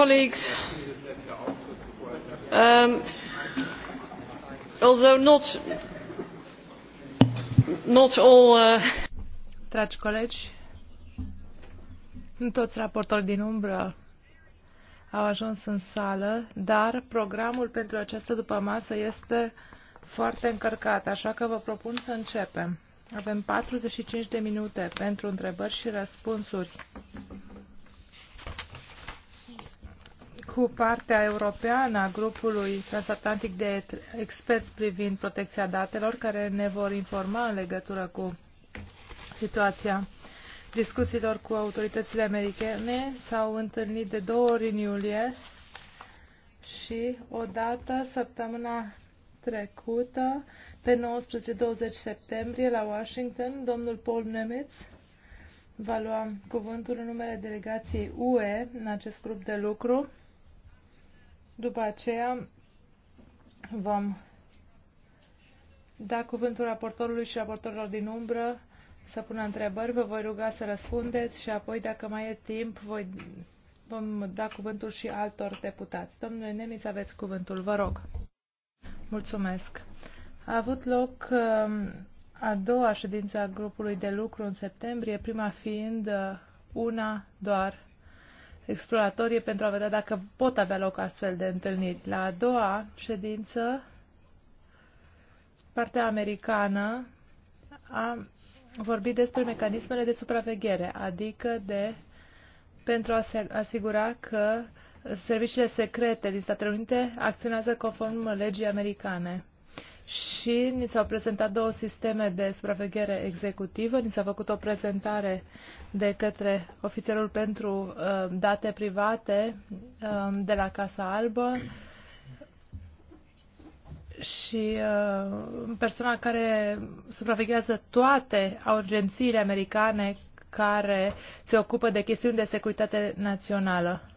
colleagues um, although not not all uh... dragi colegi nu toți raportorii din umbră au ajuns în sală, dar programul pentru această dupămasă este foarte încărcat, așa că vă propun să începem. Avem 45 de minute pentru întrebări și răspunsuri cu partea europeană a grupului transatlantic de experți privind protecția datelor, care ne vor informa în legătură cu situația discuțiilor cu autoritățile americane. S-au întâlnit de două ori în iulie și odată săptămâna trecută, pe 19-20 septembrie, la Washington, domnul Paul Nemitz va lua cuvântul în numele delegației UE în acest grup de lucru după aceea vom da cuvântul raportorului și raportorilor din umbră să pună întrebări. Vă voi ruga să răspundeți și apoi, dacă mai e timp, voi, vom da cuvântul și altor deputați. Domnule Nemiț, aveți cuvântul. Vă rog. Mulțumesc. A avut loc um, a doua ședință a grupului de lucru în septembrie, prima fiind uh, una doar exploratorie pentru a vedea dacă pot avea loc astfel de întâlniri. La a doua ședință, partea americană a vorbit despre mecanismele de supraveghere, adică de pentru a se asigura că serviciile secrete din Statele Unite acționează conform legii americane și ni s-au prezentat două sisteme de supraveghere executivă. Ni s-a făcut o prezentare de către ofițerul pentru uh, date private uh, de la Casa Albă și uh, persoana care supraveghează toate urgențiile americane care se ocupă de chestiuni de securitate națională.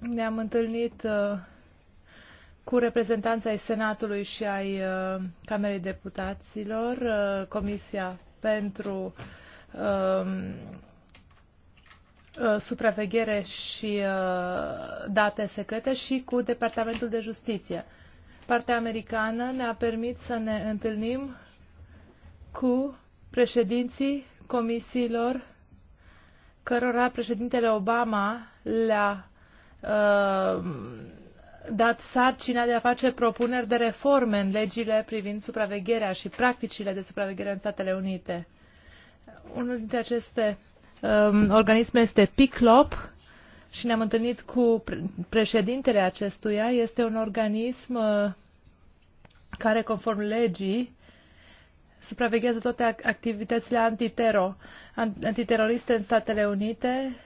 Ne-am întâlnit uh, cu reprezentanța ai Senatului și ai uh, Camerei Deputaților, uh, Comisia pentru um, uh, supraveghere și uh, date secrete și cu Departamentul de Justiție. Partea americană ne-a permis să ne întâlnim cu președinții comisiilor cărora președintele Obama le-a uh, dat sarcina de a face propuneri de reforme în legile privind supravegherea și practicile de supraveghere în Statele Unite. Unul dintre aceste um, organisme este PICLOP și ne-am întâlnit cu președintele acestuia. Este un organism uh, care, conform legii, supraveghează toate activitățile antitero, antiteroriste în Statele Unite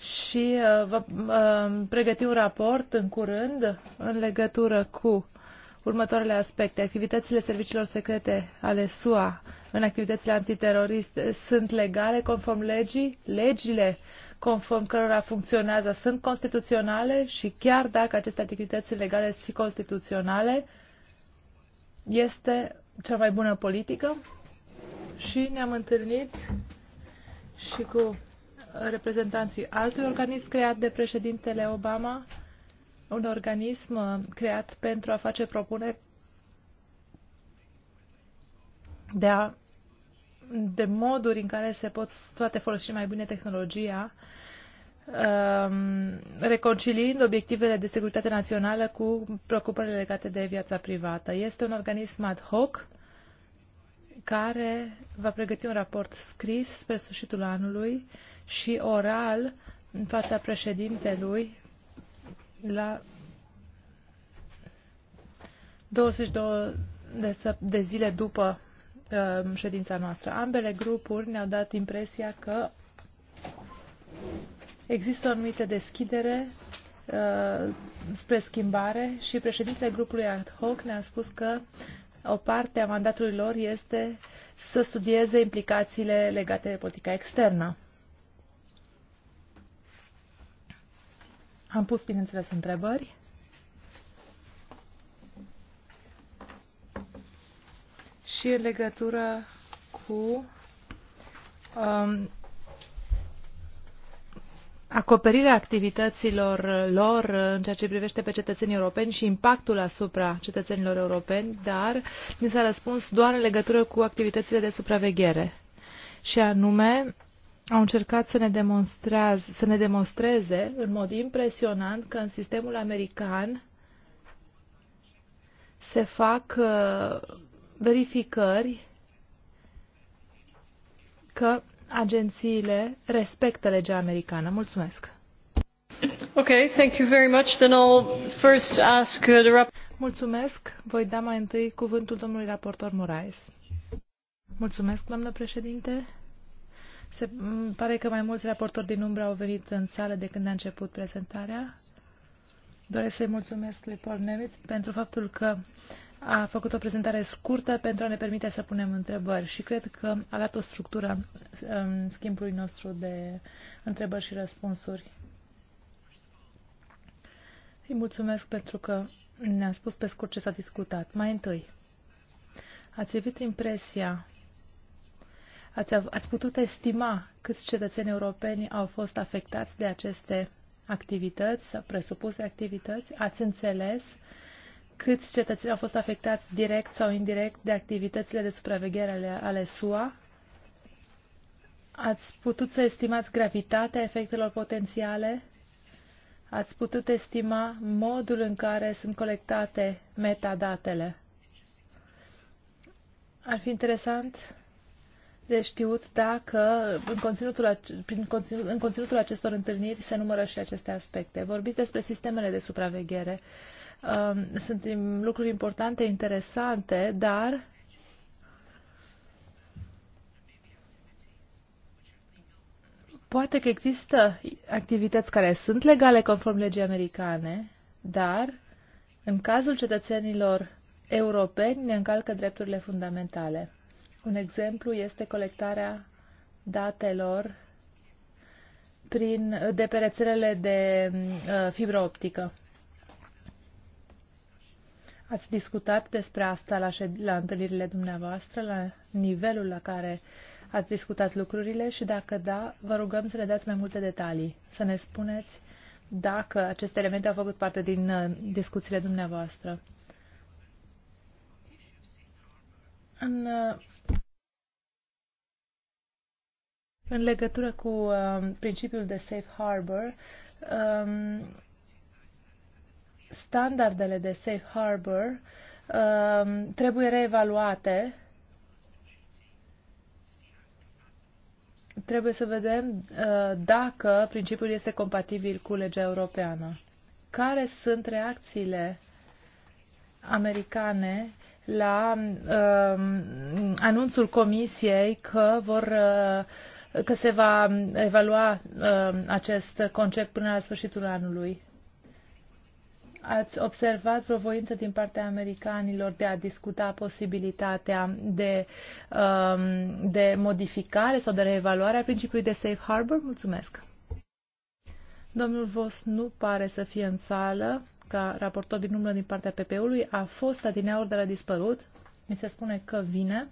și uh, vă uh, pregăti un raport în curând în legătură cu următoarele aspecte. Activitățile serviciilor secrete ale SUA în activitățile antiteroriste sunt legale conform legii? Legile conform cărora funcționează sunt constituționale și chiar dacă aceste activități sunt legale și constituționale, este cea mai bună politică și ne-am întâlnit și cu reprezentanții altui organism creat de președintele Obama, un organism uh, creat pentru a face propuneri de, a, de moduri în care se pot, toate folosi mai bine tehnologia, um, reconciliind obiectivele de securitate națională cu preocupările legate de viața privată. Este un organism ad hoc uh, care va pregăti un raport scris spre sfârșitul anului și oral în fața președintelui la 22 de, zile după uh, ședința noastră. Ambele grupuri ne-au dat impresia că există o anumită deschidere uh, spre schimbare și președintele grupului ad hoc ne-a spus că o parte a mandatului lor este să studieze implicațiile legate de politica externă. Am pus, bineînțeles, întrebări. Și în legătură cu um, acoperirea activităților lor în ceea ce privește pe cetățenii europeni și impactul asupra cetățenilor europeni, dar mi s-a răspuns doar în legătură cu activitățile de supraveghere. Și anume, au încercat să ne, să ne demonstreze în mod impresionant că în sistemul american se fac uh, verificări că agențiile respectă legea americană. Mulțumesc! Okay, thank you very much. Then I'll first ask uh, the Mulțumesc. Voi da mai întâi cuvântul domnului raportor Moraes. Mulțumesc, doamnă președinte. Se pare că mai mulți raportori din umbră au venit în sală de când a început prezentarea. Doresc să-i mulțumesc lui Paul Nemitz pentru faptul că a făcut o prezentare scurtă pentru a ne permite să punem întrebări și cred că a dat o structură um, schimbului nostru de întrebări și răspunsuri. Îi mulțumesc pentru că ne-a spus pe scurt ce s-a discutat. Mai întâi, ați avut impresia, ați, ați putut estima câți cetățeni europeni au fost afectați de aceste activități, presupuse activități? Ați înțeles uh, câți cetățeni au fost afectați direct sau indirect de activitățile de supraveghere ale, ale SUA? Ați putut să estimați gravitatea efectelor potențiale? Ați putut estima modul în care sunt colectate metadatele? Ar fi interesant de știut dacă în conținutul, prin conținut, în conținutul acestor întâlniri se numără și aceste aspecte. Vorbiți despre sistemele de supraveghere. Uh, Um, sunt lucruri importante, interesante, dar poate că există activități care sunt legale conform legii americane, dar în cazul cetățenilor europeni ne încalcă drepturile fundamentale. Un exemplu este colectarea datelor prin, de pe rețelele de uh, fibră optică. Ați discutat despre asta la, șed- la întâlnirile dumneavoastră, la nivelul la care ați discutat lucrurile și dacă da, vă rugăm să ne dați mai multe detalii, să ne spuneți dacă aceste elemente au făcut parte din uh, discuțiile dumneavoastră. În, uh, în legătură cu uh, principiul de safe harbor, um, standardele de safe harbor um, trebuie reevaluate. Trebuie să vedem uh, dacă principiul este compatibil cu legea europeană. Care sunt reacțiile americane la uh, anunțul Comisiei că vor uh, că se va evalua uh, acest concept până la sfârșitul anului ați observat provoință din partea americanilor de a discuta posibilitatea de, um, de modificare sau de reevaluare a principiului de safe harbor? Mulțumesc! Domnul Vos nu pare să fie în sală, ca raportor din umbră din partea PP-ului, a fost adineaur, dar a dispărut. Mi se spune că vine.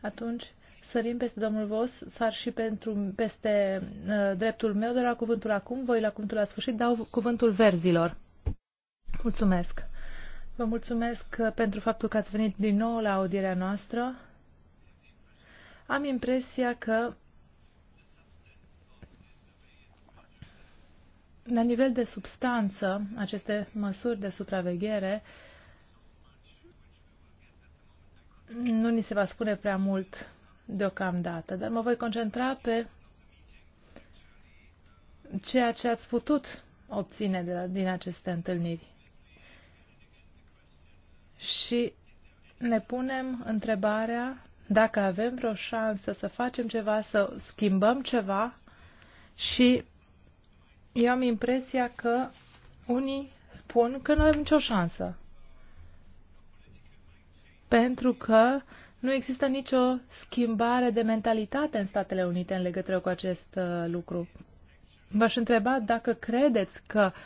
Atunci sărim peste domnul Vos, sar și pentru, peste uh, dreptul meu, de la cuvântul acum, voi la cuvântul la sfârșit, dau cuvântul verzilor. Mulțumesc. Vă mulțumesc uh, pentru faptul că ați venit din nou la audierea noastră. Am impresia că la nivel de substanță, aceste măsuri de supraveghere, nu ni se va spune prea mult deocamdată, dar mă voi concentra pe ceea ce ați putut obține de la, din aceste întâlniri și ne punem întrebarea dacă avem vreo șansă să facem ceva, să schimbăm ceva și eu am impresia că unii spun că nu avem nicio șansă. Pentru că nu există nicio schimbare de mentalitate în Statele Unite în legătură cu acest uh, lucru. V-aș întreba dacă credeți că uh,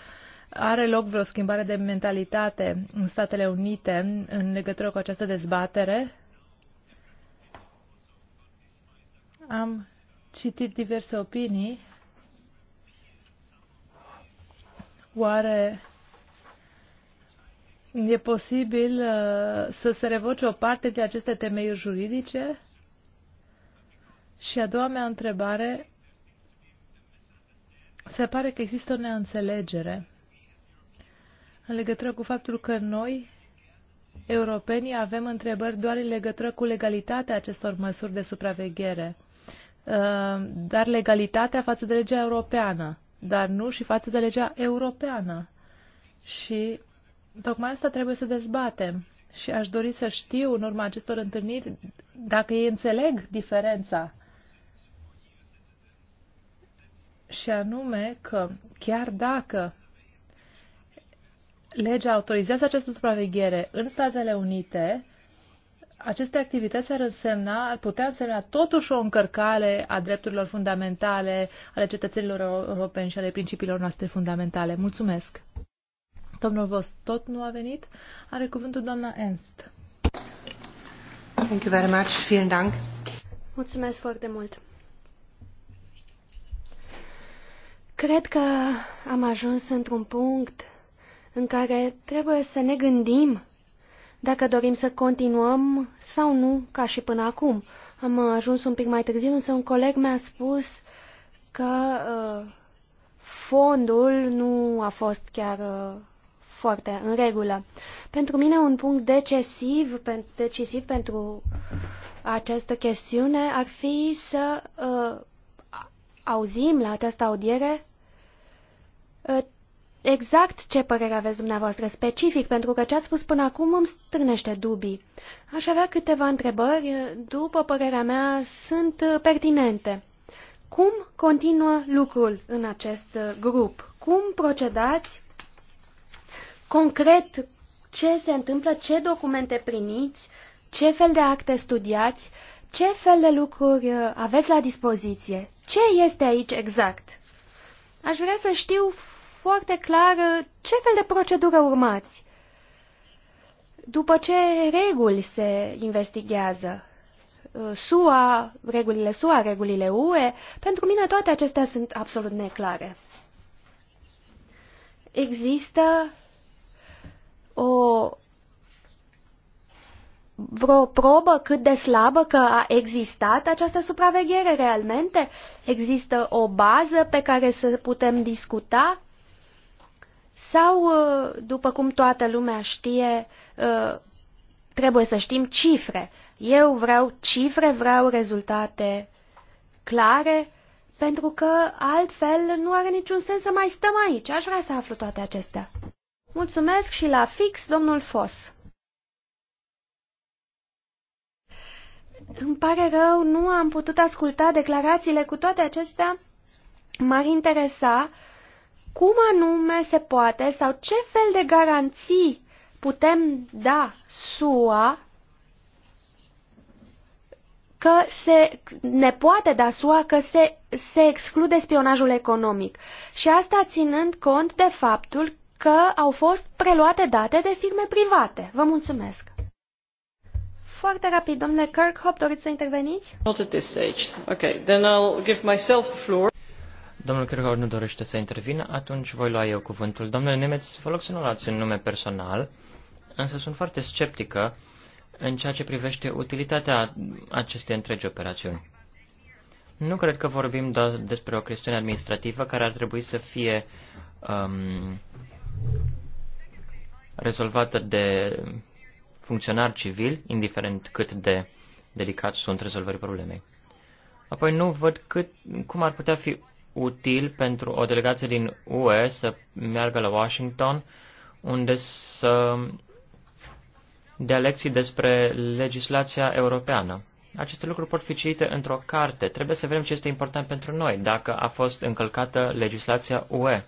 are loc vreo schimbare de mentalitate în Statele Unite în legătură cu această dezbatere? Am citit diverse opinii. Oare e posibil uh, să se revoce o parte din aceste temeiuri juridice? Și a doua mea întrebare, se pare că există o neînțelegere în legătură cu faptul că noi, europenii, avem întrebări doar în legătură cu legalitatea acestor măsuri de supraveghere, uh, dar legalitatea față de legea europeană, dar nu și față de legea europeană. Și tocmai asta trebuie să dezbatem. Și aș dori să știu, în urma acestor întâlniri, dacă ei înțeleg diferența și anume că chiar dacă legea autorizează această supraveghere în Statele Unite, aceste activități ar însemna, ar putea însemna totuși o încărcare a drepturilor fundamentale ale cetățenilor europeni și ale principiilor noastre fundamentale. Mulțumesc! Domnul Vos tot nu a venit. Are cuvântul doamna Ernst. Thank you very much. Vielen Dank. Mulțumesc foarte mult. Cred că am ajuns într-un punct în care trebuie să ne gândim dacă dorim să continuăm sau nu, ca și până acum. Am ajuns un pic mai târziu, însă un coleg mi-a spus că uh, fondul nu a fost chiar uh, foarte în regulă. Pentru mine un punct decisiv, pe, decisiv pentru această chestiune ar fi să uh, auzim la această audiere uh, exact ce părere aveți dumneavoastră specific, pentru că ce ați spus până acum îmi strânește dubii. Aș avea câteva întrebări, după părerea mea, sunt pertinente. Cum continuă lucrul în acest grup? Cum procedați concret ce se întâmplă, ce documente primiți, ce fel de acte studiați, ce fel de lucruri aveți la dispoziție? Ce este aici exact? Aș vrea să știu foarte clar uh, ce fel de procedură urmați. După ce reguli se investigează, uh, SUA, regulile SUA, regulile UE, pentru mine toate acestea sunt absolut neclare. Există o vreo probă cât de slabă că a existat această supraveghere realmente? Există o bază pe care să putem discuta? Sau, ă, după cum toată lumea știe, ă, trebuie să știm cifre. Eu vreau cifre, vreau rezultate clare, pentru că altfel nu are niciun sens să mai stăm aici. Aș vrea să aflu toate acestea. Mulțumesc și la fix, domnul Fos. Îmi pare rău, nu am putut asculta declarațiile cu toate acestea. M-ar interesa uh, cum anume se poate sau ce fel de garanții putem da SUA că se, ne poate da SUA că se, se exclude spionajul economic. Și asta ținând cont de faptul că au fost preluate date de firme private. Vă mulțumesc! Foarte rapid, domnule Kirkhope, doriți să interveniți? Not at this stage. Okay, then I'll give myself the floor. Domnul Kirchhoff nu dorește să intervină, atunci voi lua eu cuvântul. Domnule Nemeț, vă rog să nu luați în nume personal, însă sunt foarte sceptică în ceea ce privește utilitatea acestei întregi operațiuni. Nu cred că vorbim doar despre o chestiune administrativă care ar trebui să fie um, rezolvată de funcționari civili, indiferent cât de delicați sunt rezolvării problemei. Apoi nu văd cât, cum ar putea fi util pentru o delegație din UE să meargă la Washington, unde să dea lecții despre legislația europeană. Aceste lucruri pot fi citite într-o carte. Trebuie să vedem ce este important pentru noi, dacă a fost încălcată legislația UE.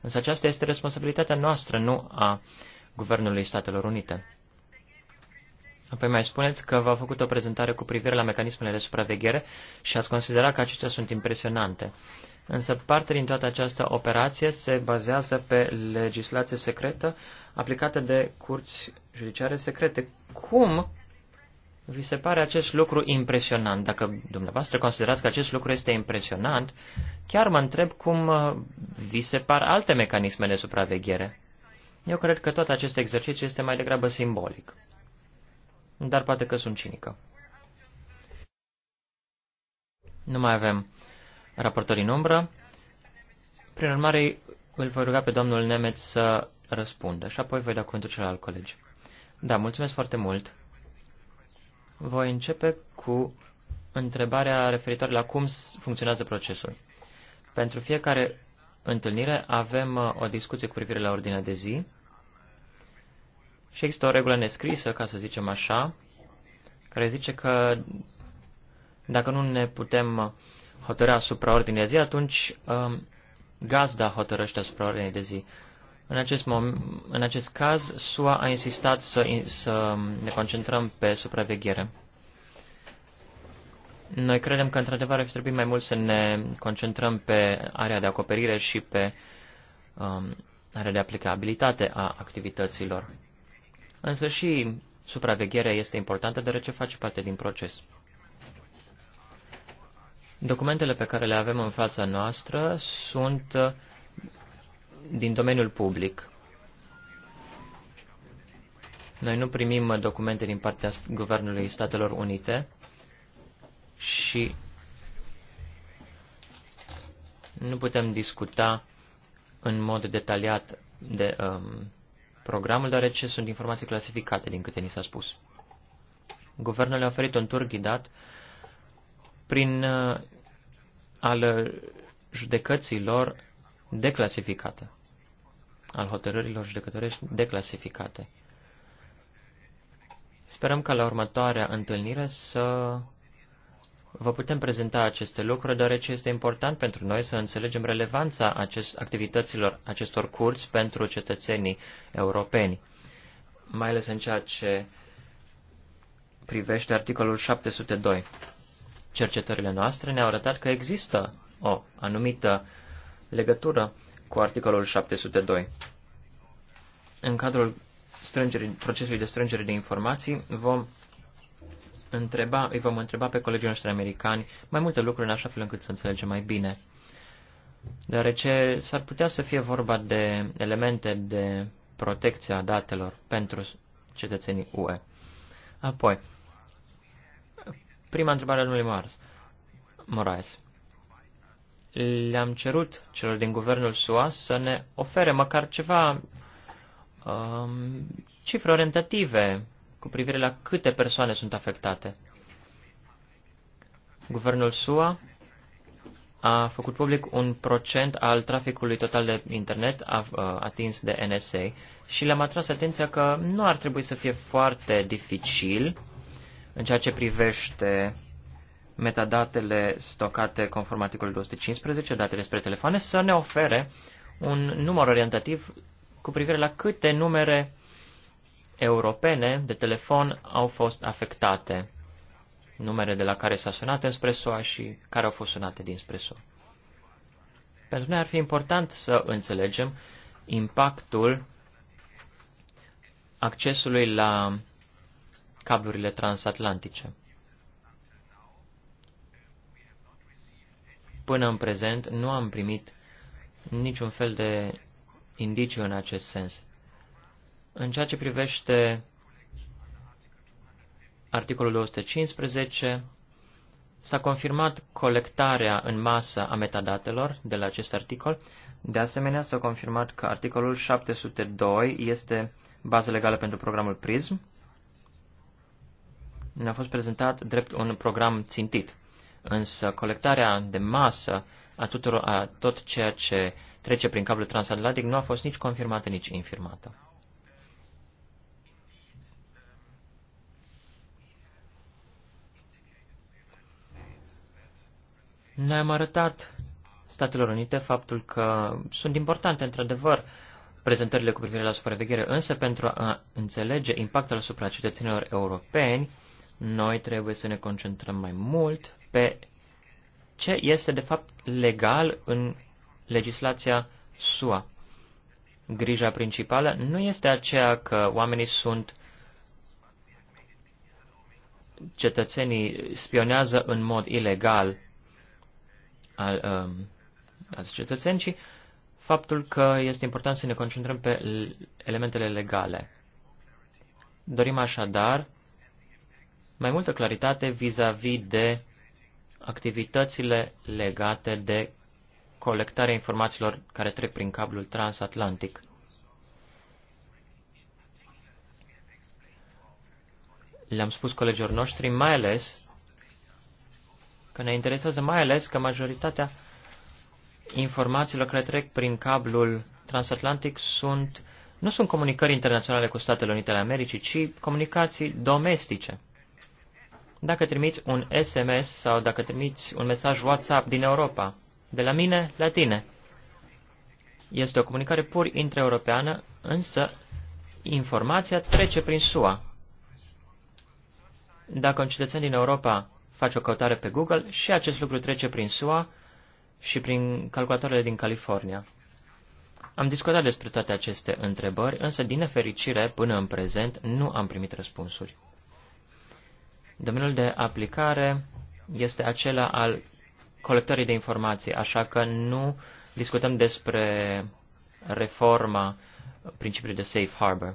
Însă aceasta este responsabilitatea noastră, nu a Guvernului Statelor Unite. Apoi mai spuneți că v a făcut o prezentare cu privire la mecanismele de supraveghere și ați considerat că acestea sunt impresionante. Însă parte din toată această operație se bazează pe legislație secretă aplicată de curți judiciare secrete. Cum vi se pare acest lucru impresionant? Dacă dumneavoastră considerați că acest lucru este impresionant, chiar mă întreb cum uh, vi se par alte mecanisme de supraveghere. Eu cred că tot acest exercițiu este mai degrabă simbolic. Dar poate că sunt cinică. Nu mai avem raportor în umbră. Prin urmare, îl voi ruga pe domnul Nemeț să răspundă și apoi voi da cuvântul celălalt colegi. Da, mulțumesc foarte mult. Voi începe cu întrebarea referitoare la cum funcționează procesul. Pentru fiecare întâlnire avem uh, o discuție cu privire la ordinea de zi și există o regulă nescrisă, ca să zicem așa, care zice că dacă nu ne putem uh, hotărâ asupra ordinii de zi, atunci um, gazda hotărăște asupra ordinii de zi. În acest, mom- în acest caz, SUA a insistat să, să ne concentrăm pe supraveghere. Noi credem că, într-adevăr, ar fi trebuit mai mult să ne concentrăm pe area de acoperire și pe um, area de aplicabilitate a activităților. Însă și supravegherea este importantă, deoarece face parte din proces. Documentele pe care le avem în fața noastră sunt uh, din domeniul public. Noi nu primim documente din partea Guvernului Statelor Unite și nu putem discuta în mod detaliat de um, programul, deoarece sunt informații clasificate din câte ni s-a spus. Guvernul a oferit un tur ghidat prin uh, al judecăților declasificate, al hotărârilor judecătorești declasificate. Sperăm ca la următoarea întâlnire să vă putem prezenta aceste lucruri, deoarece este important pentru noi să înțelegem relevanța acest, activităților acestor curți pentru cetățenii europeni, mai ales în ceea ce privește articolul 702 cercetările noastre ne-au arătat că există o anumită legătură cu articolul 702. În cadrul strângerii, procesului de strângere de informații vom întreba, îi vom întreba pe colegii noștri americani mai multe lucruri în așa fel încât să înțelegem mai bine. Deoarece s-ar putea să fie vorba de elemente de protecție a datelor pentru cetățenii UE. Apoi, Prima întrebare a domnului Mars. Moraes. Le-am cerut celor din guvernul SUA să ne ofere măcar ceva um, cifre orientative cu privire la câte persoane sunt afectate. Guvernul SUA a făcut public un procent al traficului total de internet atins de NSA și le-am atras atenția că nu ar trebui să fie foarte dificil în ceea ce privește metadatele stocate conform articolului 215, datele spre telefoane, să ne ofere un număr orientativ cu privire la câte numere europene de telefon au fost afectate, numere de la care s-a sunat înspre SUA și care au fost sunate dinspre SUA. Pentru noi ar fi important să înțelegem impactul accesului la cablurile transatlantice. Până în prezent nu am primit niciun fel de indiciu în acest sens. În ceea ce privește articolul 215, s-a confirmat colectarea în masă a metadatelor de la acest articol. De asemenea, s-a confirmat că articolul 702 este bază legală pentru programul PRISM ne-a fost prezentat drept un program țintit. Însă colectarea de masă a, tuturor, a tot ceea ce trece prin cablul transatlantic nu a fost nici confirmată, nici infirmată. ne am arătat Statelor Unite faptul că sunt importante, într-adevăr, prezentările cu privire la supraveghere, însă pentru a înțelege impactul asupra cetățenilor europeni, noi trebuie să ne concentrăm mai mult pe ce este de fapt legal în legislația SUA. Grija principală nu este aceea că oamenii sunt cetățenii spionează în mod ilegal al, um, alți cetățeni, ci faptul că este important să ne concentrăm pe elementele legale. Dorim așadar mai multă claritate vis-a-vis -vis de activitățile legate de colectarea informațiilor care trec prin cablul transatlantic. Le-am spus colegilor noștri, mai ales că ne interesează mai ales că majoritatea informațiilor care trec prin cablul transatlantic sunt, nu sunt comunicări internaționale cu Statele Unite ale Americii, ci comunicații domestice dacă trimiți un SMS sau dacă trimiți un mesaj WhatsApp din Europa, de la mine la tine. Este o comunicare pur intraeuropeană, însă informația trece prin SUA. Dacă un cetățean din Europa face o căutare pe Google și acest lucru trece prin SUA și prin calculatoarele din California. Am discutat despre toate aceste întrebări, însă din nefericire, până în prezent, nu am primit răspunsuri. Domeniul de aplicare este acela al colectării de informații, așa că nu discutăm despre reforma principiului de safe harbor.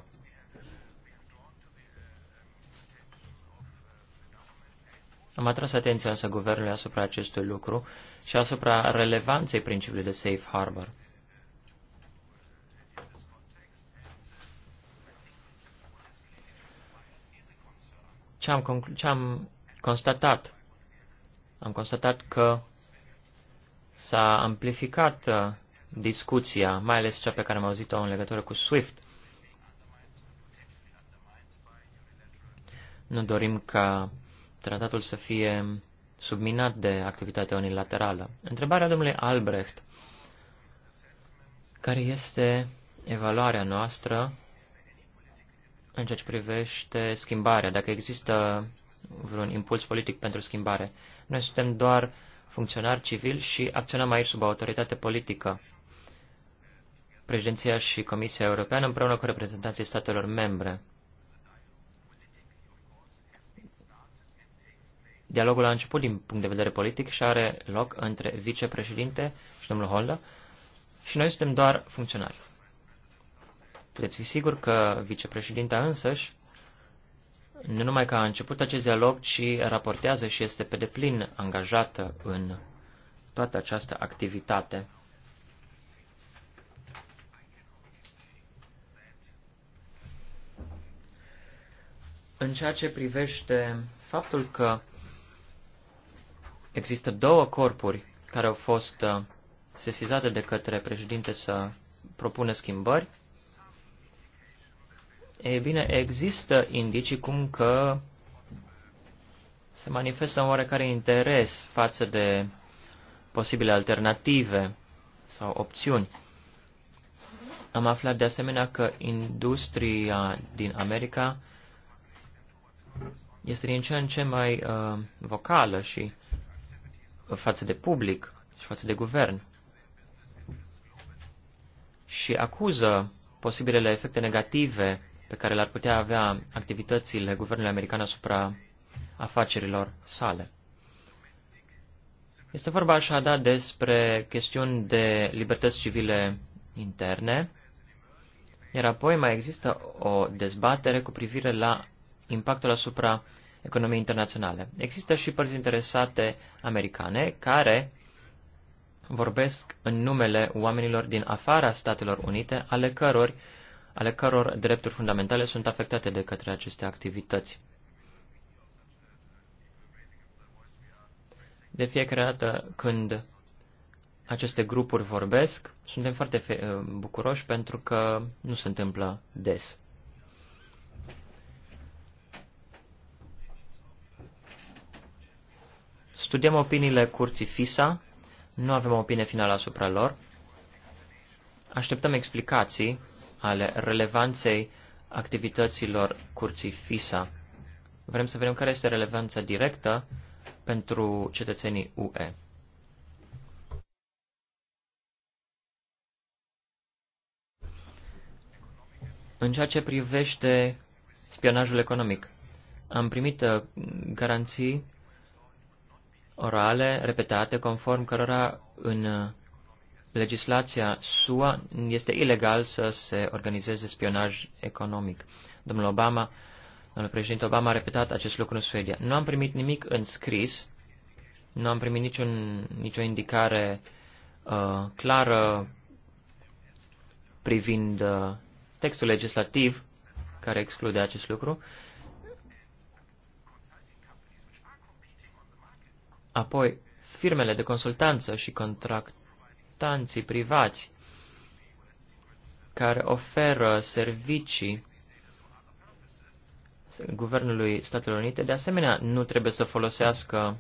Am atras atenția însă guvernului asupra acestui lucru și asupra relevanței principiului de safe harbor. Ce am, ce am constatat? Am constatat că s-a amplificat uh, discuția, mai ales cea pe care am auzit-o în legătură cu SWIFT. Nu dorim ca tratatul să fie subminat de activitatea unilaterală. Întrebarea domnului Albrecht, care este evaluarea noastră în ceea ce privește schimbarea, dacă există vreun impuls politic pentru schimbare. Noi suntem doar funcționari civili și acționăm aici sub autoritate politică. Președinția și Comisia Europeană împreună cu reprezentanții statelor membre. Dialogul a început din punct de vedere politic și are loc între vicepreședinte și domnul Holda și noi suntem doar funcționari. Puteți fi sigur că vicepreședinta însăși nu numai că a început acest dialog, ci raportează și este pe deplin angajată în toată această activitate. În ceea ce privește faptul că există două corpuri care au fost uh, sesizate de către președinte să propună schimbări, ei bine, există indicii cum că se manifestă un oarecare interes față de posibile alternative sau opțiuni. Am aflat de asemenea că industria din America este din ce în ce mai uh, vocală și față de public și față de guvern și acuză posibilele efecte negative pe care le-ar putea avea activitățile guvernului american asupra afacerilor sale. Este vorba așadar despre chestiuni de libertăți civile interne, iar apoi mai există o dezbatere cu privire la impactul asupra economiei internaționale. Există și părți interesate americane care vorbesc în numele oamenilor din afara Statelor Unite, ale căror ale căror drepturi fundamentale sunt afectate de către aceste activități. De fiecare dată când aceste grupuri vorbesc, suntem foarte bucuroși pentru că nu se întâmplă des. Studiem opiniile curții FISA, nu avem opinie finală asupra lor. Așteptăm explicații ale relevanței activităților curții FISA. Vrem să vedem care este relevanța directă pentru cetățenii UE. În ceea ce privește spionajul economic, am primit uh, garanții orale repetate conform cărora în uh, legislația SUA este ilegal să se organizeze spionaj economic. Domnul Obama, domnul președinte Obama a repetat acest lucru în Suedia. Nu am primit nimic în scris, nu am primit niciun, nicio indicare uh, clară privind uh, textul legislativ care exclude acest lucru. Apoi, firmele de consultanță și contract consultanții privați care oferă servicii guvernului Statelor Unite, de asemenea, nu trebuie să folosească,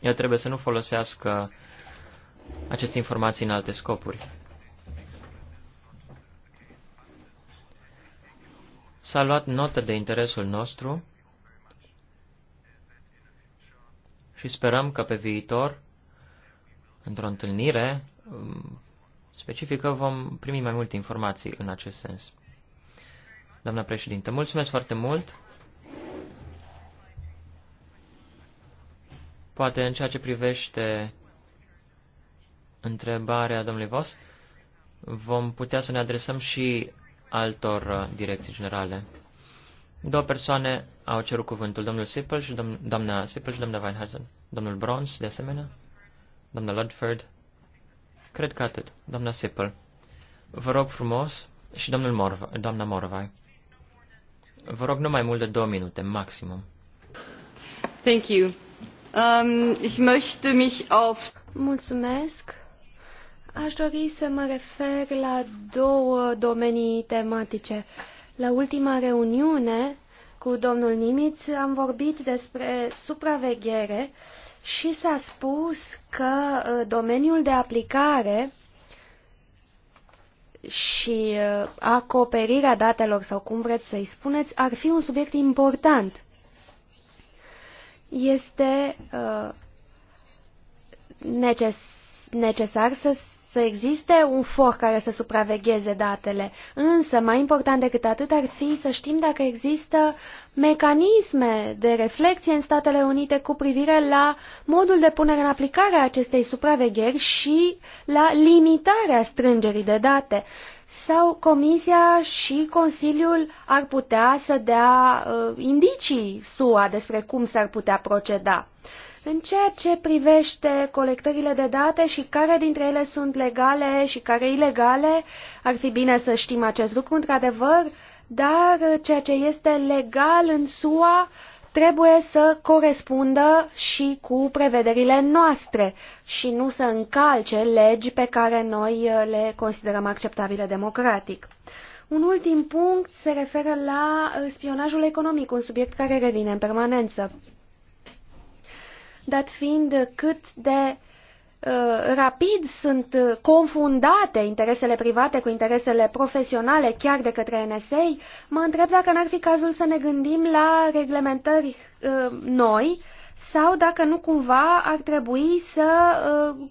el trebuie să nu folosească aceste informații în alte scopuri. S-a luat notă de interesul nostru și sperăm că pe viitor, într-o întâlnire Um, specifică, vom primi mai multe informații în acest sens. Doamna președintă, mulțumesc foarte mult. Poate în ceea ce privește întrebarea domnului Vos, vom putea să ne adresăm și altor uh, direcții generale. Două persoane au cerut cuvântul, domnul Sipel și dom doamna Sipel și doamna Weinharzen. Domnul Brons, de asemenea, doamna Ludford. Cred că atât, doamna Sipel. Vă rog frumos și domnul Morva, doamna Morvai. Vă rog nu mai mult de două minute, maximum. Thank you. Um, ich möchte mich auf... Mulțumesc. Aș dori să mă refer la două domenii tematice. La ultima reuniune cu domnul Nimitz am vorbit despre supraveghere uh, și s-a spus că uh, domeniul de aplicare și uh, acoperirea datelor, sau cum vreți să-i spuneți, ar fi un subiect important. Este uh, neces necesar să să existe un for care să supravegheze datele, însă mai important decât atât ar fi să știm dacă există mecanisme de reflexie în Statele Unite cu privire la modul de punere în aplicare a acestei supravegheri și la limitarea strângerii de date. Sau Comisia și Consiliul ar putea să dea uh, indicii SUA despre cum s-ar putea proceda. Uh, în ceea ce privește colectările de date și care dintre ele sunt legale și care ilegale, ar fi bine să știm acest lucru într-adevăr, dar ceea ce este legal în SUA trebuie să corespundă și cu prevederile noastre și nu să încalce legi pe care noi le considerăm acceptabile democratic. Un ultim punct se referă la spionajul economic, un subiect care revine în permanență dat fiind cât de uh, rapid sunt uh, confundate interesele private cu interesele profesionale chiar de către NSA, mă întreb dacă n-ar fi cazul să ne gândim la reglementări uh, noi sau dacă nu cumva ar trebui să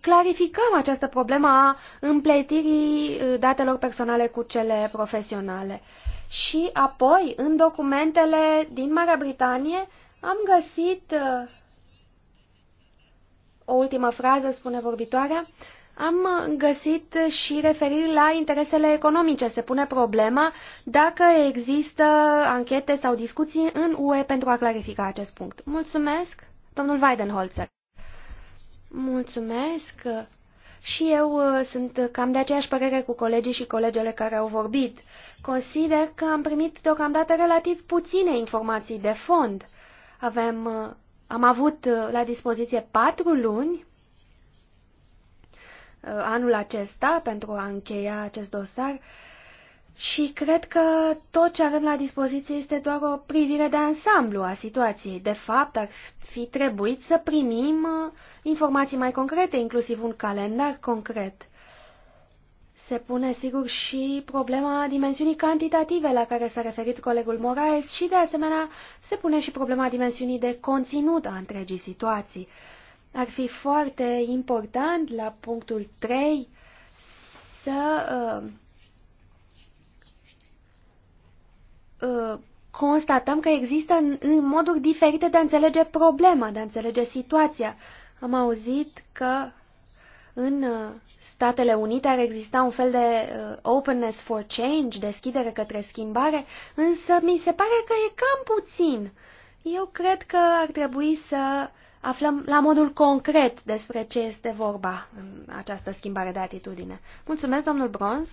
clarificăm această problemă a împletirii datelor personale cu cele profesionale. Și apoi, în documentele din Marea Britanie, am găsit uh, o ultimă frază, spune vorbitoarea, am găsit și referiri la interesele economice. Se pune problema dacă există anchete sau discuții în UE pentru a clarifica acest punct. Mulțumesc, domnul Weidenholzer. Mulțumesc. Și eu uh, sunt cam de aceeași părere cu colegii și colegele care au vorbit. Consider că am primit deocamdată relativ puține informații de fond. Avem uh, am avut uh, la dispoziție patru luni uh, anul acesta pentru a încheia acest dosar și cred că tot ce avem la dispoziție este doar o privire de ansamblu a situației. De fapt, ar fi trebuit să primim uh, informații mai concrete, inclusiv un calendar concret. Se pune, sigur, și problema dimensiunii cantitative la care s-a referit colegul Moraes și, de asemenea, se pune și problema dimensiunii de conținut a întregii situații. Ar fi foarte important, la punctul 3, să uh, uh, constatăm că există în, în moduri diferite de a înțelege problema, de a înțelege situația. Am auzit că în uh, Statele Unite ar exista un fel de uh, openness for change, deschidere către schimbare, însă mi se pare că e cam puțin. Eu cred că ar trebui să aflăm la modul concret despre ce este vorba în această schimbare de atitudine. Mulțumesc, domnul Bronz.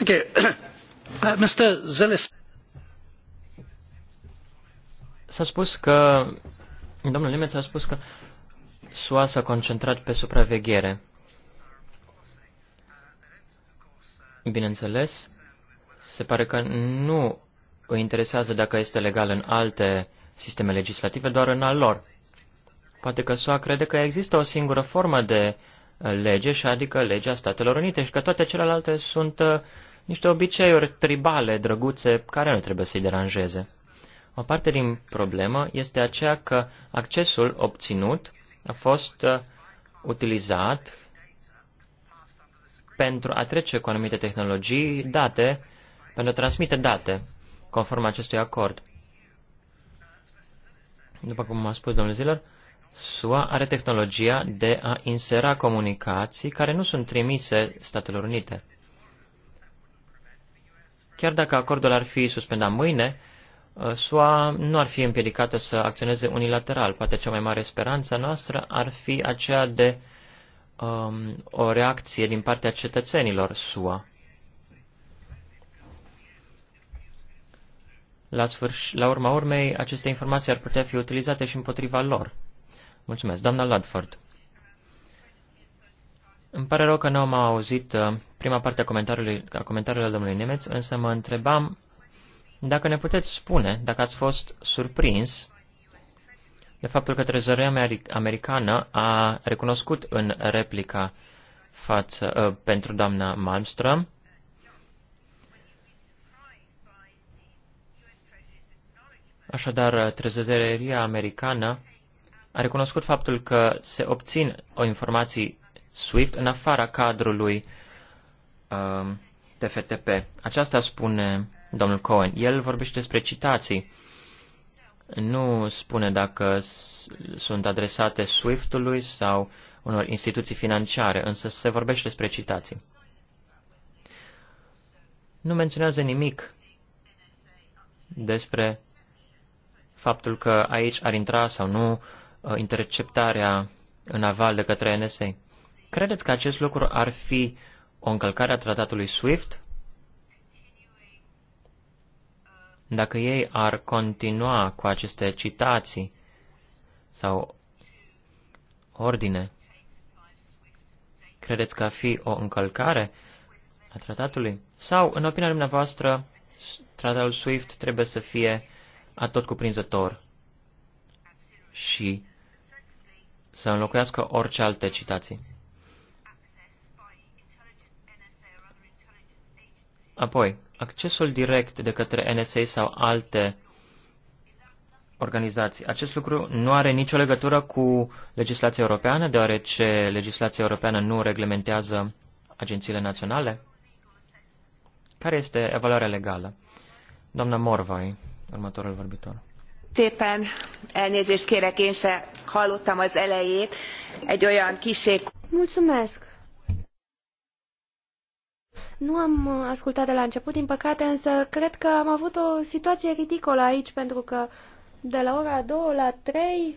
Okay. Uh, Mr. Zelis. S-a spus că, domnul Limeț a spus că SUA s-a concentrat pe supraveghere. Bineînțeles, se pare că nu îi interesează dacă este legal în alte sisteme legislative, doar în al lor. Poate că SUA crede că există o singură formă de uh, lege, și adică legea Statelor Unite, și că toate celelalte sunt uh, niște obiceiuri tribale, drăguțe, care nu trebuie să-i deranjeze. O parte din problemă este aceea că accesul obținut a fost uh, utilizat pentru a trece cu anumite tehnologii date, pentru a transmite date, conform acestui acord. După cum a spus domnul Ziller, SUA are tehnologia de a insera comunicații care nu sunt trimise Statelor Unite. Chiar dacă acordul ar fi suspendat mâine, Uh, SUA nu ar fi împiedicată să acționeze unilateral. Poate cea mai mare speranță noastră ar fi aceea de um, o reacție din partea cetățenilor SUA. La, sfârș, la urma urmei, aceste informații ar putea fi utilizate și împotriva lor. Mulțumesc. Doamna Ludford. Îmi pare rău că nu am auzit uh, prima parte a comentariului, a comentariului domnului Nemeț, însă mă întrebam dacă ne puteți spune, dacă ați fost surprins de faptul că trezoria americană a recunoscut în replica față, ă, pentru doamna Malmström Așadar, trezoreria americană a recunoscut faptul că se obțin o informații SWIFT în afara cadrului uh, ă, TFTP. Aceasta spune domnul Cohen. El vorbește despre citații. Nu spune dacă sunt adresate Swiftului sau unor instituții financiare, însă se vorbește despre citații. Nu menționează nimic despre faptul că aici ar intra sau nu uh, interceptarea în aval de către NSA. Credeți că acest lucru ar fi o încălcare a tratatului SWIFT? Dacă ei ar continua cu aceste citații sau ordine, credeți că ar fi o încălcare a tratatului? Sau, în opinia dumneavoastră, tratatul SWIFT trebuie să fie atot cuprinzător și să înlocuiască orice alte citații? Apoi, accesul direct de către NSA sau alte organizații. Acest lucru nu are nicio legătură cu legislația europeană, deoarece legislația europeană nu reglementează agențiile naționale? Care este evaluarea legală? Doamna Morvai, următorul vorbitor. Tépen, elnézést kérek, én se hallottam az elejét. Egy olyan kiség... Mulțumesc! Nu am uh, ascultat de la început, din păcate, însă cred că am avut o situație ridicolă aici, pentru că de la ora 2 la 3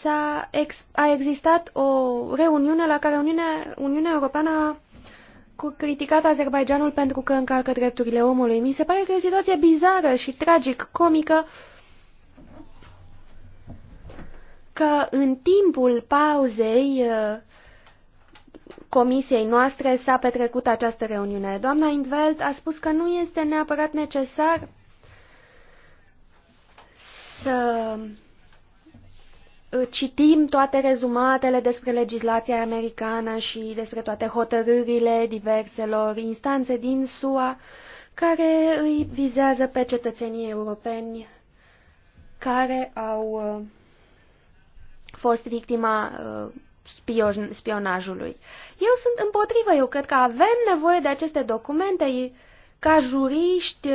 s-a ex a existat o reuniune la care Uniunea, Uniunea Europeană a criticat Azerbaijanul pentru că încalcă drepturile omului. Mi se pare că e o situație bizară și tragic, comică, că în timpul pauzei uh, comisiei noastre s-a petrecut această reuniune. Doamna Indveld a spus că nu este neapărat necesar să uh, citim toate rezumatele despre legislația americană și despre toate hotărârile diverselor instanțe din SUA care îi vizează pe cetățenii europeni care au uh, fost victima uh, spionajului. Eu sunt împotrivă, eu cred că avem nevoie de aceste documente. Ca juriști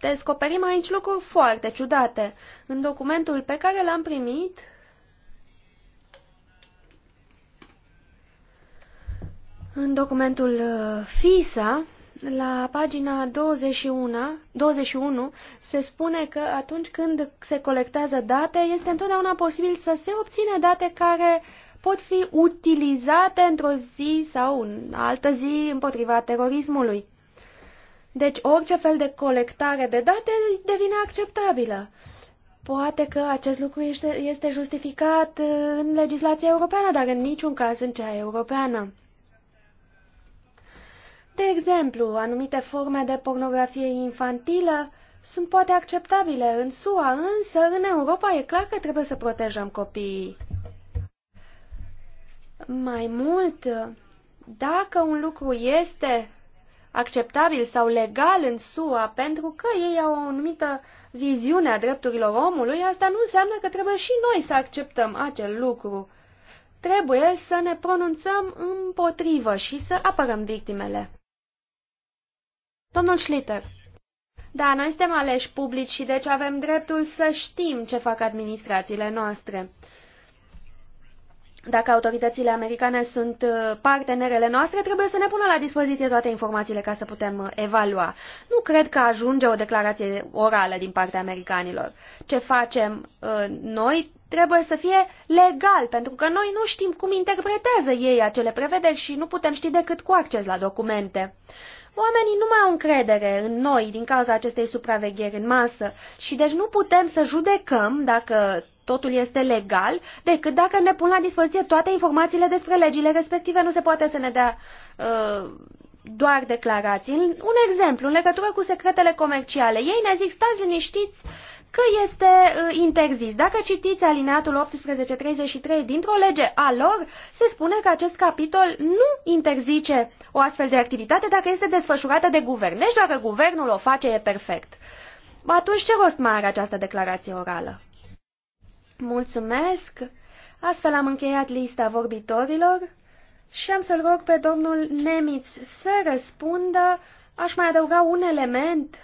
descoperim aici lucruri foarte ciudate. În documentul pe care l-am primit, în documentul FISA, la pagina 21, 21 se spune că atunci când se colectează date, este întotdeauna posibil să se obține date care uh, pot fi utilizate într-o zi sau în altă zi împotriva terorismului. Deci orice fel de colectare de date devine acceptabilă. Poate că acest lucru este, este justificat uh, în legislația europeană, dar în niciun caz în cea europeană. De exemplu, anumite forme de pornografie infantilă sunt poate acceptabile în SUA, însă în Europa e clar că trebuie să protejăm copiii. Mai mult, dacă un lucru este acceptabil sau legal în SUA pentru că ei au o anumită viziune a drepturilor omului, asta nu înseamnă că trebuie și noi să acceptăm acel lucru. Trebuie să ne pronunțăm împotrivă și să apărăm victimele. Domnul Schlitter Da, noi suntem aleși publici și deci avem dreptul să știm ce fac administrațiile noastre. Dacă autoritățile americane sunt uh, partenerele noastre, trebuie să ne pună la dispoziție toate informațiile ca să putem uh, evalua. Nu cred că ajunge o declarație orală din partea americanilor. Ce facem uh, noi trebuie să fie legal, pentru că noi nu știm cum interpretează ei acele prevederi și nu putem ști decât cu acces la documente. Oamenii nu mai au încredere în noi din cauza acestei supravegheri în masă și deci nu putem să judecăm dacă totul este legal, decât dacă ne pun la dispoziție toate informațiile despre legile respective. Nu se poate să ne dea uh, doar declarații. Un exemplu, în legătură cu secretele comerciale. Ei ne zic, stați liniștiți, că este uh, interzis. Dacă citiți alineatul 1833 dintr-o lege a lor, se spune că acest capitol nu interzice o astfel de activitate dacă este desfășurată de guvern. Deci dacă guvernul o face, e perfect. Atunci ce rost mai are această declarație orală? Mulțumesc! Astfel am încheiat lista vorbitorilor și am să-l rog pe domnul Nemitz să răspundă. Aș mai adăuga un element.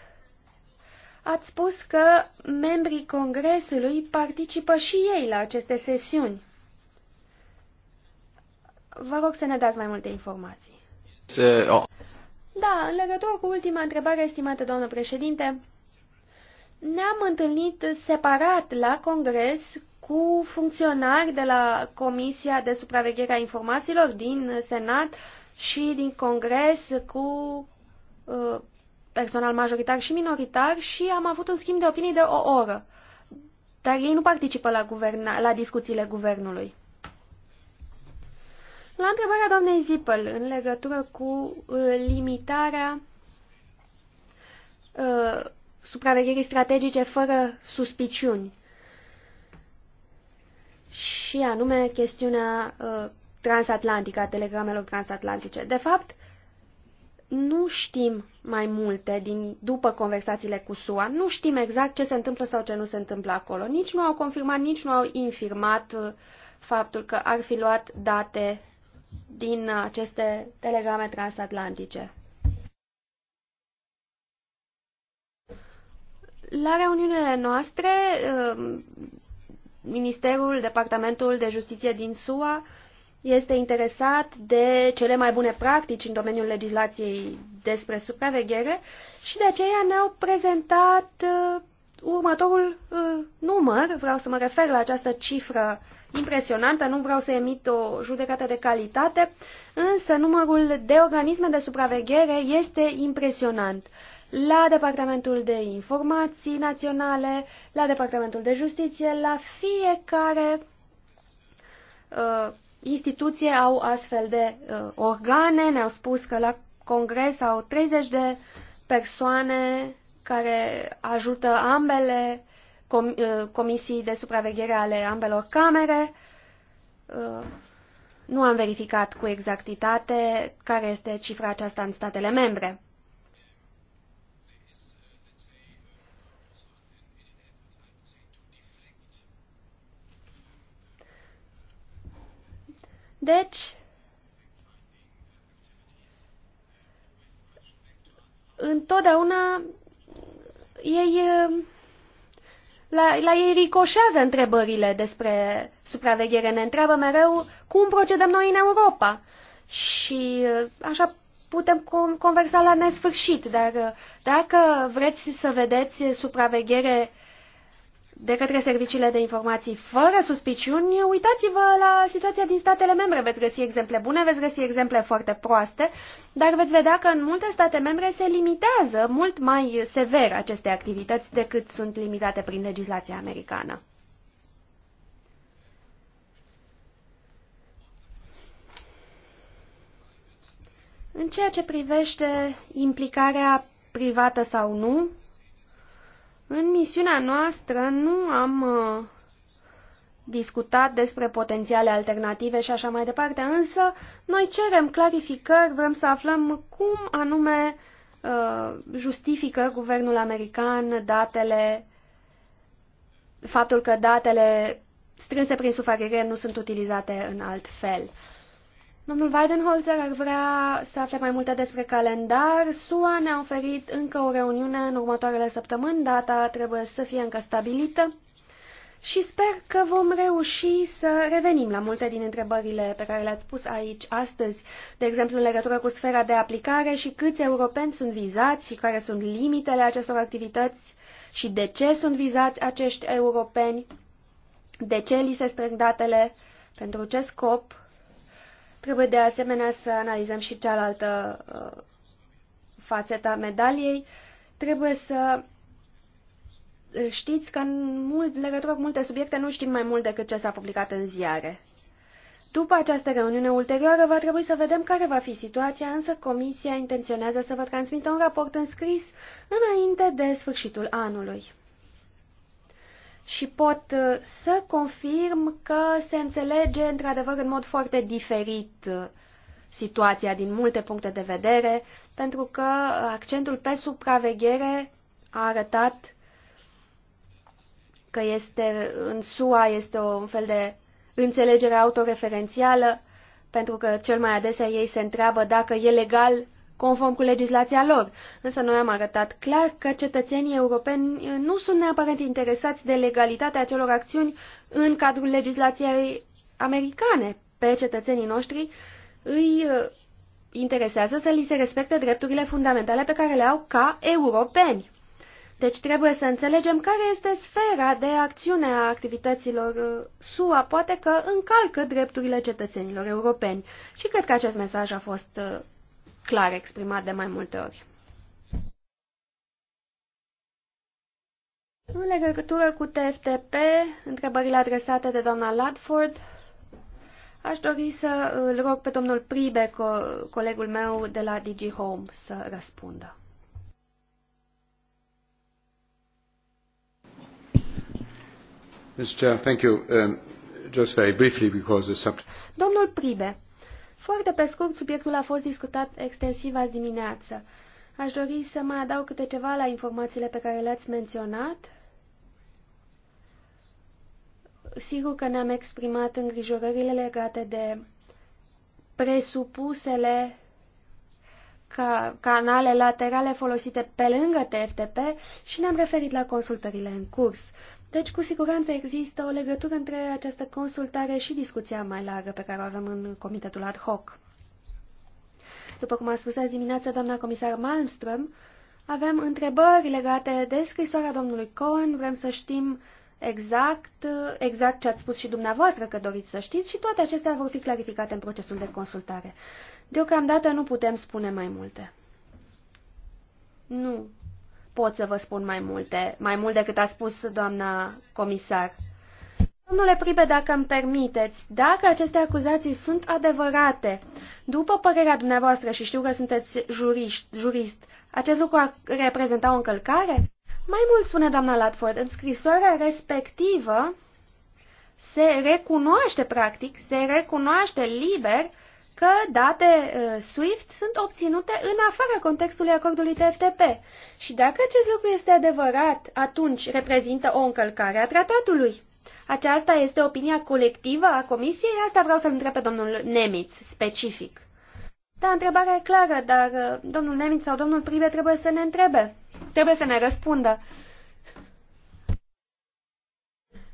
Ați spus că membrii Congresului participă și ei la aceste sesiuni. Vă rog să ne dați mai multe informații. Oh. Da, în legătură cu ultima întrebare, estimată doamnă președinte, ne-am întâlnit separat la congres cu funcționari de la Comisia de Supraveghere a Informațiilor din Senat și din Congres cu uh, personal majoritar și minoritar și am avut un schimb de opinii de o oră. Dar ei nu participă la, guverna, la discuțiile guvernului. La întrebarea doamnei Zipel în legătură cu uh, limitarea uh, supravegherii strategice fără suspiciuni. Și anume chestiunea uh, transatlantică, a telegramelor transatlantice. De fapt, nu știm mai multe din, după conversațiile cu SUA, nu știm exact ce se întâmplă sau ce nu se întâmplă acolo. Nici nu au confirmat, nici nu au infirmat uh, faptul că ar fi luat date din aceste telegrame transatlantice. La reuniunile noastre, uh, Ministerul, Departamentul de Justiție din SUA este interesat de cele mai bune practici în domeniul legislației despre supraveghere și de aceea ne-au prezentat uh, următorul uh, număr, vreau să mă refer la această cifră impresionantă, nu vreau să emit o judecată de calitate, însă numărul de organisme de supraveghere este impresionant la Departamentul de Informații Naționale, la Departamentul de Justiție, la fiecare uh, instituție au astfel de uh, organe. Ne-au spus că la Congres au 30 de persoane care ajută ambele com uh, comisii de supraveghere ale ambelor camere. Uh, nu am verificat cu exactitate care este cifra aceasta în statele membre. Deci, întotdeauna ei, la, la ei ricoșează întrebările despre supraveghere. Ne întreabă mereu cum procedăm noi în Europa. Și așa putem conversa la nesfârșit, dar dacă vreți să vedeți supraveghere de către serviciile de informații fără suspiciuni, uitați-vă la situația din statele membre. Veți găsi exemple bune, veți găsi exemple foarte proaste, dar veți vedea că în multe state membre se limitează mult mai sever aceste activități decât sunt limitate prin legislația americană. În ceea ce privește implicarea privată sau nu, în misiunea noastră nu am uh, discutat despre potențiale alternative și așa mai departe, însă noi cerem clarificări, vrem să aflăm cum anume uh, justifică guvernul american datele, faptul că datele strânse prin sufragerie nu sunt utilizate în alt fel. Domnul Weidenholzer ar vrea să afle mai multe despre calendar. SUA ne-a oferit încă o reuniune în următoarele săptămâni. Data trebuie să fie încă stabilită și sper că vom reuși să revenim la multe din întrebările pe care le-ați pus aici astăzi, de exemplu în legătură cu sfera de aplicare și câți europeni sunt vizați și care sunt limitele acestor activități și de ce sunt vizați acești europeni, de ce li se strâng datele, pentru ce scop Trebuie de asemenea să analizăm și cealaltă uh, a medaliei. Trebuie să uh, știți că în mult, legătură cu multe subiecte nu știm mai mult decât ce s-a publicat în ziare. După această reuniune ulterioară va trebui să vedem care va fi situația, însă Comisia intenționează să vă transmită un raport în scris înainte de sfârșitul anului și pot uh, să confirm că se înțelege într-adevăr în mod foarte diferit uh, situația din multe puncte de vedere, pentru că uh, accentul pe supraveghere a arătat că este în SUA este o, un fel de înțelegere autoreferențială, pentru că cel mai adesea ei se întreabă dacă e legal conform cu legislația lor. Însă noi am arătat clar că cetățenii europeni nu sunt neapărat interesați de legalitatea acelor acțiuni în cadrul legislației americane. Pe cetățenii noștri îi uh, interesează să li se respecte drepturile fundamentale pe care le au ca europeni. Deci trebuie să înțelegem care este sfera de acțiune a activităților uh, SUA, poate că încalcă drepturile cetățenilor europeni. Și cred că acest mesaj a fost uh, clar exprimat de mai multe ori. În legătură cu TFTP, întrebările adresate de doamna Ladford, aș dori să îl rog pe domnul Pribe, co colegul meu de la DG Home, să răspundă. Mr. Chair, thank you. Um, just very briefly because the subject... Domnul Pribe, foarte pe scurt, subiectul a fost discutat extensiv azi dimineață. Aș dori să mai adaug câte ceva la informațiile pe care le-ați menționat. Sigur că ne-am exprimat îngrijorările legate de presupusele ca canale laterale folosite pe lângă TFTP și ne-am referit la consultările în curs. Deci, cu siguranță există o legătură între această consultare și discuția mai largă pe care o avem în comitetul ad hoc. După cum a spus azi dimineața doamna comisar Malmström, avem întrebări legate de scrisoarea domnului Cohen, vrem să știm exact, exact ce ați spus și dumneavoastră că doriți să știți și toate acestea vor fi clarificate în procesul de consultare. Deocamdată nu putem spune mai multe. Nu pot să vă spun mai multe, mai mult decât a spus doamna comisar. Domnule Pribe, dacă îmi permiteți, dacă aceste acuzații sunt adevărate, după părerea dumneavoastră și știu că sunteți jurist, jurist acest lucru ar reprezenta o încălcare? Mai mult spune doamna Latford, în scrisoarea respectivă se recunoaște practic, se recunoaște liber că date uh, SWIFT sunt obținute în afara contextului acordului TFTP. Și dacă acest lucru este adevărat, atunci reprezintă o încălcare a tratatului. Aceasta este opinia colectivă a Comisiei, asta vreau să-l întreb pe domnul Nemitz, specific. Da, întrebarea e clară, dar uh, domnul Nemitz sau domnul Prive trebuie să ne întrebe. Trebuie să ne răspundă.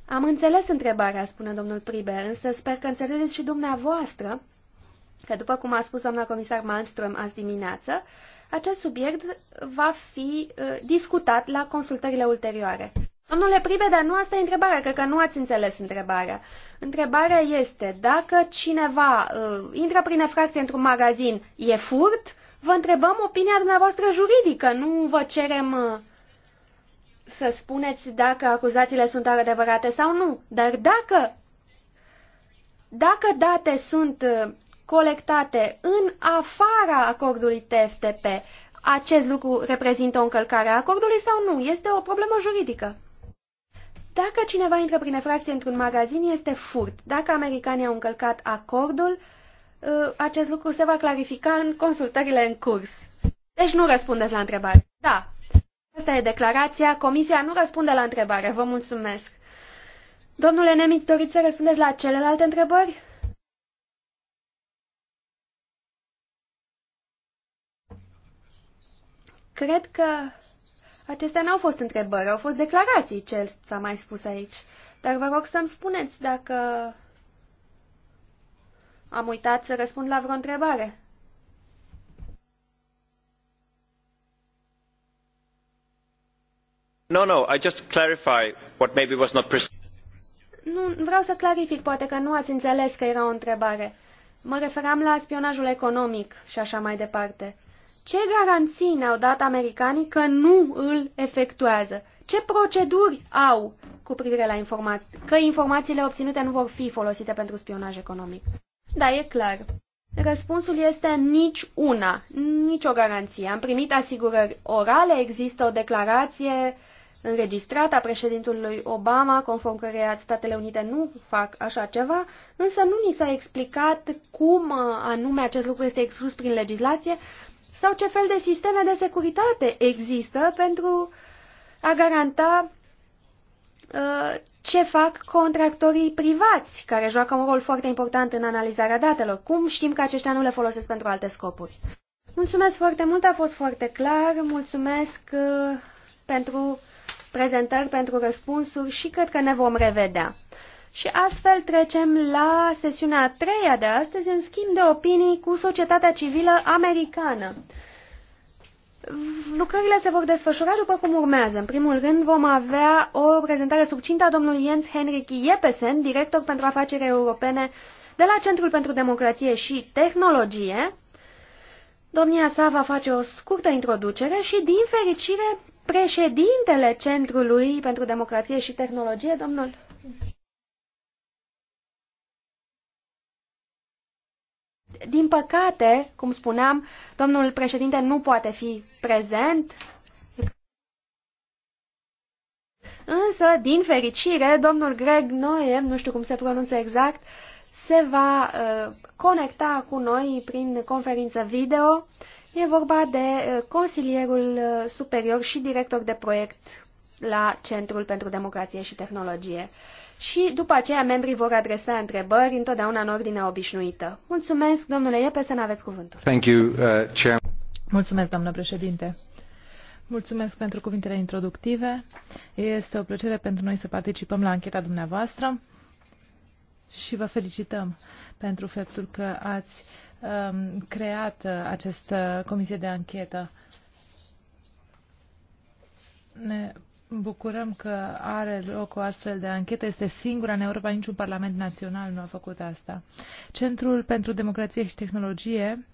Am înțeles întrebarea, spune domnul Pribe, însă sper că înțelegeți și dumneavoastră că, după cum a spus doamna comisar Malmström azi dimineață, acest subiect va fi uh, discutat la consultările ulterioare. Domnule Pribe, dar nu asta e întrebarea, cred că nu ați înțeles întrebarea. Întrebarea este, dacă cineva uh, intră prin efracție într-un magazin, e furt? Vă întrebăm opinia dumneavoastră juridică, nu vă cerem uh, să spuneți dacă acuzațiile sunt adevărate sau nu. Dar dacă, dacă date sunt uh, colectate în afara acordului TFTP, acest lucru reprezintă o încălcare a acordului sau nu? Este o problemă juridică. Dacă cineva intră prin efracție într-un magazin, este furt. Dacă americanii au încălcat acordul, ă, acest lucru se va clarifica în consultările în curs. Deci nu răspundeți la întrebare. Da. Asta e declarația. Comisia nu răspunde la întrebare. Vă mulțumesc. Domnule Nemitz, doriți să răspundeți la celelalte întrebări? Cred că acestea n-au fost întrebări, au fost declarații ce s-a mai spus aici. Dar vă rog să-mi spuneți dacă am uitat să răspund la vreo întrebare. No, no, I just clarify what maybe was not Nu, vreau să clarific, poate că nu ați înțeles că era o întrebare. Mă referam la spionajul economic și așa mai departe. Ce garanții ne-au dat americanii că nu îl efectuează? Ce proceduri au cu privire la informații? Că informațiile obținute nu vor fi folosite pentru spionaj economic. Da, e clar. Răspunsul este nici una, nicio garanție. Am primit asigurări orale, există o declarație înregistrată a președintelui Obama, conform căreia Statele Unite nu fac așa ceva, însă nu ni s-a explicat cum uh, anume acest lucru este exclus prin legislație sau ce fel de sisteme de securitate există pentru a garanta uh, ce fac contractorii privați, care joacă un rol foarte important în analizarea datelor. Cum știm că aceștia nu le folosesc pentru alte scopuri? Mulțumesc foarte mult, a fost foarte clar. Mulțumesc uh, pentru prezentări, pentru răspunsuri și cred că ne vom revedea. Și astfel trecem la sesiunea a treia de astăzi, un schimb de opinii cu societatea civilă americană. Lucrările se vor desfășura după cum urmează. În primul rând vom avea o prezentare succintă a domnului Jens Henrik Jeppesen, director pentru afaceri europene de la Centrul pentru Democrație și Tehnologie. Domnia sa va face o scurtă introducere și, din fericire, președintele Centrului pentru Democrație și Tehnologie, domnul Din păcate, cum spuneam, domnul președinte nu poate fi prezent, însă, din fericire, domnul Greg Noie, nu știu cum se pronunță exact, se va uh, conecta cu noi prin conferință video. E vorba de uh, consilierul uh, superior și director de proiect la Centrul pentru Democrație și Tehnologie. Și după aceea membrii vor adresa întrebări întotdeauna în ordine obișnuită. Mulțumesc, domnule Iepe, să aveți cuvântul. Thank you, uh, Mulțumesc, doamnă președinte. Mulțumesc pentru cuvintele introductive. Este o plăcere pentru noi să participăm la ancheta dumneavoastră și vă felicităm pentru faptul că ați um, creat uh, această comisie de anchetă. Ne bucurăm că are loc o astfel de anchetă. Este singura în Europa, niciun parlament național nu a făcut asta. Centrul pentru Democrație și Tehnologie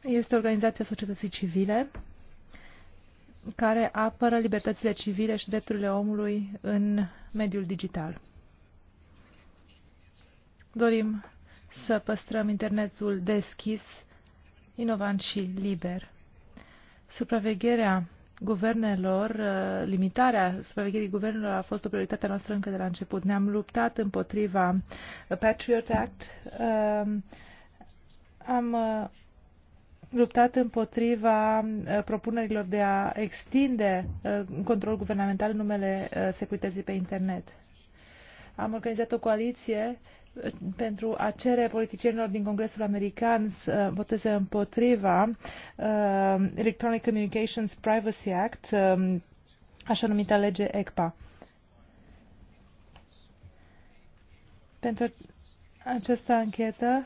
este organizația societății civile care apără libertățile civile și drepturile omului în mediul digital. Dorim să păstrăm internetul deschis, inovant și liber. Supravegherea guvernelor, uh, limitarea supravegherii guvernelor a fost o prioritate noastră încă de la început. Ne-am luptat împotriva Patriot Act, um, am uh, luptat împotriva uh, propunerilor de a extinde controlul guvernamental în numele securității pe internet. Am organizat o coaliție pentru a cere politicienilor din Congresul American să voteze împotriva uh, Electronic Communications Privacy Act, uh, așa numită lege ECPA. Pentru această anchetă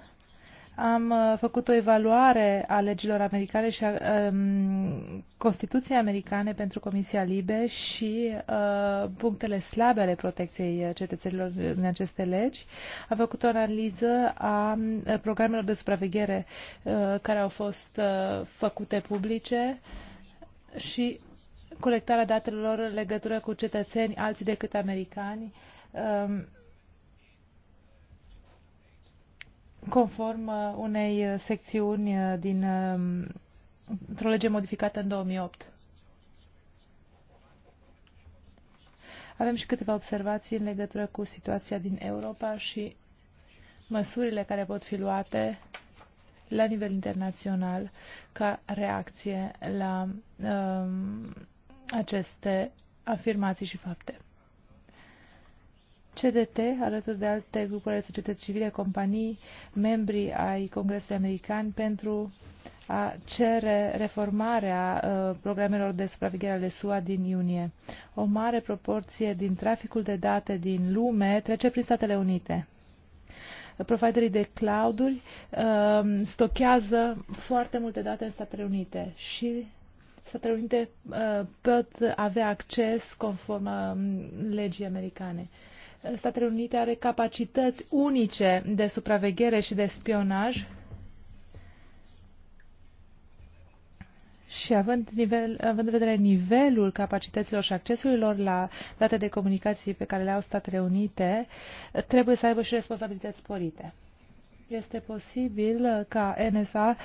am uh, făcut o evaluare a legilor americane și a um, Constituției americane pentru Comisia Libe și uh, punctele slabe ale protecției uh, cetățenilor în aceste legi. Am făcut o analiză a uh, programelor de supraveghere uh, care au fost uh, făcute publice și colectarea datelor în legătură cu cetățeni alții decât americani. Uh, conform uh, unei uh, secțiuni uh, din um, o lege modificată în 2008. Avem și câteva observații în legătură cu situația din Europa și măsurile care pot fi luate la nivel internațional ca reacție la um, aceste afirmații și fapte. CDT, alături de alte grupuri de societăți civile, companii, membri ai Congresului American pentru a cere reformarea uh, programelor de supraveghere ale SUA din iunie. O mare proporție din traficul de date din lume trece prin Statele Unite. Providerii de clouduri uh, stochează foarte multe date în Statele Unite și Statele Unite uh, pot avea acces conform uh, legii americane. Uh, Statele Unite are capacități unice de supraveghere și de spionaj Și având, nivel, având în vedere nivelul capacităților și accesului lor la date de comunicații pe care le au Statele Unite, trebuie să aibă și responsabilități sporite. Este posibil ca NSA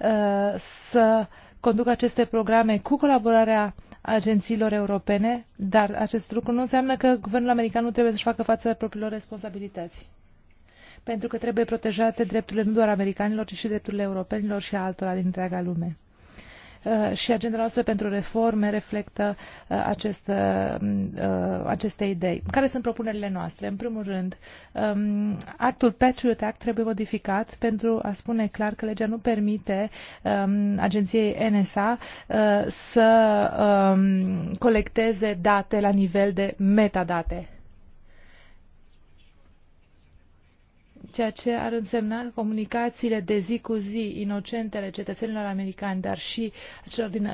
uh, să uh, conduc aceste programe cu colaborarea agențiilor europene, dar acest lucru nu înseamnă că guvernul american nu trebuie să-și facă față propriilor responsabilități. Pentru că trebuie protejate drepturile nu doar americanilor, ci și drepturile europenilor și a altora din întreaga lume. Uh, și agenda noastră pentru reforme reflectă uh, acest, uh, aceste idei. Care sunt propunerile noastre? În primul rând, um, actul Patriot Act trebuie modificat pentru a spune clar că legea nu permite um, agenției NSA să um, colecteze date la nivel de metadate ceea ce ar însemna că comunicațiile de zi cu zi ale cetățenilor americani, dar și celor din,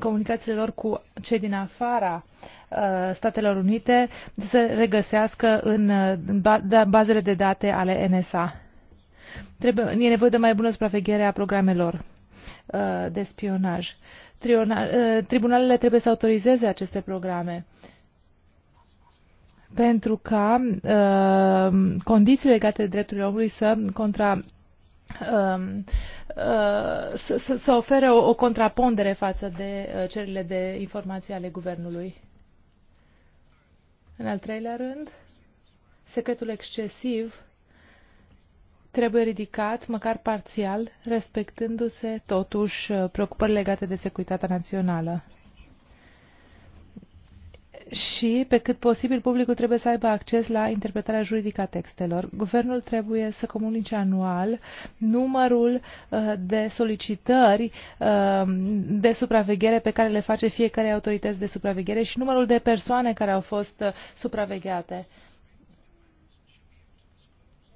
comunicațiile lor cu cei din afara uh, Statelor Unite se regăsească în da, bazele de date ale NSA. Trebuie, e nevoie de mai bună supraveghere a programelor uh, de spionaj. Uh, tribunalele trebuie să autorizeze aceste programe pentru ca uh, condiții legate de drepturile omului să contra um, uh, să, ofere o, o contrapondere față de uh, cererile de informații ale guvernului. În al treilea rând, secretul excesiv trebuie ridicat, măcar parțial, respectându-se totuși uh, preocupări legate de securitatea națională și, pe cât posibil, publicul trebuie să aibă acces la interpretarea juridică a textelor. Guvernul trebuie să comunice anual numărul uh, de solicitări uh, de supraveghere pe care le face fiecare autorități de supraveghere și numărul de persoane care au fost uh, supravegheate.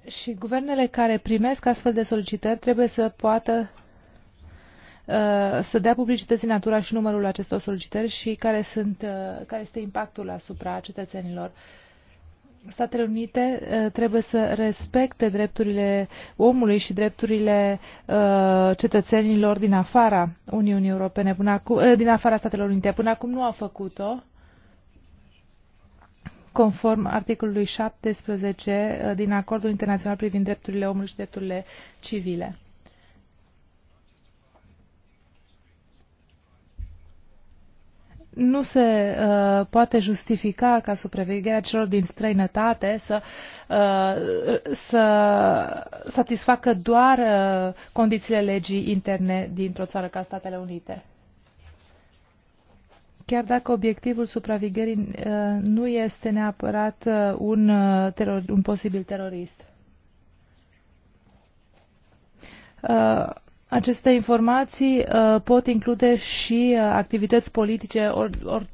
Și guvernele care primesc astfel de solicitări trebuie să poată Uh, să dea publicității natura și numărul acestor solicitări și care, sunt, uh, care este impactul asupra cetățenilor. Statele Unite uh, trebuie să respecte drepturile omului și drepturile cetățenilor din afara Uniunii Europene, până acu, din afara Statelor Unite. Până acum nu a făcut-o conform articolului 17 din Acordul Internațional privind drepturile omului și drepturile civile. nu se uh, poate justifica ca supravegherea celor din străinătate să, uh, să satisfacă doar uh, condițiile legii interne dintr-o țară ca Statele Unite. Chiar dacă obiectivul supravegherii uh, nu este neapărat uh, un, uh, teror, un posibil terorist. Uh, aceste informații uh, pot include și uh, activități politice, ori, or,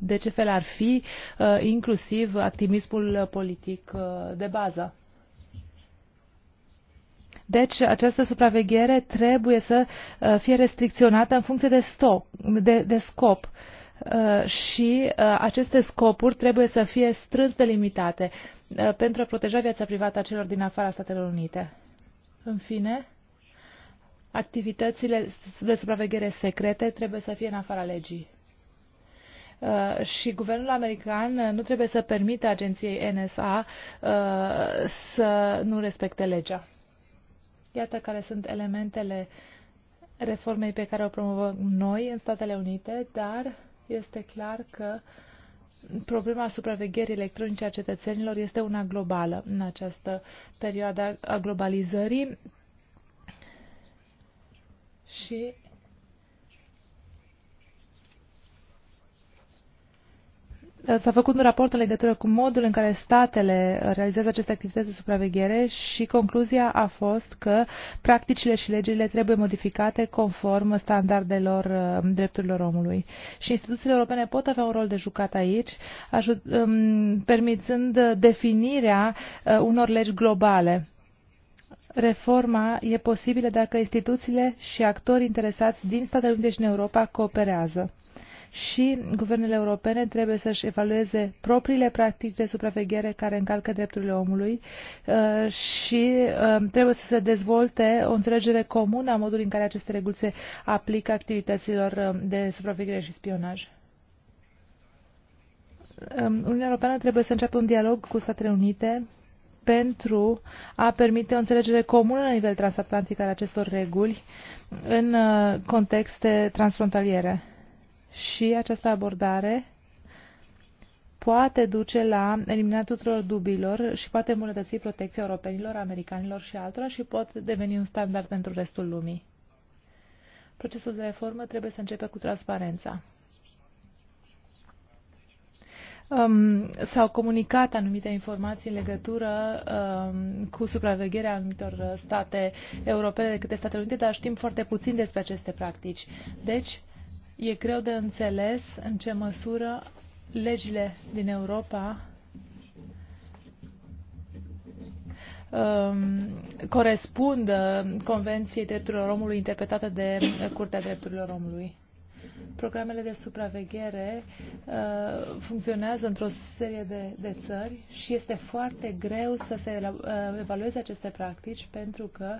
de ce fel ar fi, uh, inclusiv activismul politic uh, de bază. Deci, această supraveghere trebuie să uh, fie restricționată în funcție de, stop, de, de scop uh, și uh, aceste scopuri trebuie să fie strâns delimitate uh, pentru a proteja viața privată a celor din afara Statelor Unite. În fine activitățile de supraveghere secrete trebuie să fie în afara legii. Uh, și guvernul american nu trebuie să permită agenției NSA uh, să nu respecte legea. Iată care sunt elementele reformei pe care o promovăm noi în Statele Unite, dar este clar că problema supravegherii electronice a cetățenilor este una globală în această perioadă a globalizării și S-a făcut un raport în legătură cu modul în care statele realizează aceste activități de supraveghere și concluzia a fost că practicile și legile trebuie modificate conform standardelor uh, drepturilor omului. Și instituțiile europene pot avea un rol de jucat aici, um, permițând definirea uh, unor legi globale reforma e posibilă dacă instituțiile și actorii interesați din Statele Unite și în Europa cooperează. Și guvernele europene trebuie să-și evalueze propriile practici de supraveghere care încalcă drepturile omului uh, și uh, trebuie să se dezvolte o înțelegere comună a modului în care aceste reguli se aplică activităților uh, de supraveghere și spionaj. Um, Uniunea Europeană trebuie să înceapă un dialog cu Statele Unite pentru a permite o înțelegere comună la nivel transatlantic al acestor reguli în uh, contexte transfrontaliere. Și această abordare poate duce la eliminarea tuturor dubilor și poate îmbunătăți protecția europenilor, americanilor și altora și pot deveni un standard pentru restul lumii. Procesul de reformă trebuie să începe cu transparența um, s-au comunicat anumite informații în legătură um, cu supravegherea anumitor uh, state europene decât de Statele Unite, dar știm foarte puțin despre aceste practici. Deci, e greu de înțeles în ce măsură legile din Europa um, corespund uh, Convenției Drepturilor Omului interpretată de Curtea Drepturilor Omului. Programele de supraveghere uh, funcționează într-o serie de, de țări și este foarte greu să se uh, evalueze aceste practici pentru că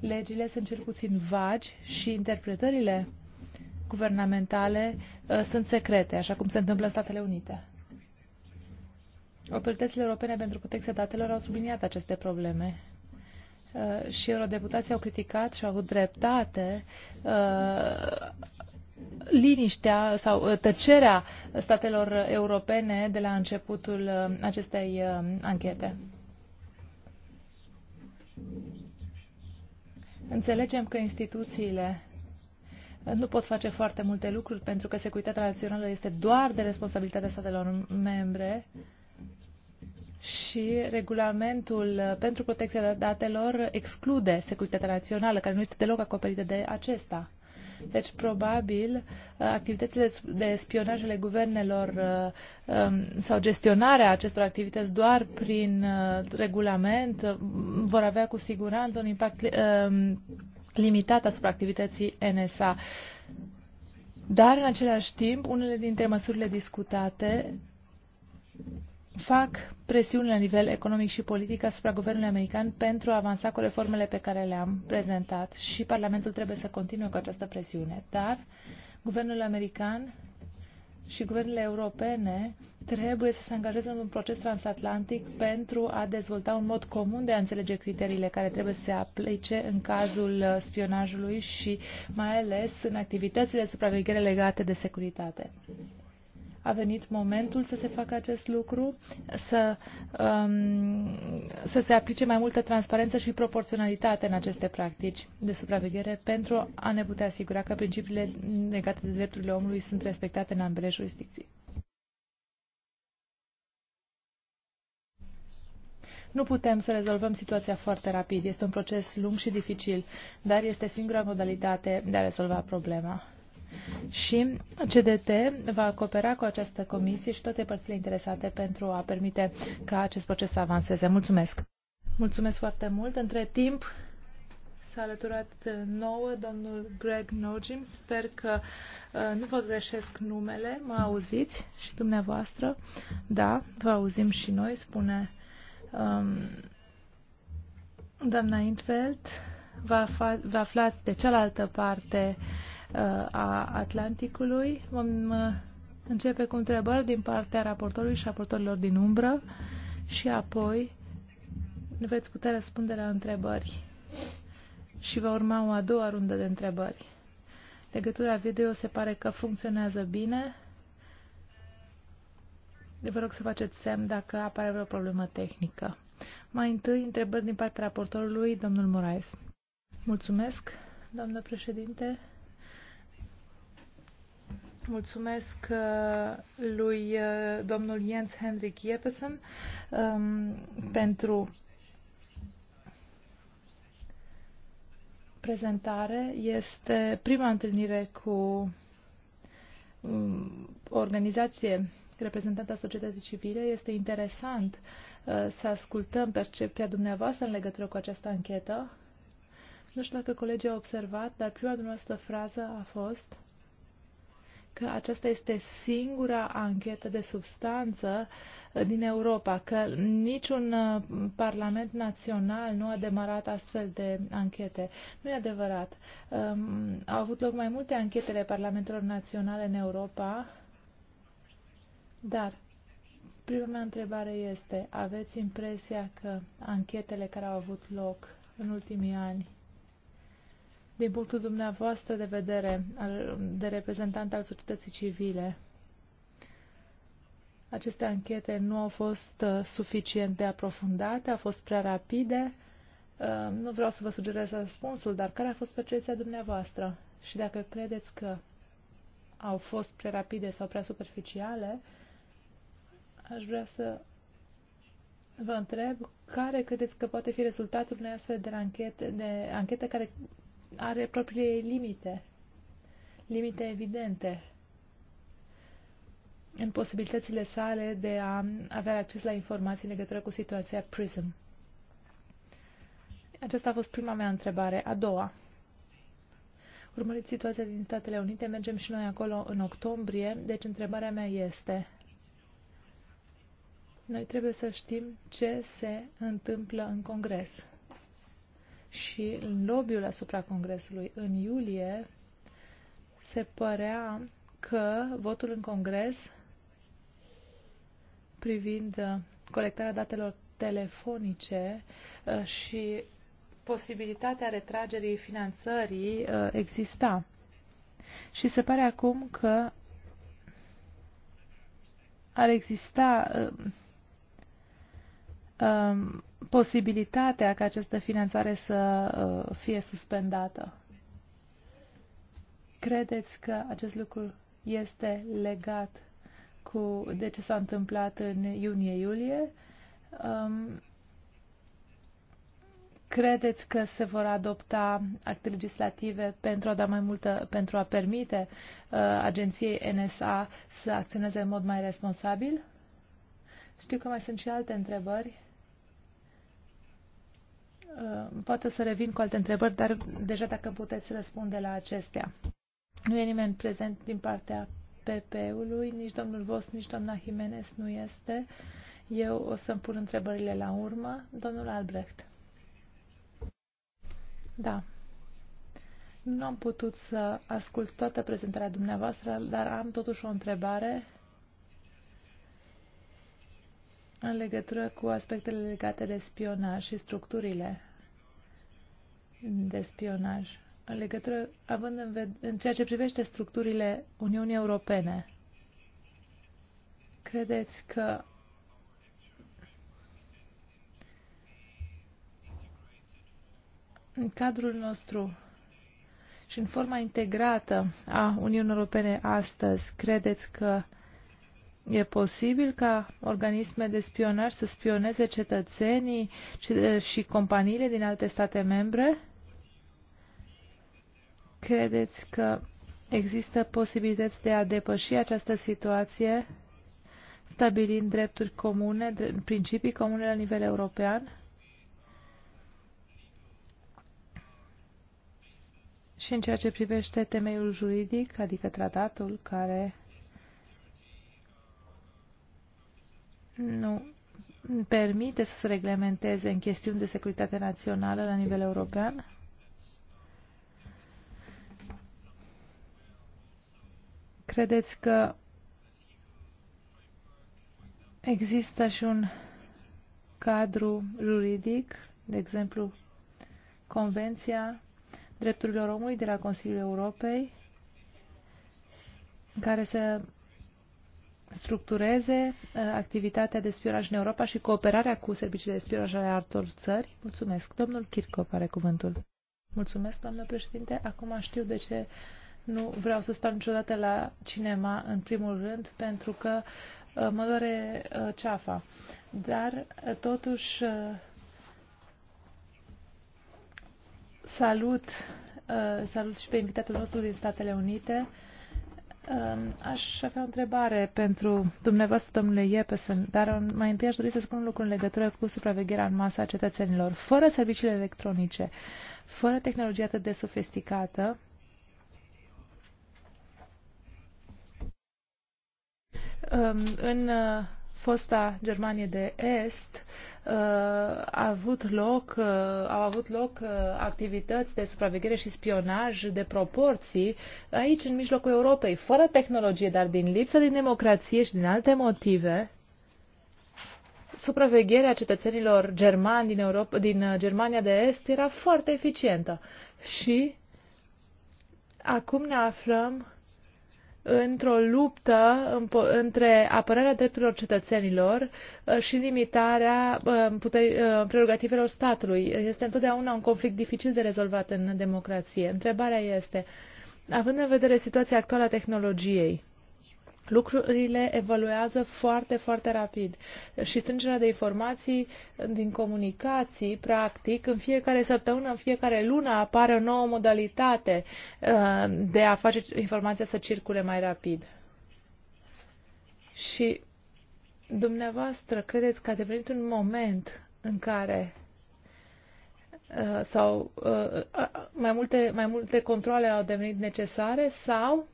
legile sunt cel puțin vagi și interpretările guvernamentale uh, sunt secrete, așa cum se întâmplă în Statele Unite. Autoritățile europene pentru protecția datelor au subliniat aceste probleme uh, și eurodeputații au criticat și au avut dreptate uh, liniștea sau uh, tăcerea statelor europene de la începutul uh, acestei uh, anchete. Înțelegem că instituțiile nu pot face foarte multe lucruri pentru că securitatea națională este doar de responsabilitatea statelor membre și regulamentul pentru protecția datelor exclude securitatea națională, care nu este deloc acoperită de acesta. Deci, probabil, uh, activitățile de spionaj ale guvernelor uh, um, sau gestionarea acestor activități doar prin uh, regulament vor avea cu siguranță un impact um, limitat asupra activității NSA. Dar, în același timp, unele dintre măsurile discutate fac presiuni la nivel economic și politic asupra guvernului american pentru a avansa cu reformele pe care le-am prezentat și Parlamentul trebuie să continue cu această presiune. Dar guvernul american și guvernele europene trebuie să se angajeze în un proces transatlantic pentru a dezvolta un mod comun de a înțelege criteriile care trebuie să se aplice în cazul uh, spionajului și mai ales în activitățile de supraveghere legate de securitate a venit momentul să se facă acest lucru, să, um, să se aplice mai multă transparență și proporționalitate în aceste practici de supraveghere pentru a ne putea asigura că principiile legate de drepturile omului sunt respectate în ambele jurisdicții. Nu putem să rezolvăm situația foarte rapid. Este un proces lung și dificil, dar este singura modalitate de a rezolva problema și CDT va coopera cu această comisie și toate părțile interesate pentru a permite ca acest proces să avanseze. Mulțumesc! Mulțumesc foarte mult! Între timp, s-a alăturat nouă domnul Greg Nogim. Sper că uh, nu vă greșesc numele. Mă auziți și dumneavoastră? Da, vă auzim și noi, spune um, doamna Intveld. Vă, afla, vă aflați de cealaltă parte uh, a Atlanticului. Vom uh, începe cu întrebări din partea raportorului și raportorilor din umbră și apoi veți putea răspunde la întrebări și va urma o a doua rundă de întrebări. Legătura video se pare că funcționează bine. Vă rog să faceți semn dacă apare vreo problemă tehnică. Mai întâi, întrebări din partea raportorului, domnul Moraes. Mulțumesc, doamnă președinte. Mulțumesc uh, lui uh, domnul Jens Henrik Jeppesen um, pentru prezentare. Este prima întâlnire cu o um, organizație reprezentantă a societății civile. Este interesant uh, să ascultăm percepția dumneavoastră în legătură cu această anchetă. Nu știu dacă colegii au observat, dar prima dumneavoastră frază a fost că aceasta este singura anchetă de substanță uh, din Europa, că niciun uh, parlament național nu a demarat astfel de anchete. Nu e adevărat. Um, au avut loc mai multe anchetele parlamentelor naționale în Europa, dar prima mea întrebare este, aveți impresia că anchetele care au avut loc în ultimii ani din punctul dumneavoastră de vedere de reprezentant al societății civile. Aceste anchete nu au fost uh, suficient de aprofundate, au fost prea rapide. Uh, nu vreau să vă sugerez răspunsul, dar care a fost percepția dumneavoastră? Și dacă credeți că au fost prea rapide sau prea superficiale, aș vrea să vă întreb care credeți că poate fi rezultatul unei astfel de anchete, de anchete care are propriile limite, limite evidente în posibilitățile sale de a avea acces la informații în legătură cu situația PRISM. Aceasta a fost prima mea întrebare. A doua. Urmăriți situația din Statele Unite, mergem și noi acolo în octombrie, deci întrebarea mea este, noi trebuie să știm ce se întâmplă în Congres și în lobby-ul asupra Congresului în iulie se părea că votul în Congres privind uh, colectarea datelor telefonice uh, și posibilitatea retragerii finanțării uh, exista. Și se pare acum că ar exista um, posibilitatea ca această finanțare să uh, fie suspendată. Credeți că acest lucru este legat cu de ce s-a întâmplat în iunie-iulie? Um, credeți că se vor adopta acte legislative pentru a da mai multă, pentru a permite uh, agenției NSA să acționeze în mod mai responsabil? Știu că mai sunt și alte întrebări. Ehm, poate să revin cu alte întrebări, dar deja dacă puteți răspunde la acestea. Nu e nimeni prezent din partea PP-ului, nici domnul Vos, nici doamna Jimenez nu este. Eu o să-mi pun întrebările la urmă. Domnul Albrecht. Da. Nu am putut să ascult toată prezentarea dumneavoastră, dar am totuși o întrebare în legătură cu aspectele legate de spionaj și structurile de spionaj, în legătură, având în, ved- în ceea ce privește structurile Uniunii Europene. Credeți că în cadrul nostru și în forma integrată a Uniunii Europene astăzi, credeți că E posibil ca organisme de spionaj să spioneze cetățenii și, și companiile din alte state membre? Credeți că există posibilități de a depăși această situație stabilind drepturi comune, principii comune la nivel european? Și în ceea ce privește temeiul juridic, adică tratatul care nu permite să se reglementeze în chestiuni de securitate națională la nivel european? Credeți că există și un cadru juridic, de exemplu, Convenția Drepturilor Omului de la Consiliul Europei, în care se structureze uh, activitatea de spionaj în Europa și cooperarea cu serviciile de spionaj ale altor țări? Mulțumesc. Domnul Kirchhoff are cuvântul. Mulțumesc, doamnă președinte. Acum știu de ce nu vreau să stau niciodată la cinema, în primul rând, pentru că uh, mă doare uh, ceafa. Dar, totuși, salut, salut și pe invitatul nostru din Statele Unite, Ehm, aș avea o întrebare pentru dumneavoastră, domnule Iepesen, dar mai întâi aș dori să spun un lucru în legătură cu supravegherea în masă a cetățenilor. Fără serviciile electronice, fără tehnologia atât de sofisticată, ehm, în fosta Germanie de Est uh, a avut loc, uh, au avut loc uh, activități de supraveghere și spionaj de proporții aici, în mijlocul Europei, fără tehnologie, dar din lipsă de democrație și din alte motive, supravegherea cetățenilor germani din, Europa, din Germania de Est era foarte eficientă. Și acum ne aflăm într-o luptă între apărarea drepturilor cetățenilor uh, și limitarea uh, uh, prerogativelor statului. Este întotdeauna un conflict dificil de rezolvat în democrație. Întrebarea este, având în vedere situația actuală a tehnologiei, lucrurile evoluează foarte, foarte rapid și strângerea de informații din comunicații, practic, în fiecare săptămână, în fiecare lună apare o nouă modalitate uh, de a face informația să circule mai rapid. Și dumneavoastră credeți că a devenit un moment în care uh, sau uh, mai multe, mai multe controle au devenit necesare sau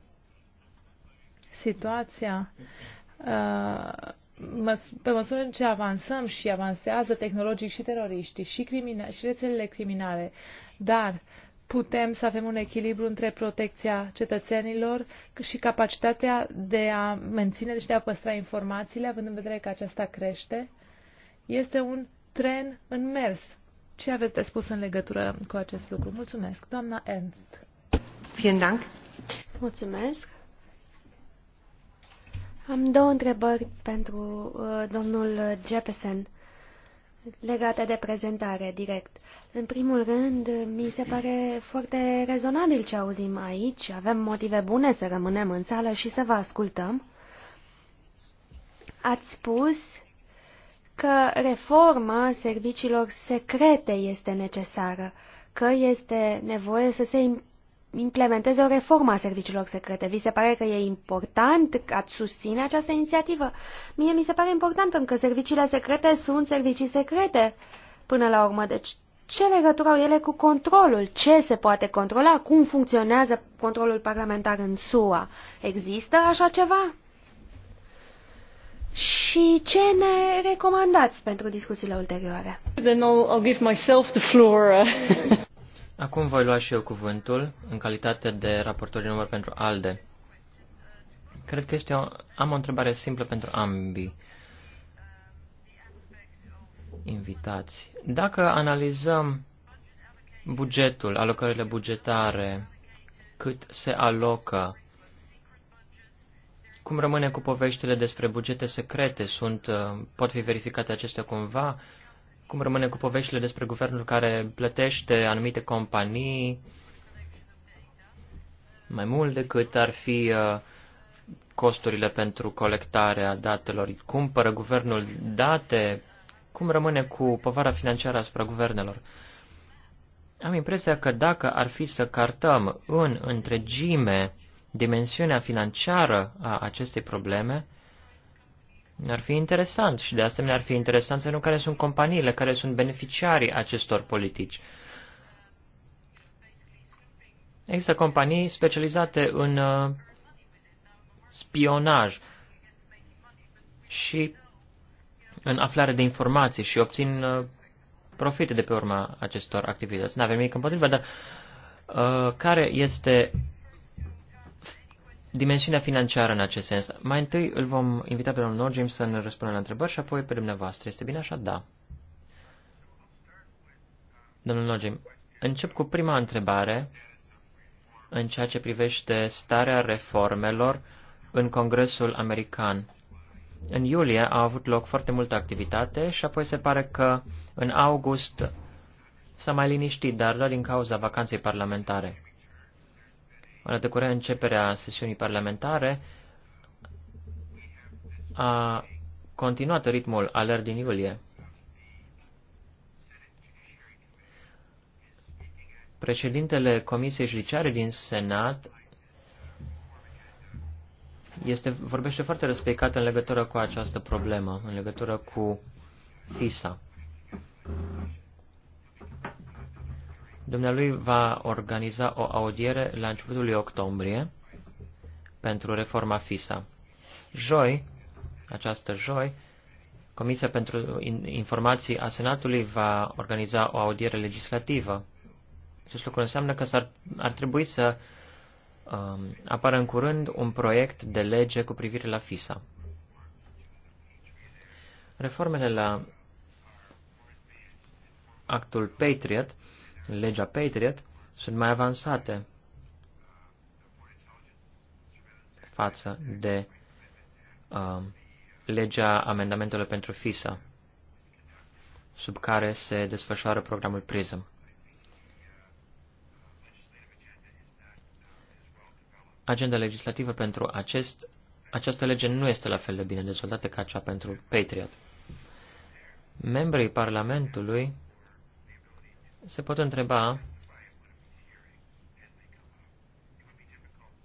situația uh, pe măsură în ce avansăm și avansează tehnologic și teroriștii și, crimina- și rețelele criminale, dar putem să avem un echilibru între protecția cetățenilor și capacitatea de a menține, și deci de a păstra informațiile, având în vedere că aceasta crește, este un tren în mers. Ce aveți de spus în legătură cu acest lucru? Mulțumesc, doamna Ernst. Vielen Dank. Mulțumesc. Am două întrebări pentru uh, domnul Jefferson legate de prezentare direct. În primul rând, mi se pare foarte rezonabil ce auzim aici. Avem motive bune să rămânem în sală și să vă ascultăm. Ați spus că reforma serviciilor secrete este necesară, că este nevoie să se implementeze o reformă a serviciilor secrete. Vi se pare că e important că ați susține această inițiativă? Mie mi se pare important pentru că serviciile secrete sunt servicii secrete până la urmă. Deci ce legătură au ele cu controlul? Ce se poate controla? Cum funcționează controlul parlamentar în SUA? Există așa ceva? Și ce ne recomandați pentru discuțiile ulterioare? Then I'll, I'll give myself the floor. Acum voi lua și eu cuvântul în calitate de raportor număr pentru ALDE. Cred că este o, am o întrebare simplă pentru ambii invitați. Dacă analizăm bugetul, alocările bugetare, cât se alocă, cum rămâne cu poveștile despre bugete secrete? Sunt, pot fi verificate acestea cumva? Cum rămâne cu poveștile despre guvernul care plătește anumite companii mai mult decât ar fi uh, costurile pentru colectarea datelor? Cumpără guvernul date? Cum rămâne cu povara financiară asupra guvernelor? Am impresia că dacă ar fi să cartăm în întregime dimensiunea financiară a acestei probleme, ar fi interesant și de asemenea ar fi interesant să nu care sunt companiile, care sunt beneficiarii acestor politici. Există companii specializate în uh, spionaj și în aflare de informații și obțin uh, profite de pe urma acestor activități. Nu avem nimic împotriva, dar uh, care este dimensiunea financiară în acest sens. Mai întâi îl vom invita pe domnul Norgim să ne răspundă la întrebări și apoi pe dumneavoastră. Este bine așa? Da. Domnul Norgim, încep cu prima întrebare în ceea ce privește starea reformelor în Congresul American. În iulie a avut loc foarte multă activitate și apoi se pare că în august s-a mai liniștit, dar doar din cauza vacanței parlamentare la decurea începerea sesiunii parlamentare, a continuat ritmul alert din iulie. Președintele Comisiei Judiciare din Senat este, vorbește foarte respectat în legătură cu această problemă, în legătură cu FISA. Dumnealui va organiza o audiere la începutul lui octombrie pentru reforma FISA. Joi, această joi, Comisia pentru Informații a Senatului va organiza o audiere legislativă. Acest lucru înseamnă că ar ar trebui să um, apară în curând un proiect de lege cu privire la FISA. Reformele la actul Patriot legea Patriot sunt mai avansate față de uh, legea amendamentelor pentru FISA, sub care se desfășoară programul PRISM. Agenda legislativă pentru acest, această lege nu este la fel de bine dezvoltată ca cea pentru Patriot. Membrii Parlamentului se pot întreba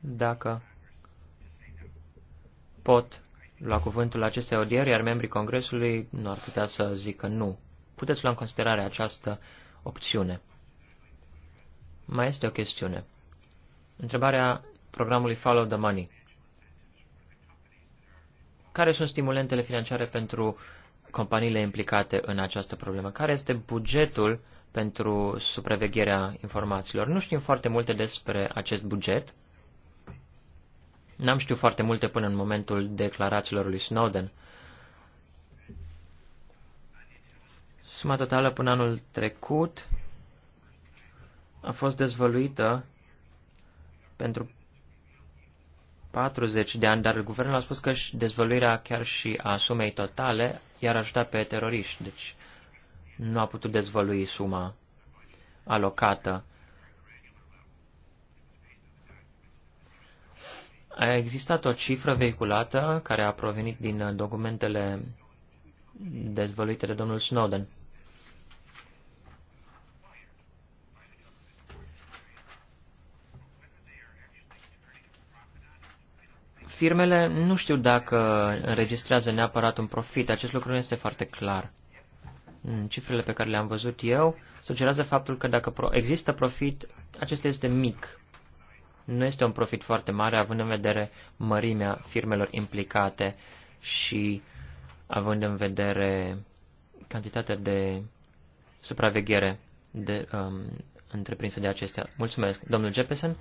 dacă pot lua cuvântul acestei audieri, iar membrii Congresului nu ar putea să zică nu. Puteți lua în considerare această opțiune. Mai este o chestiune. Întrebarea programului Follow the Money. Care sunt stimulentele financiare pentru companiile implicate în această problemă? Care este bugetul uh, pentru supravegherea informațiilor. Nu știm foarte multe despre acest buget. N-am știut foarte multe până în momentul declarațiilor lui Snowden. Suma totală până anul trecut a fost dezvăluită pentru 40 de ani, dar guvernul a spus că dezvăluirea chiar și a sumei totale i-ar ajuta pe teroriști. Deci nu a putut dezvălui suma alocată. A existat o cifră vehiculată care a provenit din documentele dezvăluite de domnul Snowden. Firmele nu știu dacă înregistrează neapărat un profit, acest lucru nu este foarte clar cifrele pe care le-am văzut eu sugerează faptul că dacă există profit, acesta este mic. Nu este un profit foarte mare, având în vedere mărimea firmelor implicate și având în vedere cantitatea de supraveghere de, um, întreprinsă de acestea. Mulțumesc, domnul Jeppesen.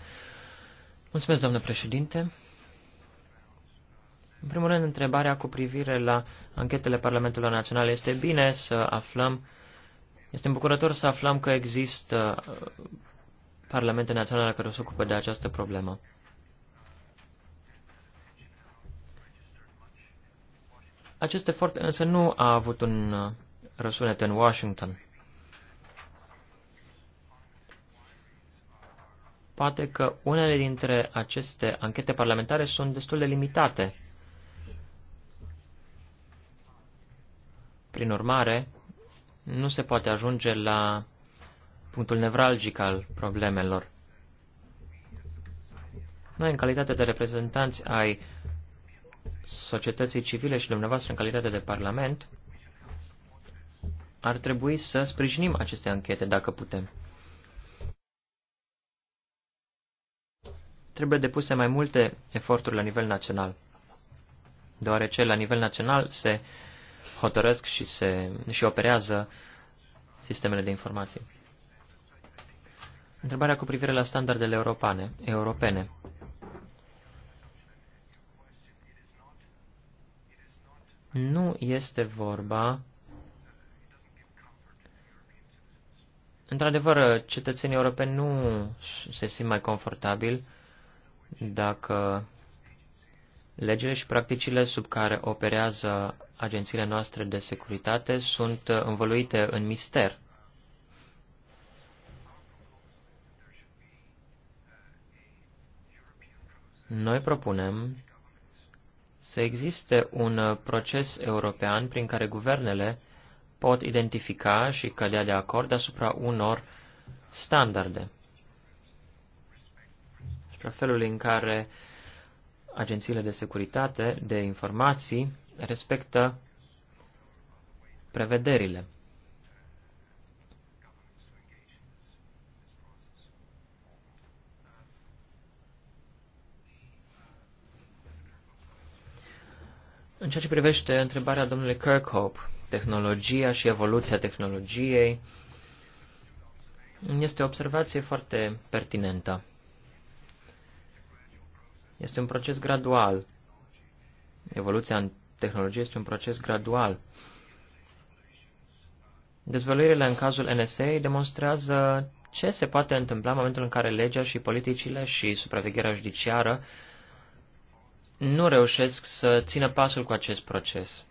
Mulțumesc, domnule președinte. În primul rând, întrebarea cu privire la anchetele Parlamentelor Naționale. Este bine să aflăm, este îmbucurător să aflăm că există uh, Parlamente Naționale care se ocupă de această problemă. Acest efort însă nu a avut un uh, răsunet în Washington. Poate că unele dintre aceste anchete parlamentare sunt destul de limitate. Prin urmare, nu se poate ajunge la punctul nevralgic al problemelor. Noi, în calitate de reprezentanți ai societății civile și dumneavoastră în calitate de parlament, ar trebui să sprijinim aceste anchete dacă putem. Trebuie depuse mai multe eforturi la nivel național, deoarece la nivel național se uh, hotărăsc și, se, și operează sistemele de informații. Întrebarea cu privire la standardele europene, europene. Nu este vorba Într-adevăr, cetățenii europeni nu se simt mai confortabil dacă legile și practicile sub care operează agențiile noastre de securitate sunt uh, învăluite în mister. Noi propunem să existe un uh, proces european prin care guvernele pot identifica și cădea de acord asupra unor standarde. Asupra felului în care agențiile de securitate, de informații, respectă prevederile. În ceea ce privește întrebarea domnului Kirkhope, tehnologia și evoluția tehnologiei, este o observație foarte pertinentă. Este un proces gradual. Evoluția în tehnologie este un proces gradual. Dezvăluirile în cazul NSA demonstrează ce se poate întâmpla în momentul în care legea și politicile și supravegherea judiciară nu reușesc să țină pasul cu acest proces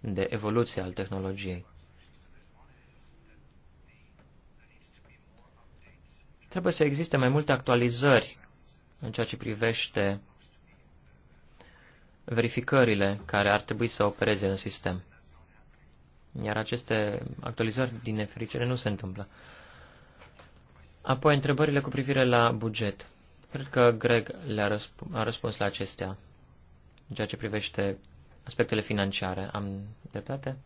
de evoluție al tehnologiei. Trebuie să existe mai multe actualizări în ceea ce privește verificările care ar trebui să opereze în sistem. Iar aceste actualizări, din nefericire, nu se întâmplă. Apoi, întrebările cu privire la buget. Cred că Greg le-a răsp- a răspuns la acestea, în ceea ce privește aspectele financiare. Am dreptate?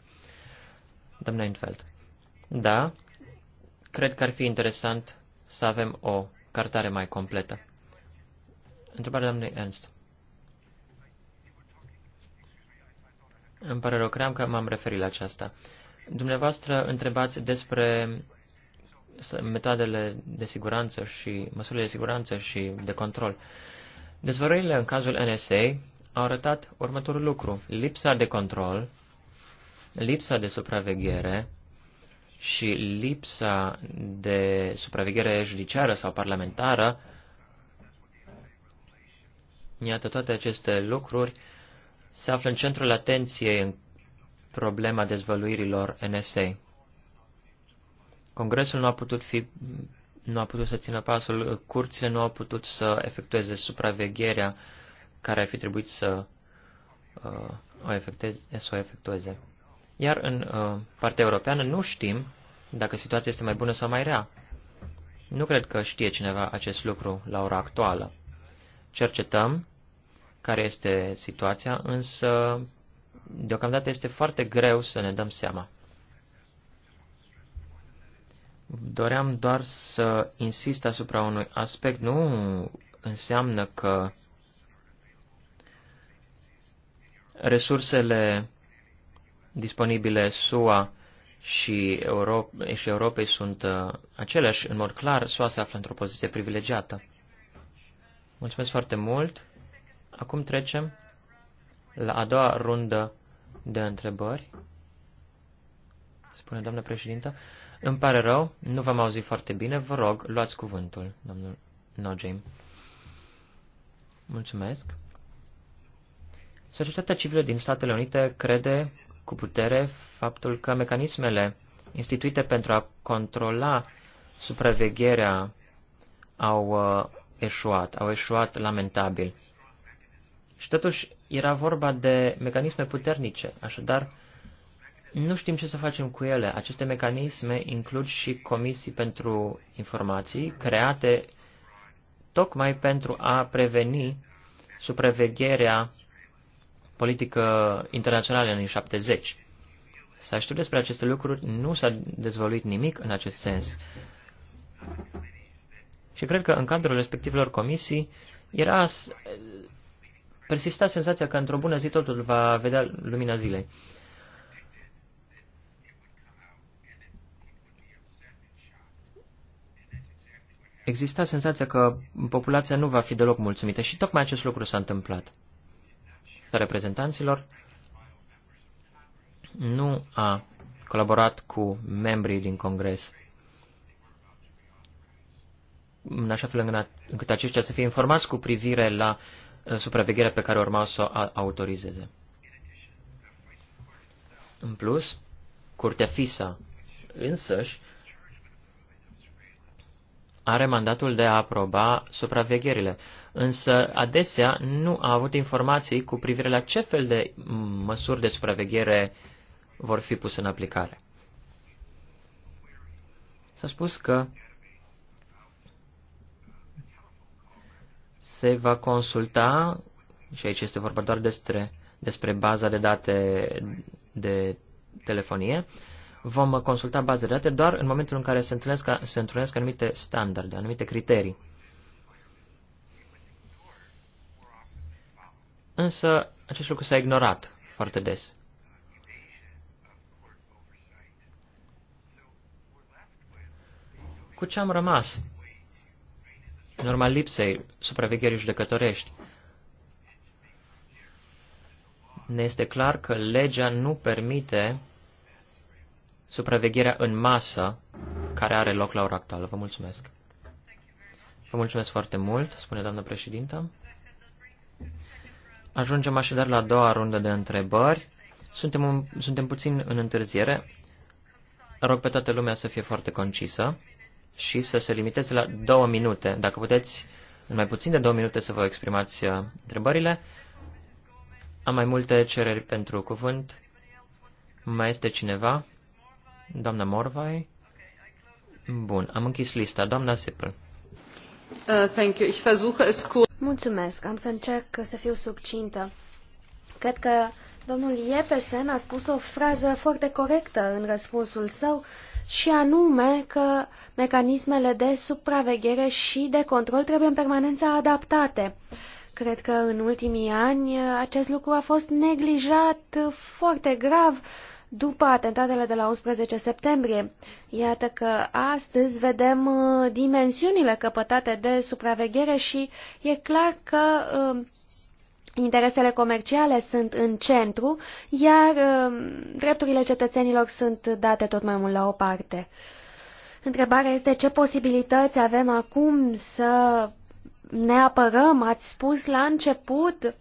Domnul Einfeld. Da, cred că ar fi interesant să avem o cartare mai completă. Întrebarea doamnei Ernst. Îmi pare rău, cream că m-am referit la aceasta. Dumneavoastră întrebați despre metodele de siguranță și măsurile de siguranță și de control. Dezvăluirile în cazul NSA au arătat următorul lucru. Lipsa de control, lipsa de supraveghere și lipsa de supraveghere judiciară sau parlamentară, iată toate aceste lucruri se află în centrul atenției în problema dezvăluirilor NSA. Congresul nu a putut fi nu a putut să țină pasul, curțile nu au putut să efectueze supravegherea care ar fi trebuit să uh, o, efecteze, să o efectueze. Iar în uh, partea europeană nu știm dacă situația este mai bună sau mai rea. Nu cred că știe cineva acest lucru la ora actuală. Cercetăm care este situația, însă deocamdată este foarte greu să ne dăm seama. Doream doar să insist asupra unui aspect. Nu înseamnă că resursele disponibile SUA și, Europe, și Europei sunt uh, aceleași. În mod clar, SUA se află într-o poziție privilegiată. Mulțumesc foarte mult. Acum trecem la a doua rundă de întrebări. Spune doamna președintă. Îmi pare rău, nu v-am auzit foarte bine, vă rog, luați cuvântul, domnul Nogem. Mulțumesc. Societatea civilă din Statele Unite crede cu putere faptul că mecanismele instituite pentru a controla supravegherea au uh, eșuat, au eșuat lamentabil. Și totuși era vorba de mecanisme puternice, așadar nu știm ce să facem cu ele. Aceste mecanisme includ și comisii pentru informații create tocmai pentru a preveni supravegherea politică internațională în anii 70. Să știu despre aceste lucruri, nu s-a dezvăluit nimic în acest sens. Și cred că în cadrul respectivelor comisii era persista senzația că într-o bună zi totul va vedea lumina zilei. Exista senzația că populația nu va fi deloc mulțumită și tocmai acest lucru s-a întâmplat. Reprezentanților nu a colaborat cu membrii din Congres în așa fel încât aceștia să fie informați cu privire la supravegherea pe care urma să o autorizeze. În plus, Curtea FISA însăși are mandatul de a aproba supravegherile, însă adesea nu a avut informații cu privire la ce fel de măsuri de supraveghere vor fi puse în aplicare. S-a spus că se va consulta, și aici este vorba doar despre, despre baza de date de telefonie, vom consulta baza de date doar în momentul în care se întâlnesc, se întâlnesc anumite standarde, anumite criterii. Însă acest lucru s-a ignorat foarte des. Cu ce am rămas? în urma lipsei supravegherii judecătorești. Ne este clar că legea nu permite supravegherea în masă care are loc la ora actuală. Vă mulțumesc. Vă mulțumesc foarte mult, spune doamna președintă. Ajungem așadar la a doua rundă de întrebări. Suntem, un, suntem puțin în întârziere. Rog pe toată lumea să fie foarte concisă și să se limiteze la două minute. Dacă puteți, în mai puțin de două minute, să vă exprimați uh, întrebările. Am mai multe cereri pentru cuvânt. Mai este cineva? Doamna Morvai? Bun, am închis lista. Doamna Seppel. Uh, thank you. Mulțumesc. Am să încerc să fiu subcintă. Cred că domnul Iepesen a spus o frază foarte corectă în răspunsul său și anume că mecanismele de supraveghere și de control trebuie în permanență adaptate. Cred că în ultimii ani acest lucru a fost neglijat foarte grav după atentatele de la 11 septembrie. Iată că astăzi vedem uh, dimensiunile căpătate de supraveghere și e clar că uh, Interesele comerciale sunt în centru, iar uh, drepturile cetățenilor sunt date tot mai mult la o parte. Întrebarea este ce posibilități avem acum să ne apărăm. Ați spus la început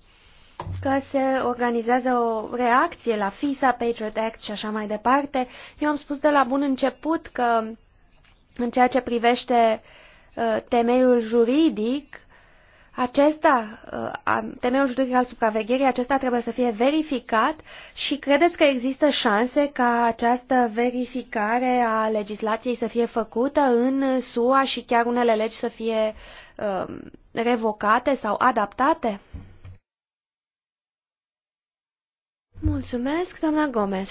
că se organizează o reacție la FISA, Patriot Act și așa mai departe. Eu am spus de la bun început că în ceea ce privește uh, temeiul juridic, acesta, uh, temeiul juridic al supravegherii, acesta trebuie să fie verificat și credeți că există șanse ca această verificare a legislației să fie făcută în SUA și chiar unele legi să fie um, revocate sau adaptate? Mulțumesc, doamna Gomes.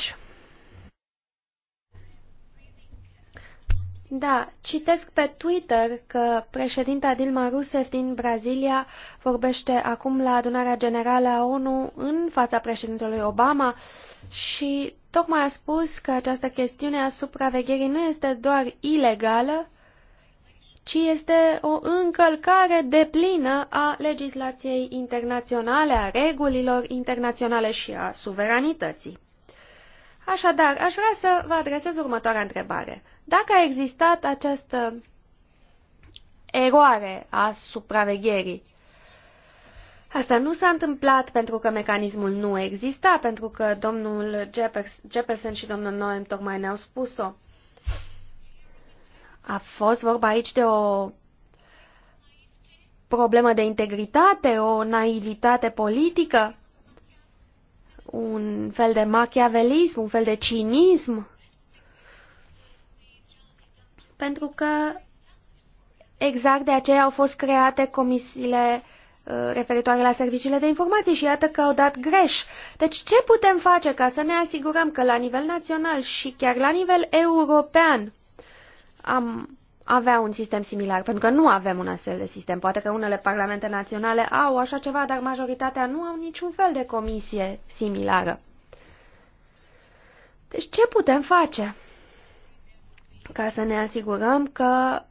Da, citesc pe Twitter că președinta Dilma Rousseff din Brazilia vorbește acum la adunarea generală a ONU în fața președintelui Obama și tocmai a spus că această chestiune a supravegherii nu este doar ilegală, ci este o încălcare deplină a legislației internaționale, a regulilor internaționale și a suveranității. Așadar, aș vrea să vă adresez următoarea întrebare. Dacă a existat această eroare a supravegherii, asta nu s-a întâmplat pentru că mecanismul nu exista, pentru că domnul Jefferson și domnul Noem tocmai ne-au spus-o. A fost vorba aici de o problemă de integritate, o naivitate politică? un fel de machiavelism, un fel de cinism, pentru că exact de aceea au fost create comisiile uh, referitoare la serviciile de informații și iată că au dat greș. Deci ce putem face ca să ne asigurăm că la nivel național și chiar la nivel european am avea un sistem similar, pentru că nu avem un astfel de sistem. Poate că unele parlamente naționale au așa ceva, dar majoritatea nu au niciun fel de comisie similară. Deci ce putem face ca să ne asigurăm că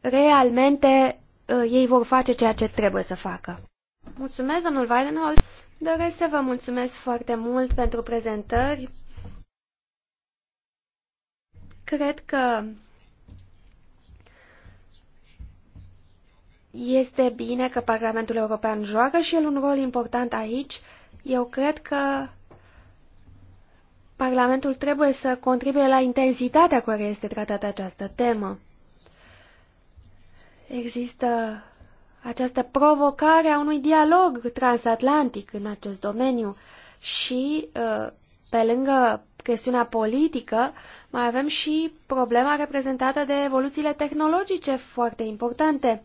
realmente ă, ei vor face ceea ce trebuie să facă? Mulțumesc, domnul Weidenholz. Doresc să vă mulțumesc foarte mult pentru prezentări. Cred că Este bine că Parlamentul European joacă și el un rol important aici. Eu cred că Parlamentul trebuie să contribuie la intensitatea cu care este tratată această temă. Există această provocare a unui dialog transatlantic în acest domeniu și, uh, pe lângă chestiunea politică, mai avem și problema reprezentată de evoluțiile tehnologice foarte importante.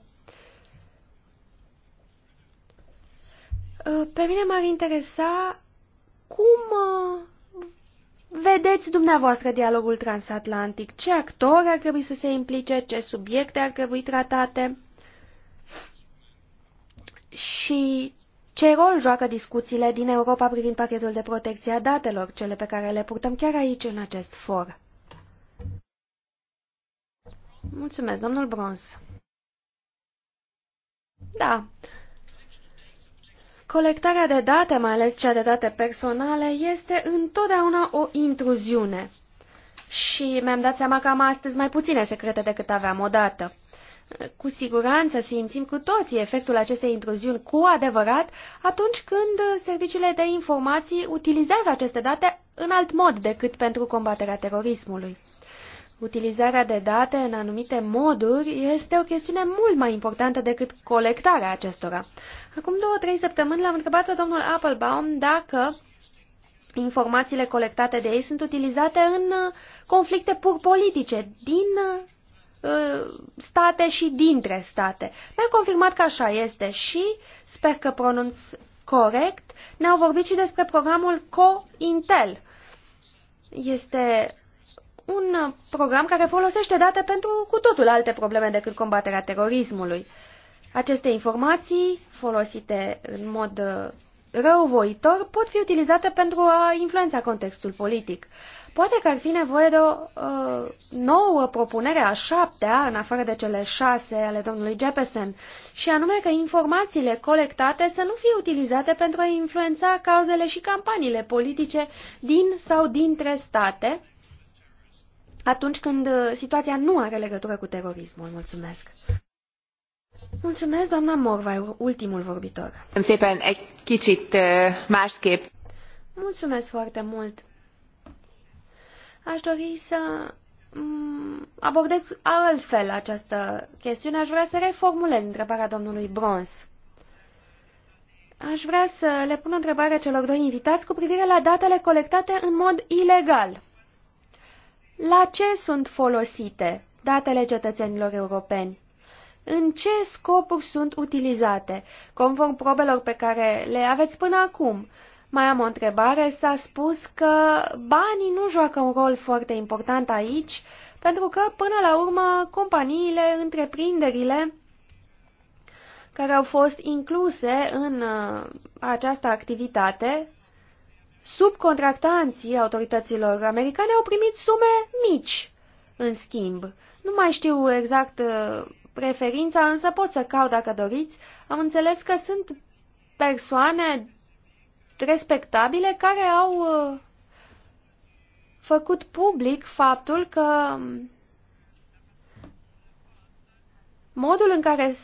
Uh, pe mine m-ar interesa cum uh, vedeți dumneavoastră dialogul transatlantic. Ce actori ar trebui să se implice, ce subiecte ar trebui tratate și ce rol joacă discuțiile din Europa privind pachetul de protecție a datelor, cele pe care le purtăm chiar aici, în acest for? Mulțumesc, domnul Brons. Da, Colectarea de date, mai ales cea de date personale, este întotdeauna o intruziune. Și mi-am dat seama că am astăzi mai puține secrete decât aveam odată. Cu siguranță simțim cu toții efectul acestei intruziuni cu adevărat atunci când serviciile de informații utilizează aceste date în alt mod decât pentru combaterea terorismului. Utilizarea de date în anumite moduri este o chestiune mult mai importantă decât colectarea acestora. Acum două, trei săptămâni l-am întrebat pe domnul Applebaum dacă informațiile colectate de ei sunt utilizate în uh, conflicte pur politice, din uh, uh, state și dintre state. Mi-a confirmat că așa este și sper că pronunț corect. Ne-au vorbit și despre programul COINTEL. Este un program care folosește date pentru cu totul alte probleme decât combaterea terorismului. Uh, aceste informații, folosite în mod uh, răuvoitor, pot fi utilizate pentru a influența contextul politic. Poate că ar fi nevoie de o uh, nouă propunere a șaptea, în afară de cele șase ale domnului Jeppesen, și anume că informațiile colectate să nu fie utilizate pentru a influența cauzele și campaniile politice din sau dintre state, atunci când uh, situația nu are legătură cu terorismul. Mulțumesc! Mulțumesc, doamna Morvai, ultimul vorbitor. Mulțumesc foarte mult. Aș dori să abordez altfel această chestiune. Aș vrea să reformulez întrebarea domnului Brons. Aș vrea să le pun o întrebare celor doi invitați cu privire la datele colectate în mod ilegal. La ce sunt folosite datele cetățenilor europeni? în ce scopuri sunt utilizate, conform probelor pe care le aveți până acum. Mai am o întrebare, s-a spus că banii nu joacă un rol foarte important aici, pentru că, până la urmă, companiile, întreprinderile care au fost incluse în uh, această activitate, subcontractanții autorităților americane au primit sume mici, în schimb. Nu mai știu exact uh, preferința, însă pot să caut dacă doriți. Am înțeles că sunt persoane respectabile care au uh, făcut public faptul că um, modul în care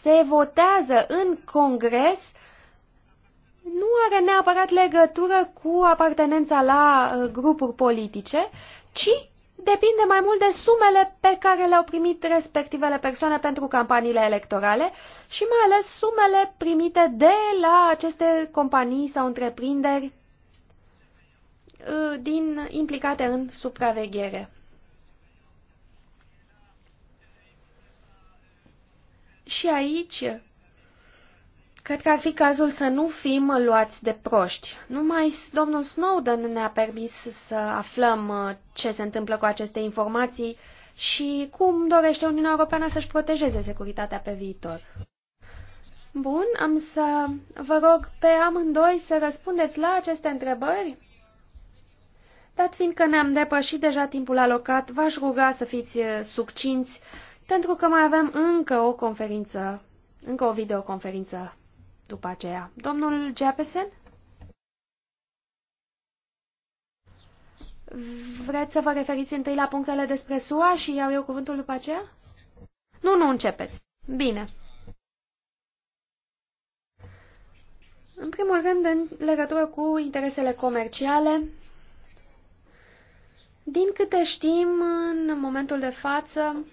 se votează în Congres nu are neapărat legătură cu apartenența la uh, grupuri politice, ci depinde mai mult de sumele pe care le-au primit respectivele persoane pentru campaniile electorale și mai ales sumele primite de la aceste companii sau întreprinderi uh, din, implicate în supraveghere. Și aici Cred că ar fi cazul să nu fim luați de proști. Numai domnul Snowden ne-a permis să aflăm uh, ce se întâmplă cu aceste informații și cum dorește Uniunea Europeană să-și protejeze securitatea pe viitor. Bun, am să vă rog pe amândoi să răspundeți la aceste întrebări. Dat fiindcă ne-am depășit deja timpul alocat, v-aș ruga să fiți uh, succinți, pentru că mai avem încă o conferință, încă o videoconferință după aceea. Domnul Jefferson? Vreți să vă referiți întâi la punctele despre SUA și iau eu cuvântul după aceea? Nu, nu începeți. Bine. În primul rând, în legătură cu interesele comerciale, din câte știm, în momentul de față,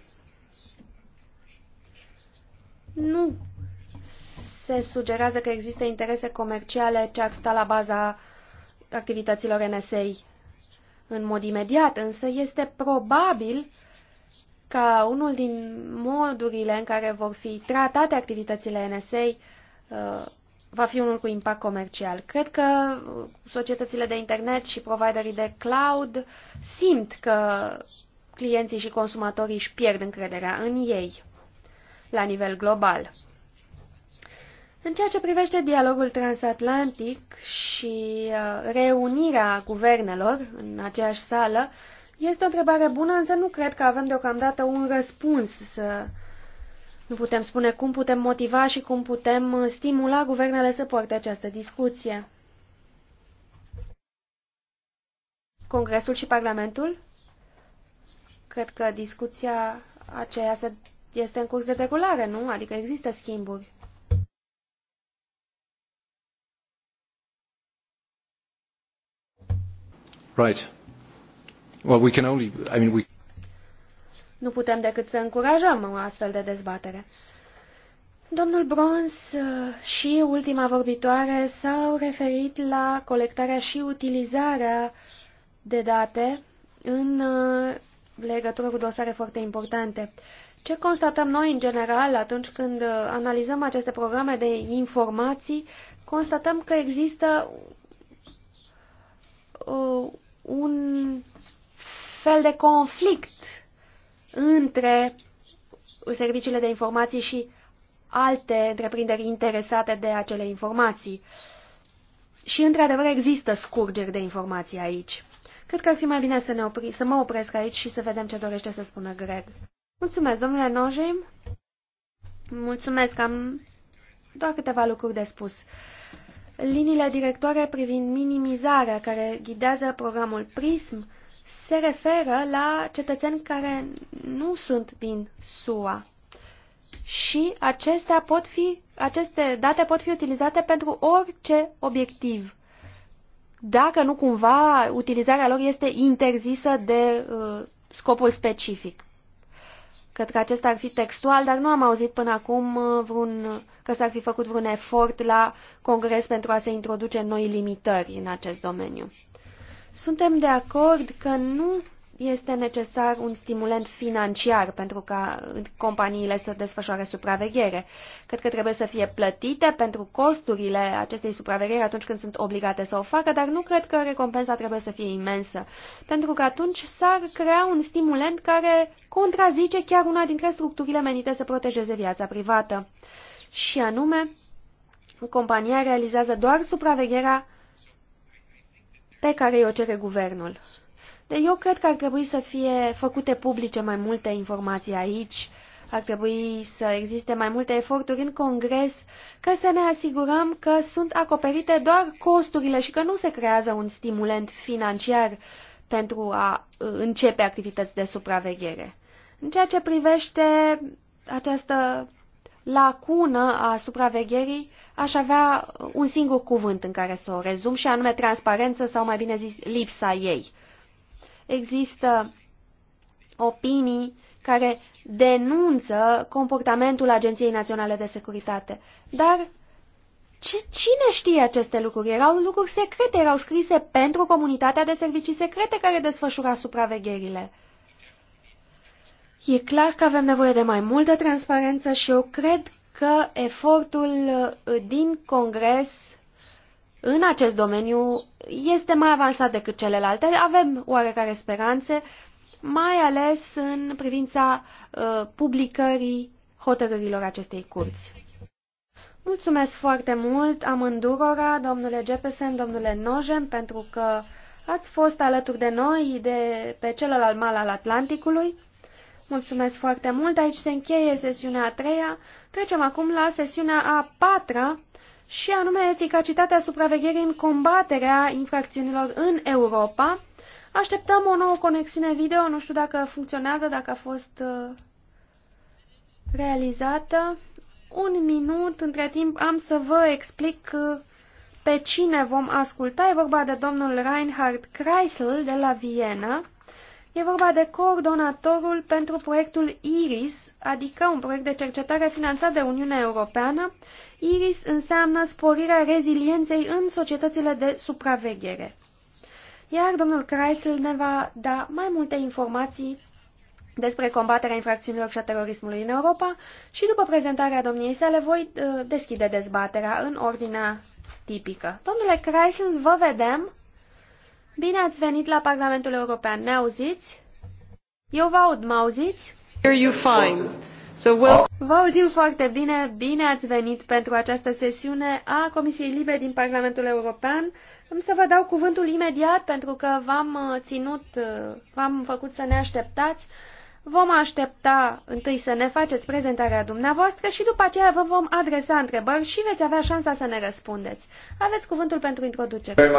nu se sugerează că există interese comerciale ce ar sta la baza activităților NSA în mod imediat, însă este probabil ca unul din modurile în care vor fi tratate activitățile NSA uh, va fi unul cu impact comercial. Cred că societățile de internet și providerii de cloud simt că clienții și consumatorii își pierd încrederea în ei la nivel global. În ceea ce privește dialogul transatlantic și uh, reunirea guvernelor în aceeași sală, este o întrebare bună, însă nu cred că avem deocamdată un răspuns să... Nu putem spune cum putem motiva și cum putem stimula guvernele să poarte această discuție. Congresul și Parlamentul? Cred că discuția aceea este în curs de regulare, nu? Adică există schimburi. Right. Well, we can only, I mean, we... Nu putem decât să încurajăm o astfel de dezbatere. Domnul Brons uh, și ultima vorbitoare s-au referit la colectarea și utilizarea de date în uh, legătură cu dosare foarte importante. Ce constatăm noi în general atunci când uh, analizăm aceste programe de informații, constatăm că există o, un fel de conflict între serviciile de informații și alte întreprinderi interesate de acele informații. Și, într-adevăr, există scurgeri de informații aici. Cred că ar fi mai bine să, ne opri, să mă opresc aici și să vedem ce dorește să spună Greg. Mulțumesc, domnule Nojim. Mulțumesc, am doar câteva lucruri de spus. Uh, liniile directoare privind minimizarea care ghidează programul PRISM se referă la cetățeni care nu sunt din SUA și acestea pot fi, aceste date pot fi utilizate pentru orice obiectiv. Dacă nu cumva utilizarea lor este interzisă de uh, scopul specific. Cred că acesta ar fi textual, dar nu am auzit până acum uh, vreun, că s-ar fi făcut vreun efort la Congres pentru a se introduce noi limitări în acest domeniu. Suntem de acord că nu este necesar un stimulent financiar pentru ca companiile să desfășoare supraveghere. Cred că trebuie să fie plătite pentru costurile acestei supraveghere atunci când sunt obligate să o facă, dar nu cred că recompensa trebuie să fie imensă, pentru că atunci s-ar crea un stimulent care contrazice chiar una dintre structurile menite să protejeze viața privată. Și anume, compania realizează doar supravegherea pe care o cere guvernul. Deci eu cred că ar trebui să fie făcute publice mai multe informații aici, ar trebui să existe mai multe eforturi în Congres ca să ne asigurăm că sunt acoperite doar costurile și că nu se creează un stimulent financiar pentru a uh, începe activități de supraveghere. În ceea ce privește această lacună a supravegherii, aș avea un singur cuvânt în care să o rezum și anume transparență sau mai bine zis lipsa ei există opinii care denunță comportamentul Agenției Naționale de Securitate. Dar ce, cine știe aceste lucruri? Erau lucruri secrete, erau scrise pentru comunitatea de servicii secrete care desfășura supravegherile. E clar că avem nevoie de mai multă transparență și eu cred că efortul din Congres în acest domeniu este mai avansat decât celelalte. Avem oarecare speranțe, mai ales în privința uh, publicării hotărârilor acestei curți. Mulțumesc foarte mult amândurora, domnule Jeppesen, domnule Nojem, pentru că ați fost alături de noi de pe celălalt mal al Atlanticului. Mulțumesc foarte mult, aici se încheie sesiunea a treia. Trecem acum la sesiunea a patra, și anume eficacitatea supravegherii în combaterea infracțiunilor în Europa. Așteptăm o nouă conexiune video, nu știu dacă funcționează, dacă a fost uh, realizată. Un minut, între timp am să vă explic uh, pe cine vom asculta. E vorba de domnul Reinhard Kreisel de la Viena. E vorba de coordonatorul pentru proiectul IRIS, adică un proiect de cercetare finanțat de Uniunea Europeană IRIS înseamnă sporirea rezilienței în societățile de supraveghere. Iar domnul Kreisel ne va da mai multe informații despre combaterea infracțiunilor și a terorismului în Europa și după prezentarea domniei sale voi uh, deschide dezbaterea în ordinea tipică. Domnule Kreisel, vă vedem! Bine ați venit la Parlamentul European. Ne auziți? Eu vă aud, mă auziți? Here you fine. So, well... Vă auzim foarte bine, bine ați venit pentru această sesiune a Comisiei Libe din Parlamentul European. Am să vă dau cuvântul imediat pentru că v-am uh, ținut, uh, v-am făcut să ne așteptați. Vom aștepta întâi să ne faceți prezentarea dumneavoastră și după aceea vă vom adresa întrebări și veți avea șansa să ne răspundeți. Aveți cuvântul pentru introducere.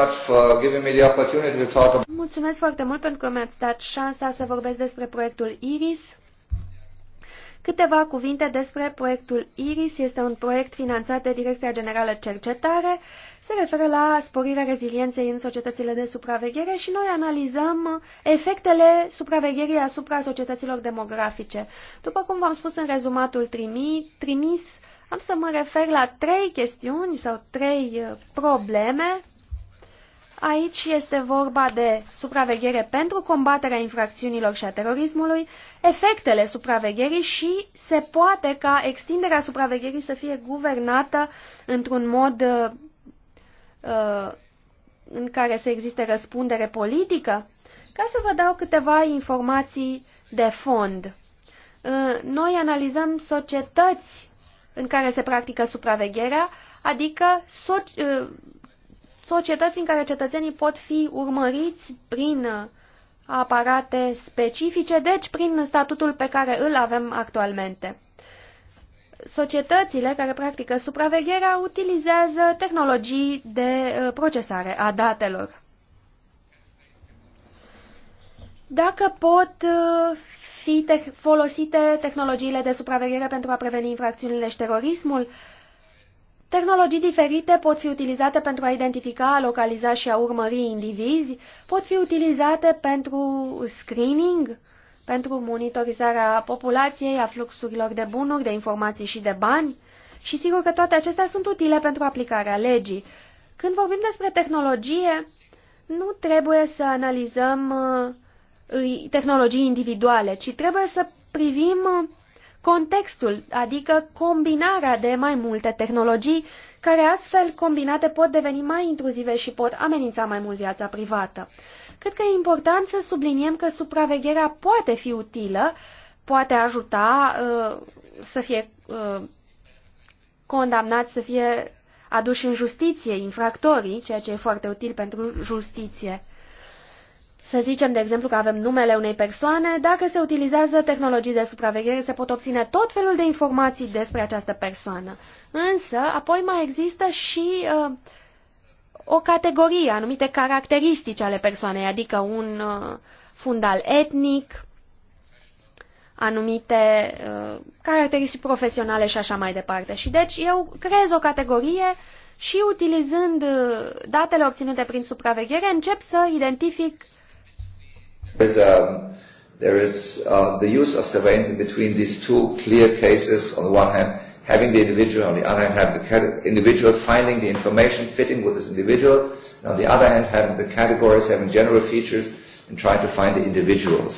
Mulțumesc foarte mult pentru că mi-ați dat șansa să vorbesc despre proiectul IRIS, Câteva cuvinte despre proiectul IRIS. Este un proiect finanțat de Direcția Generală Cercetare. Se referă la sporirea rezilienței în societățile de supraveghere și noi analizăm efectele supravegherii asupra societăților demografice. După cum v-am spus în rezumatul trimis, am să mă refer la trei chestiuni sau trei uh, probleme Aici este vorba de supraveghere pentru combaterea infracțiunilor și a terorismului, efectele supravegherii și se poate ca extinderea supravegherii să fie guvernată într-un mod uh, uh în care să existe răspundere politică. Ca să vă dau câteva informații de fond. Uh, noi analizăm societăți în care se practică supravegherea, adică so uh, societăți în care cetățenii pot fi urmăriți prin aparate specifice, deci prin statutul pe care îl avem actualmente. Societățile care practică supravegherea utilizează tehnologii de uh, procesare a datelor. Dacă pot uh, fi te folosite tehnologiile de supraveghere pentru a preveni infracțiunile și terorismul, Tehnologii diferite pot fi utilizate pentru a identifica, localiza și a urmări indivizi, pot fi utilizate pentru screening, pentru monitorizarea populației, a fluxurilor de bunuri, de informații și de bani și sigur că toate acestea sunt utile pentru aplicarea legii. Când vorbim despre tehnologie, nu trebuie să analizăm uh, tehnologii individuale, ci trebuie să privim uh, contextul, adică combinarea de mai multe tehnologii, care astfel combinate pot deveni mai intruzive și pot amenința mai mult viața privată. Cred că e important să subliniem că supravegherea poate fi utilă, poate ajuta uh, să fie uh, condamnați, să fie aduși în justiție infractorii, ceea ce e foarte util pentru justiție. Uh, să zicem, de exemplu, că avem numele unei persoane, dacă se utilizează tehnologii de supraveghere, se pot obține tot felul de informații despre această persoană. Însă, apoi mai există și uh, o categorie, anumite caracteristici ale persoanei, adică un uh, fundal etnic, anumite uh, caracteristici profesionale și așa mai departe. Și deci eu creez o categorie și utilizând uh, datele obținute prin supraveghere încep să identific uh, There's, a, um, there is uh, the use of surveillance in between these two clear cases. On the one hand, having the individual, on the other hand, having the individual finding the information fitting with this individual, and on the other hand, having the categories, having general features, and trying to find the individuals.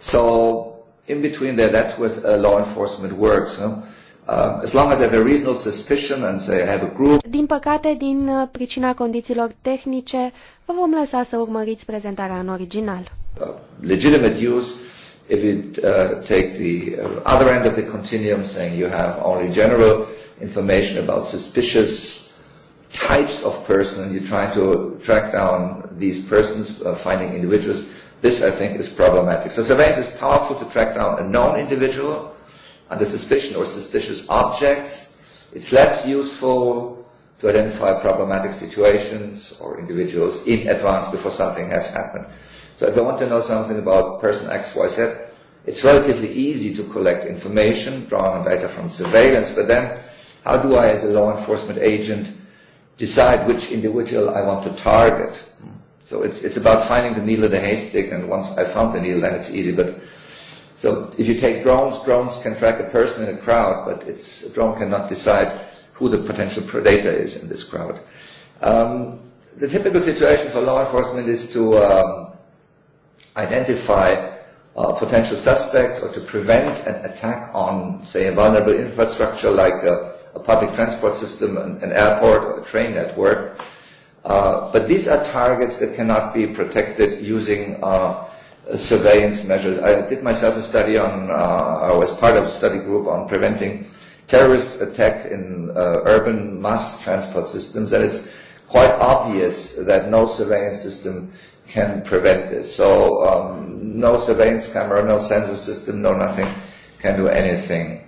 So in between there, that's where uh, law enforcement works. Huh? Um, as long as have a reasonable suspicion and say have a group. Din păcate, din uh, pricina condițiilor tehnice, vă vom lăsa să urmăriți prezentarea în original legitimate use. If you uh, take the uh, other end of the continuum, saying you have only general information about suspicious types of person, you're trying to track down these persons, uh, finding individuals, this I think is problematic. So surveillance is powerful to track down a known individual under suspicion or suspicious objects. It's less useful to identify problematic situations or individuals in advance before something has happened. So if I want to know something about person X, Y, Z, it's relatively easy to collect information, drawing on data from surveillance, but then how do I, as a law enforcement agent, decide which individual I want to target? So it's, it's about finding the needle in the haystack, and once I found the needle, then it's easy. But so if you take drones, drones can track a person in a crowd, but it's, a drone cannot decide who the potential predator is in this crowd. Um, the typical situation for law enforcement is to um, identify uh, potential suspects or to prevent an attack on, say, a vulnerable infrastructure like a, a public transport system, an, an airport, or a train network. Uh, but these are targets that cannot be protected using uh, surveillance measures. I did myself a study on, uh, I was part of a study group on preventing terrorist attack in uh, urban mass transport systems, and it's quite obvious that no surveillance system can prevent this. So um, no surveillance camera, no sensor system, no nothing can do anything.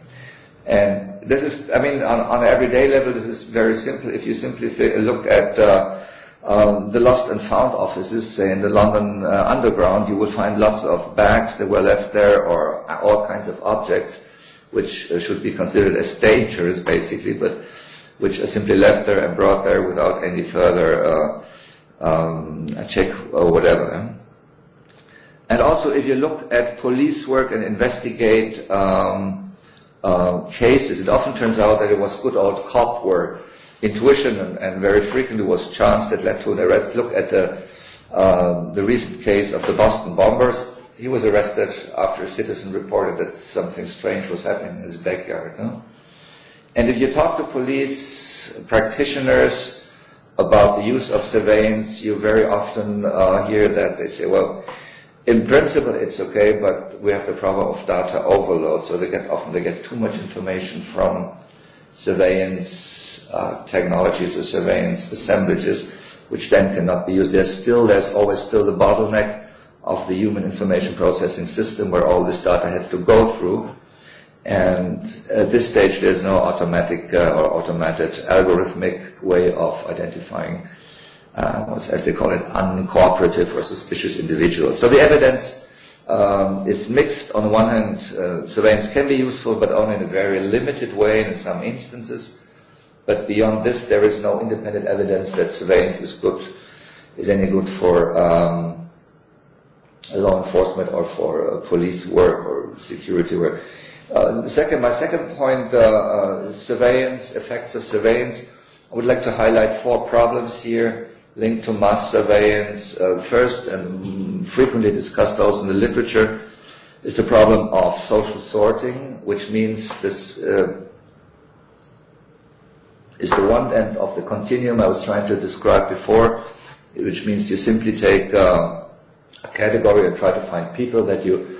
And this is, I mean, on, on an everyday level, this is very simple. If you simply th- look at uh, um, the lost and found offices, say in the London uh, underground, you will find lots of bags that were left there or uh, all kinds of objects which uh, should be considered as dangerous, basically, but which are simply left there and brought there without any further uh, um, a check or whatever. And also, if you look at police work and investigate um, uh, cases, it often turns out that it was good old cop work, intuition, and, and very frequently was chance that led to an arrest. Look at the uh, the recent case of the Boston bombers. He was arrested after a citizen reported that something strange was happening in his backyard. No? And if you talk to police practitioners, about the use of surveillance, you very often uh, hear that they say, well, in principle it's okay, but we have the problem of data overload, so they get often they get too much information from surveillance uh, technologies or surveillance assemblages, which then cannot be used. There's still there's always still the bottleneck of the human information processing system where all this data has to go through And at this stage, there's no automatic uh, or automated algorithmic way of identifying, uh, as they call it, uncooperative or suspicious individuals. So the evidence um, is mixed. On the one hand, uh, surveillance can be useful, but only in a very limited way and in some instances. But beyond this, there is no independent evidence that surveillance is good, is any good for um, law enforcement or for uh, police work or security work Uh, second, my second point, uh, uh, surveillance, effects of surveillance. I would like to highlight four problems here linked to mass surveillance. Uh, first, and frequently discussed also in the literature, is the problem of social sorting, which means this uh, is the one end of the continuum I was trying to describe before, which means you simply take uh, a category and try to find people that you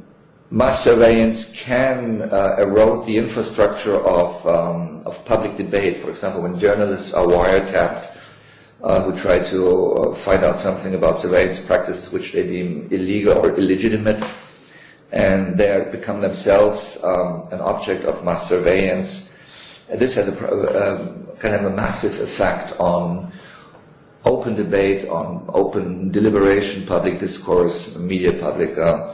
mass surveillance can uh, erode the infrastructure of, um, of public debate. For example, when journalists are wiretapped uh, who try to uh, find out something about surveillance practices which they deem illegal or illegitimate, and they become themselves um, an object of mass surveillance. This has a, uh, can have a massive effect on open debate, on open deliberation, public discourse, media public. Uh,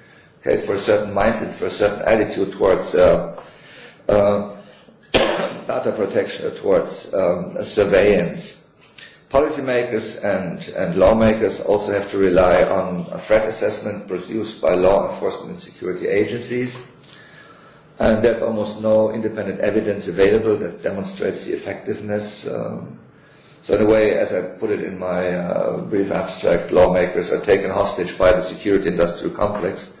has for a certain mindset, for a certain attitude towards uh, uh, data protection, uh, towards um, surveillance. Policymakers and, and lawmakers also have to rely on a threat assessment produced by law enforcement and security agencies. And there's almost no independent evidence available that demonstrates the effectiveness um, So in a way, as I put it in my uh, brief abstract, lawmakers are taken hostage by the security industrial complex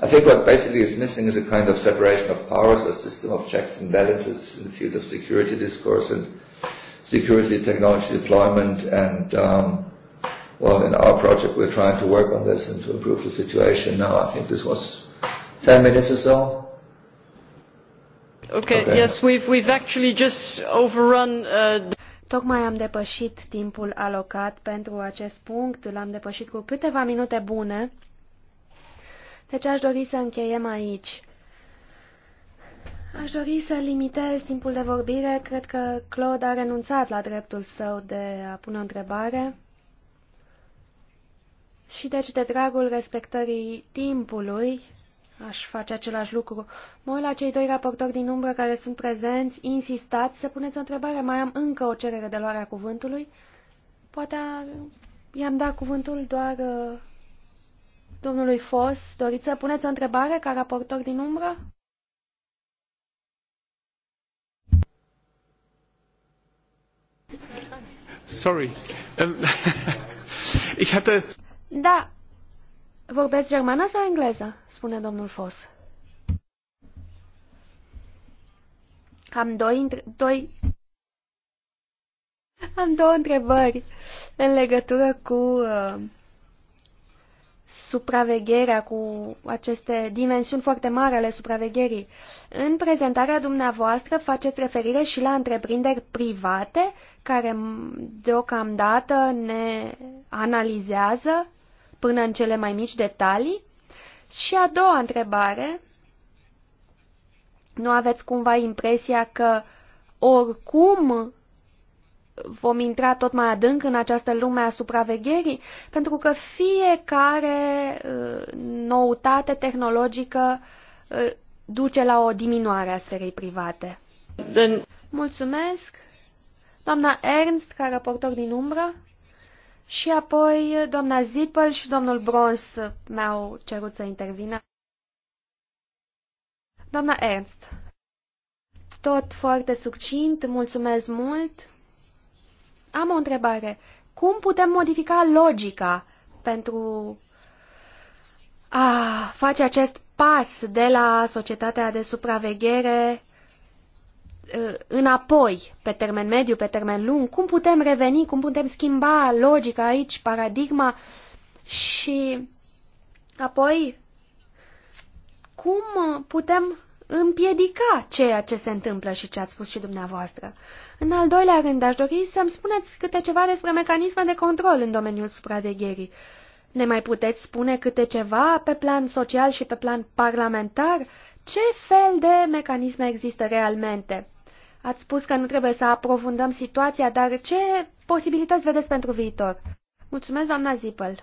I think what basically is missing is a kind of separation of powers, a system of checks and balances in the field of security discourse and security technology deployment. And um, well, in our project, we're trying to work on this and to improve the situation. Now, I think this was 10 minutes or so. Okay, okay. yes, we've, we've actually just overrun. Uh, Tocmai am depășit timpul alocat pentru acest punct, l-am depășit cu câteva minute bune. Deci aș dori să încheiem aici. Aș dori să limitez timpul de vorbire. Cred că Claude a renunțat la dreptul său de a pune o întrebare. Și deci, de dragul respectării timpului, aș face același lucru. Mă la cei doi raportori din umbră care sunt prezenți, insistați să puneți o întrebare. Mai am încă o cerere de luare a cuvântului. Poate i-am dat cuvântul doar uh, Domnului Fos, doriți să puneți o întrebare ca raportor din umbră? Sorry. Um, ich hatte... Da. Vorbesc germană sau engleză? Spune domnul Fos. Am doi, doi... Am două întrebări în legătură cu uh, supravegherea cu aceste dimensiuni foarte mari ale supravegherii. În prezentarea dumneavoastră faceți referire și la întreprinderi private care deocamdată ne analizează până în cele mai mici detalii. Și a doua întrebare, nu aveți cumva impresia că oricum vom intra tot mai adânc în această lume a supravegherii, pentru că fiecare uh, noutate tehnologică uh, duce la o diminuare a sferei private. Then... Mulțumesc! Doamna Ernst, ca raportor din umbră, și apoi uh, doamna Zippel și domnul Brons mi-au cerut să intervină. Doamna Ernst, tot foarte succint, mulțumesc mult! Am o întrebare. Cum putem modifica logica pentru a face acest pas de la societatea de supraveghere ă, înapoi, pe termen mediu, pe termen lung, cum putem reveni, cum putem schimba logica aici, paradigma și apoi cum putem împiedica ceea ce se întâmplă și ce ați spus și dumneavoastră. În al doilea rând, aș dori să-mi spuneți câte ceva despre mecanisme de control în domeniul supravegherii. Ne mai puteți spune câte ceva pe plan social și pe plan parlamentar? Ce fel de mecanisme există realmente? Ați spus că nu trebuie să aprofundăm situația, dar ce posibilități vedeți pentru viitor? Mulțumesc, doamna Zipel.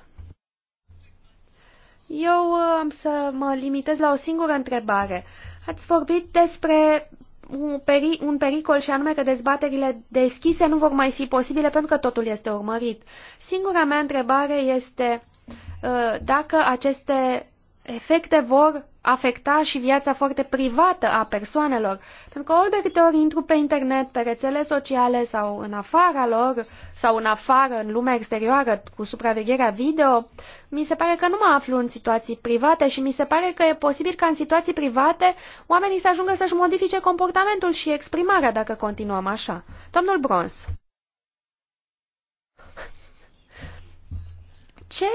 Eu uh, am să mă limitez la o singură întrebare. Ați vorbit despre un, peri un pericol și anume că dezbaterile deschise nu vor mai fi posibile pentru că totul este urmărit. Singura mea întrebare este uh, dacă aceste efecte vor afecta și viața foarte privată a persoanelor, pentru că ori de câte ori intru pe internet, pe rețele sociale sau în afara lor, sau în afară, în lumea exterioară, cu supravegherea video, mi se pare că nu mă aflu în situații private și mi se pare că e posibil ca în situații private oamenii să ajungă să-și modifice comportamentul și exprimarea dacă continuăm așa. Domnul Brons. Ce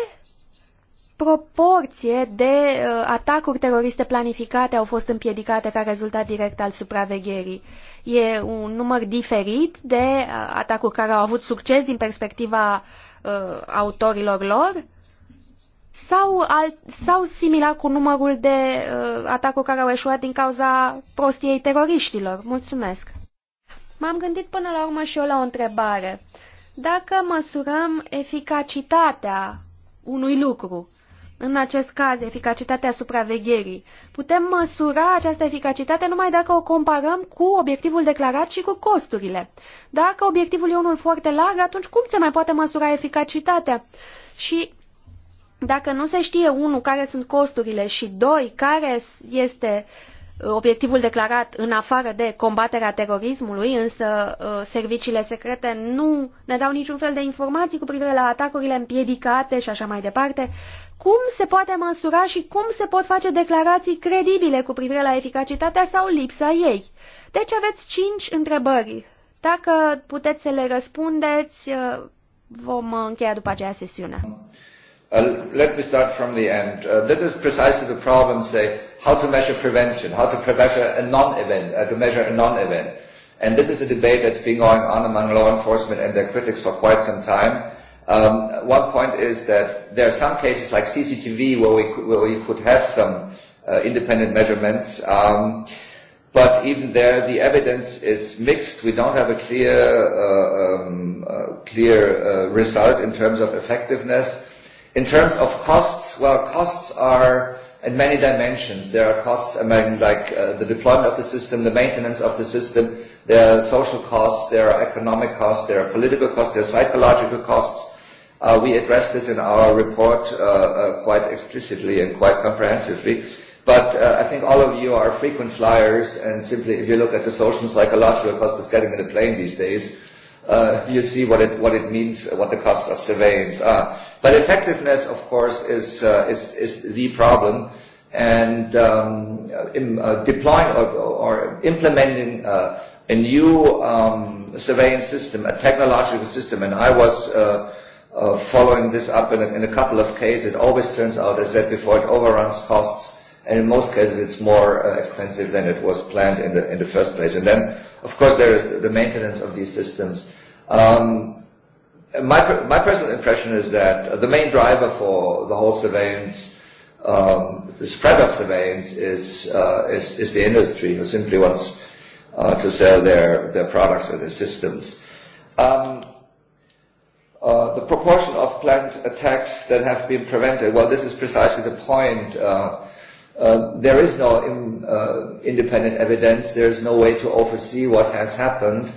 proporție de uh, atacuri teroriste planificate au fost împiedicate ca rezultat direct al supravegherii. E un număr diferit de uh, atacuri care au avut succes din perspectiva uh, autorilor lor sau, al, sau similar cu numărul de uh, atacuri care au eșuat din cauza prostiei teroriștilor. Mulțumesc! M-am gândit până la urmă și eu la o întrebare. Dacă măsurăm eficacitatea unui lucru în acest caz, eficacitatea supravegherii. Putem măsura această eficacitate numai dacă o comparăm cu obiectivul declarat și cu costurile. Dacă obiectivul e unul foarte larg, atunci cum se mai poate măsura eficacitatea? Și dacă nu se știe, unu, care sunt costurile și, doi, care este uh, obiectivul declarat în afară de combaterea terorismului, însă uh, serviciile secrete nu ne dau niciun fel de informații cu privire la atacurile împiedicate și așa mai departe, cum se poate măsura și cum se pot face declarații credibile cu privire la eficacitatea sau lipsa ei. Deci aveți cinci întrebări. Dacă puteți să le răspundeți, uh, vom încheia după aceea sesiunea. Uh, let me start from the end. Uh, this is precisely the problem, say, how to measure prevention, how to measure a non-event, uh, to measure a non-event. And this is a debate that's been going on among law enforcement and their critics for quite some time. Um, one point is that there are some cases like CCTV where we, where we could have some uh, independent measurements. Um, but even there, the evidence is mixed. We don't have a clear, uh, um, uh, clear uh, result in terms of effectiveness. In terms of costs, well, costs are in many dimensions. There are costs among like uh, the deployment of the system, the maintenance of the system. There are social costs, there are economic costs, there are political costs, there are psychological costs Uh, we address this in our report uh, uh, quite explicitly and quite comprehensively. But uh, I think all of you are frequent flyers, and simply if you look at the social and psychological cost of getting in a plane these days, uh, you see what it what it means, what the costs of surveillance are. But effectiveness, of course, is uh, is is the problem, and um, in, uh, deploying or, or implementing uh, a new um, surveillance system, a technological system, and I was. Uh, Uh, following this up in a, in a couple of cases. It always turns out, as I said before, it overruns costs, and in most cases it's more uh, expensive than it was planned in the, in the first place. And then, of course, there is the maintenance of these systems. Um, my, my personal impression is that the main driver for the whole surveillance um, the spread of surveillance is, uh, is, is the industry who simply wants uh, to sell their, their products or their systems. Um, Uh, the proportion of planned attacks that have been prevented, well, this is precisely the point. Uh, uh, there is no in, uh, independent evidence. There is no way to oversee what has happened.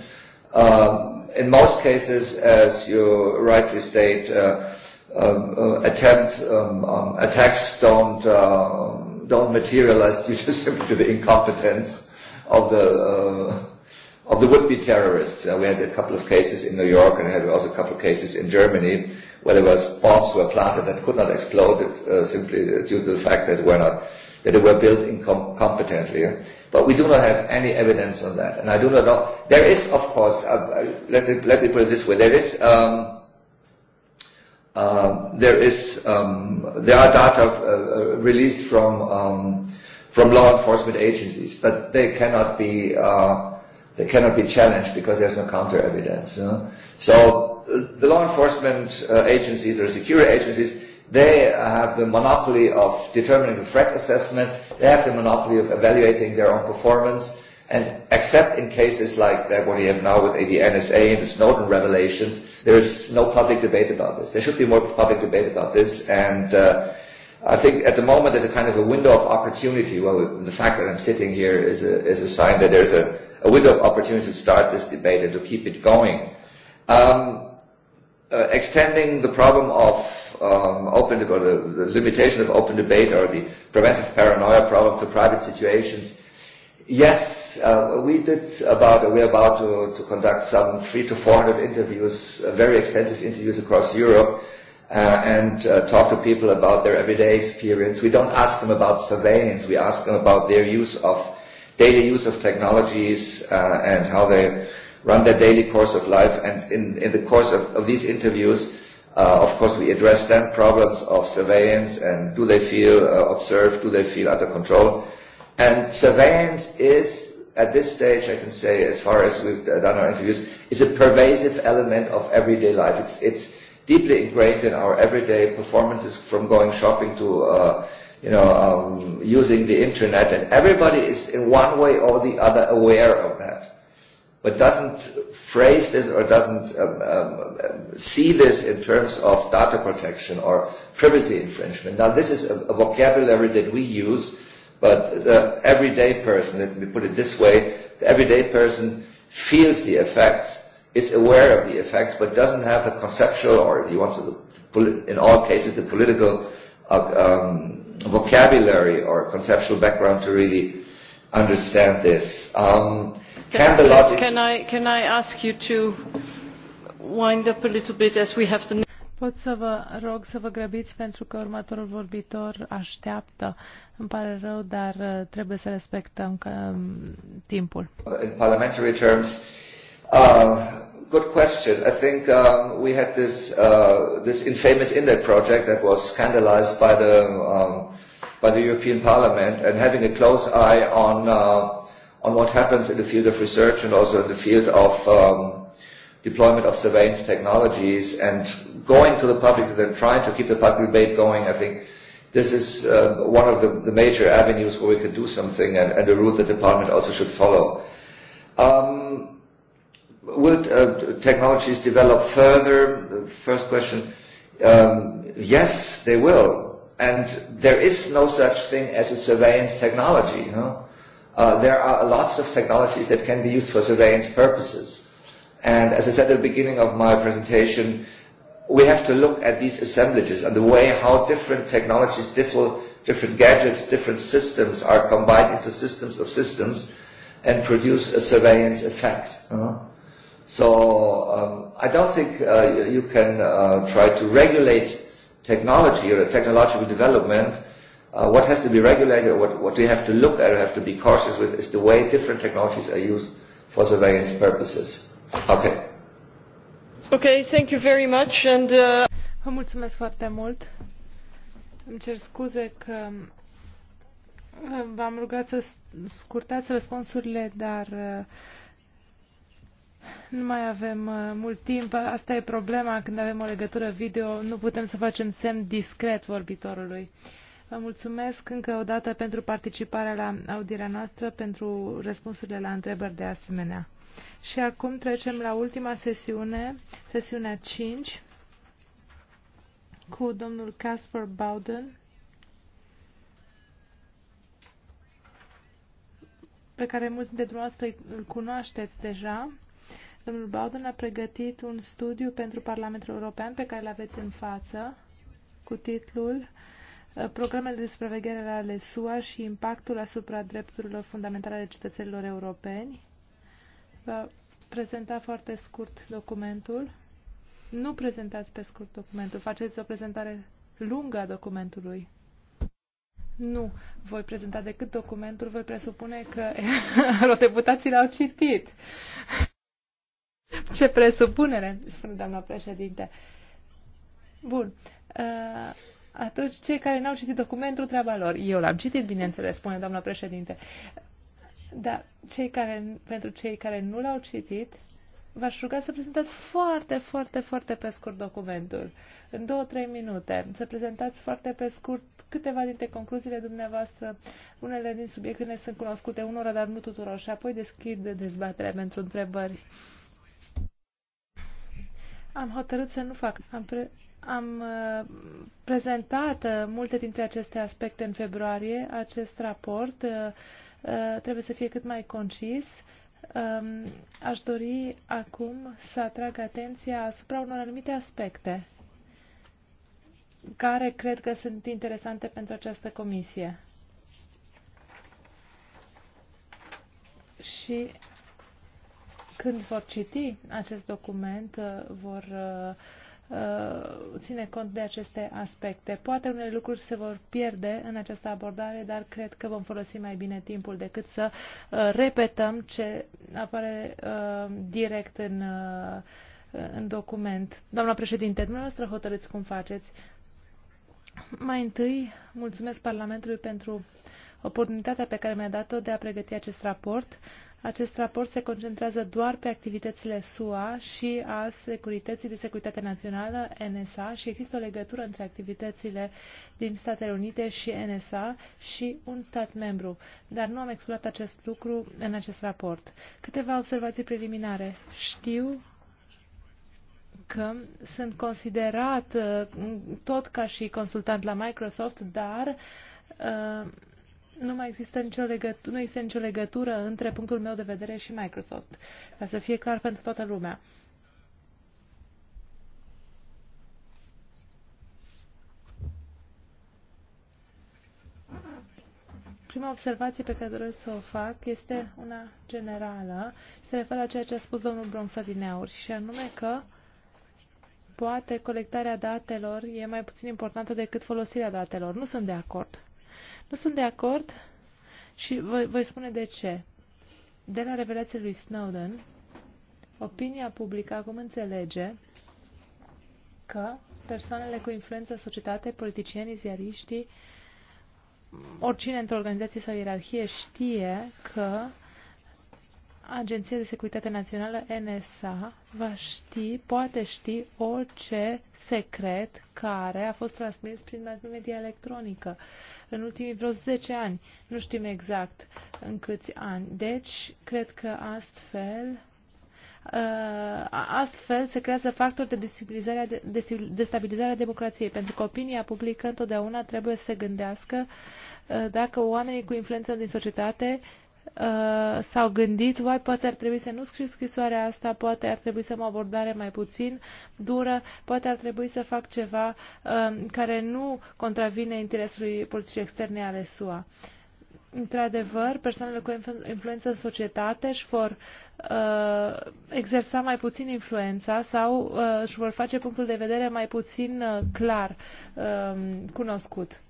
Um, in most cases, as you rightly state, uh, um, uh, attempts, um, um, attacks don't uh, don't materialize due to simply to the incompetence of the uh, of the would-be terrorists. Uh, we had a couple of cases in New York and we had also a couple of cases in Germany where there was bombs were planted that could not explode uh, simply uh, due to the fact that were not that they were built incompetently. Incom but we do not have any evidence on that, and I do not know. There is, of course, uh, uh, let me let me put it this way: there is. Um, uh, there is um, there are data uh, uh, released from um, from law enforcement agencies, but they cannot be uh, They cannot be challenged because there's no counter evidence. know? So uh, the law enforcement uh, agencies or security agencies, they have the monopoly of determining the threat assessment. They have the monopoly of evaluating their own performance. And except in cases like that, what we have now with the NSA and the Snowden revelations, there is no public debate about this. There should be more public debate about this. And uh, I think at the moment there's a kind of a window of opportunity. Well, the fact that I'm sitting here is a, is a sign that there's a a window of opportunity to start this debate and to keep it going. Um, uh, extending the problem of um, open or the, the limitation of open debate or the preventive paranoia problem to private situations. Yes, uh, we did about, uh, we're about to, to conduct some three to 400 interviews, uh, very extensive interviews across Europe, uh, and uh, talk to people about their everyday experience. We don't ask them about surveillance, we ask them about their use of daily use of technologies uh, and how they run their daily course of life. And in, in the course of, of these interviews, uh, of course, we address them problems of surveillance and do they feel uh, observed, do they feel under control. And surveillance is, at this stage, I can say, as far as we've done our interviews, is a pervasive element of everyday life. It's, it's deeply ingrained in our everyday performances, from going shopping to uh, you know, um, using the internet, and everybody is in one way or the other aware of that, but doesn't phrase this or doesn't um, um, see this in terms of data protection or privacy infringement. Now, this is a, a vocabulary that we use, but the everyday person, let me put it this way, the everyday person feels the effects, is aware of the effects, but doesn't have the conceptual or, if you want to, in all cases, the political uh, um, vocabulary or conceptual background to really understand this. Um, can, can, the logic can, I, can I ask you to wind up a little bit as we have the Pot să vă rog să vă grăbiți pentru că următorul vorbitor așteaptă. Îmi pare rău, dar uh, trebuie să respectăm că, um, timpul. In parliamentary terms, uh, good question. I think um, we had this, uh, this infamous index project that was scandalized by the um, by the European Parliament and having a close eye on uh, on what happens in the field of research and also in the field of um, deployment of surveillance technologies and going to the public and then trying to keep the public debate going, I think this is uh, one of the, the major avenues where we can do something and, and a route the department also should follow. Um, will uh, technologies develop further? first question. Um, yes, they will and there is no such thing as a surveillance technology. You know? uh, there are lots of technologies that can be used for surveillance purposes. And as I said at the beginning of my presentation, we have to look at these assemblages and the way how different technologies, differ, different gadgets, different systems are combined into systems of systems and produce a surveillance effect. You know? So um, I don't think uh, you can uh, try to regulate technology or a technological development, uh, what has to be regulated, what, what we have to look at or have to be cautious with is the way different technologies are used for surveillance purposes. Okay. Okay, thank you very much and uh... Vă mulțumesc foarte mult. Îmi cer scuze că uh, v-am rugat să scurtați răspunsurile, dar uh, nu mai avem uh, mult timp. Asta e problema când avem o legătură video. Nu putem să facem semn discret vorbitorului. Vă mulțumesc încă o dată pentru participarea la audierea noastră, pentru răspunsurile la întrebări de asemenea. Și acum trecem la ultima sesiune, sesiunea 5, cu domnul Casper Bowden, pe care mulți dintre dumneavoastră îl cunoașteți deja. Domnul Bowden a pregătit un studiu pentru Parlamentul European pe care îl aveți în față cu titlul ă, Programele de supraveghere ale SUA și impactul asupra drepturilor fundamentale ale cetățenilor europeni. Va prezenta foarte scurt documentul. Nu prezentați pe scurt documentul, faceți o prezentare lungă a documentului. Nu voi prezenta decât documentul, voi presupune că eurodeputații l-au citit. Ce presupunere, spune doamna președinte. Bun. Uh, atunci, cei care n-au citit documentul, treaba lor. Eu l-am citit, bineînțeles, spune doamna președinte. Dar cei care, pentru cei care nu l-au citit, v-aș ruga să prezentați foarte, foarte, foarte pe scurt documentul. În două, trei minute. Să prezentați foarte pe scurt câteva dintre concluziile dumneavoastră. Unele din subiectele sunt cunoscute unora, dar nu tuturor. Și apoi deschid dezbaterea pentru întrebări. Am hotărât să nu fac. Am, pre am uh, prezentat uh, multe dintre aceste aspecte în februarie. Acest raport uh, uh, trebuie să fie cât mai concis. Um, aș dori acum să atrag atenția asupra unor anumite aspecte care cred că sunt interesante pentru această comisie. Și când vor citi acest document, uh, vor uh, uh, ține cont de aceste aspecte. Poate unele lucruri se vor pierde în această abordare, dar cred că vom folosi mai bine timpul decât să repetăm ce apare direct în, în document. Doamna președinte, dumneavoastră hotărâți cum faceți. Mai întâi, mulțumesc Parlamentului pentru oportunitatea pe care mi-a dat-o de a pregăti acest raport. Acest raport se concentrează doar pe activitățile SUA și a Securității de Securitate Națională, NSA, și există o legătură între activitățile din Statele Unite și NSA și un stat membru, dar nu am explorat acest lucru în acest raport. Câteva observații preliminare. Știu că sunt considerat uh, tot ca și consultant la Microsoft, dar uh, nu mai există nicio legătură, nu există nicio legătură între punctul meu de vedere și Microsoft, ca să fie clar pentru toată lumea. Prima observație pe care doresc să o fac este una generală, se referă la ceea ce a spus domnul Bronx Adineauri, și anume că poate colectarea datelor e mai puțin importantă decât folosirea datelor. Nu sunt de acord. Nu sunt de acord și voi, voi spune de ce. De la revelația lui Snowden, opinia publică acum înțelege că persoanele cu influență în societate, politicienii, ziariștii, oricine într-o organizație sau ierarhie știe că Agenția de Securitate Națională, NSA, va ști, poate ști orice secret care a fost transmis prin media electronică în ultimii vreo 10 ani. Nu știm exact în câți ani. Deci, cred că astfel uh, Astfel se creează factori de destabilizare, destabilizare a democrației, pentru că opinia publică întotdeauna trebuie să se gândească uh, dacă oamenii cu influență din societate uh, uh, s-au gândit, vai, poate ar trebui să nu scriu scrisoarea asta, poate ar trebui să mă abordare mai puțin dură, poate ar trebui să fac ceva uh, care nu contravine interesului politicii externe ale SUA. Într-adevăr, persoanele cu influență în societate își vor uh, exersa mai puțin influența sau uh, își vor face punctul de vedere mai puțin uh, clar uh, cunoscut.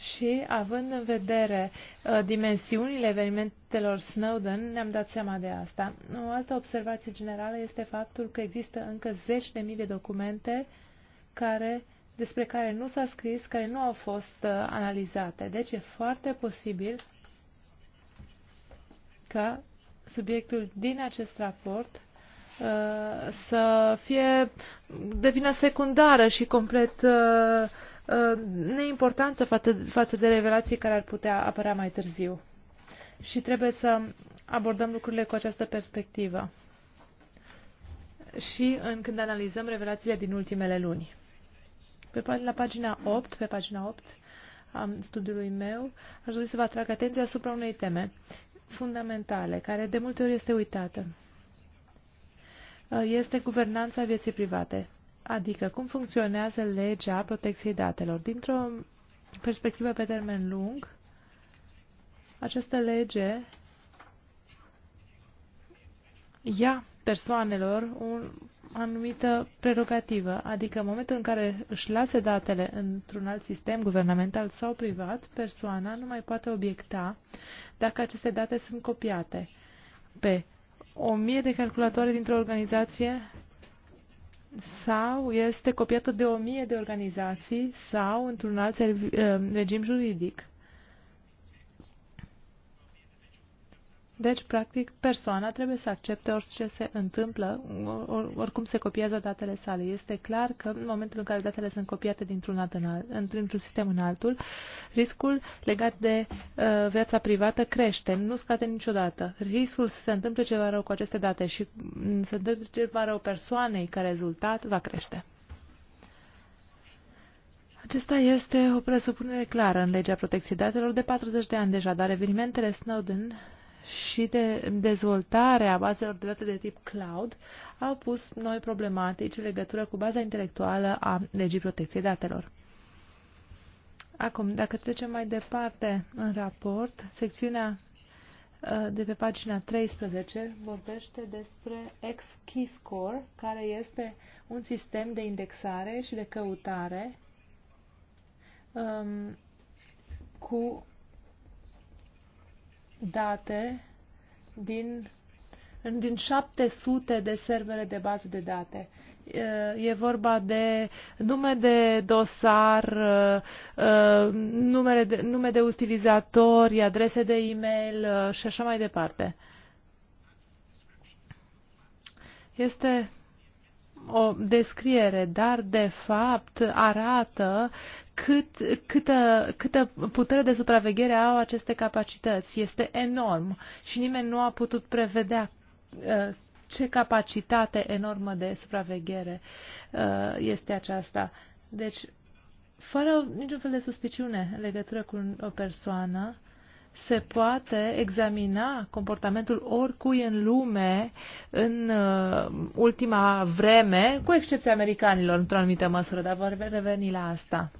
Și având în vedere uh, dimensiunile evenimentelor Snowden, ne-am dat seama de asta. O altă observație generală este faptul că există încă zeci de mii de documente care, despre care nu s-a scris, care nu au fost uh, analizate. Deci e foarte posibil ca subiectul din acest raport uh, să fie devină secundară și complet uh, Uh, neimportanță față de revelații care ar putea apărea mai târziu. Și trebuie să abordăm lucrurile cu această perspectivă și în când analizăm revelațiile din ultimele luni. Pe, la pagina 8, pe pagina 8 a studiului meu, aș dori să vă atrag atenția asupra unei teme fundamentale, care de multe ori este uitată. Uh, este guvernanța vieții private adică cum funcționează legea protecției datelor. Dintr-o perspectivă pe termen lung, această lege ia persoanelor o anumită prerogativă, adică în momentul în care își lase datele într-un alt sistem guvernamental sau privat, persoana nu mai poate obiecta dacă aceste date sunt copiate pe o mie de calculatoare dintr-o organizație sau este copiată de o mie de organizații sau într-un alt eh, regim juridic. Deci, practic, persoana trebuie să accepte orice se întâmplă, or, oricum se copiază datele sale. Este clar că în momentul în care datele sunt copiate dintr-un alt în alt, într sistem în altul, riscul legat de uh, viața privată crește, nu scade niciodată. Riscul să se întâmple ceva rău cu aceste date și mm, să se întâmple ceva rău persoanei ca rezultat va crește. Acesta este o presupunere clară în legea protecției datelor de 40 de ani deja, dar evenimentele Snowden și de dezvoltarea bazelor de date de tip cloud au pus noi problematici în legătură cu baza intelectuală a legii protecției datelor. Acum, dacă trecem mai departe în raport, secțiunea uh, de pe pagina 13 vorbește despre X-Keyscore, care este un sistem de indexare și de căutare um, cu date din, din 700 de servere de bază de date. E vorba de nume de dosar, numere de, nume de utilizatori, adrese de e-mail și așa mai departe. Este o descriere, dar de fapt arată cât, câtă, câtă putere de supraveghere au aceste capacități. Este enorm și nimeni nu a putut prevedea uh, ce capacitate enormă de supraveghere uh, este aceasta. Deci, fără niciun fel de suspiciune în legătură cu o persoană, se poate examina comportamentul oricui în lume în uh, ultima vreme, cu excepția americanilor, într-o anumită măsură, dar vor reveni la asta.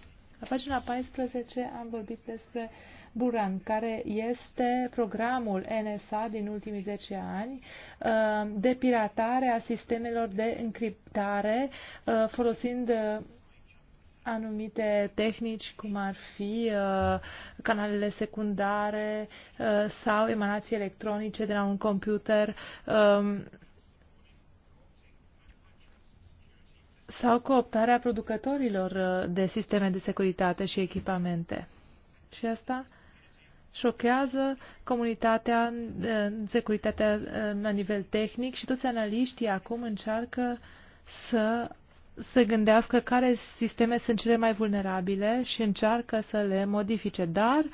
La pagina 14 am vorbit despre Buran, care este programul NSA din ultimii 10 ani uh, de piratare a sistemelor de încriptare uh, folosind uh, anumite tehnici, cum ar fi uh, canalele secundare uh, sau emanații electronice de la un computer um, sau cooptarea producătorilor uh, de sisteme de securitate și echipamente. Și asta șochează comunitatea, uh, securitatea uh, la nivel tehnic și toți analiștii acum încearcă să se gândească care sisteme sunt cele mai vulnerabile și încearcă să le modifice. Dar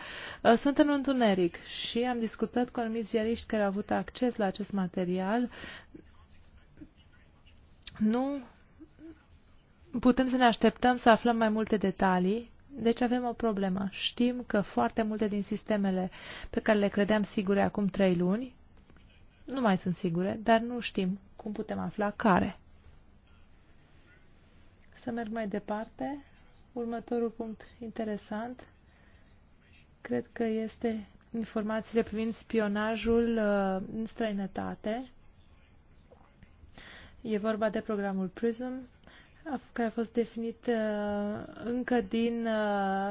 uh, sunt în întuneric și am discutat cu anumiți ziariști care au avut acces la acest material. Nu putem să ne așteptăm să aflăm mai multe detalii, deci avem o problemă. Știm că foarte multe din sistemele pe care le credeam sigure acum trei luni nu mai sunt sigure, dar nu știm cum putem afla care. Să merg mai departe. Următorul punct interesant cred că este informațiile privind spionajul uh, în străinătate. E vorba de programul PRISM, care a fost definit uh, încă din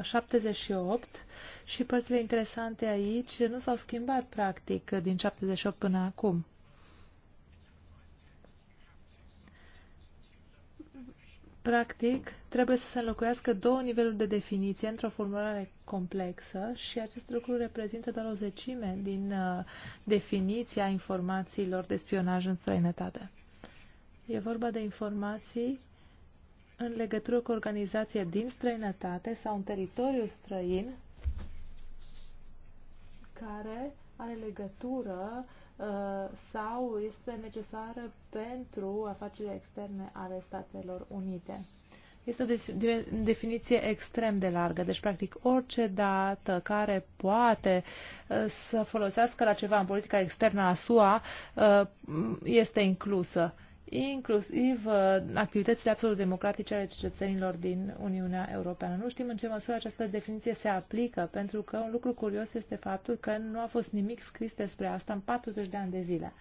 78 uh, și părțile interesante aici nu s-au schimbat practic din 78 până acum. Practic, trebuie să se înlocuiască două niveluri de definiție într-o formulare complexă și acest lucru reprezintă doar o zecime din uh, definiția informațiilor de spionaj în străinătate. E vorba de informații în legătură cu organizația din străinătate sau în teritoriul străin care are legătură Uh, sau este necesară pentru afacerile externe ale Statelor Unite. Este o definiție extrem de largă, deci practic orice dată care poate uh, să folosească la ceva în politica externă a SUA uh, este inclusă inclusiv uh, activitățile absolut democratice ale cetățenilor din Uniunea Europeană. Nu știm în ce măsură această definiție se aplică, pentru că un lucru curios este faptul că nu a fost nimic scris despre asta în 40 de ani de zile.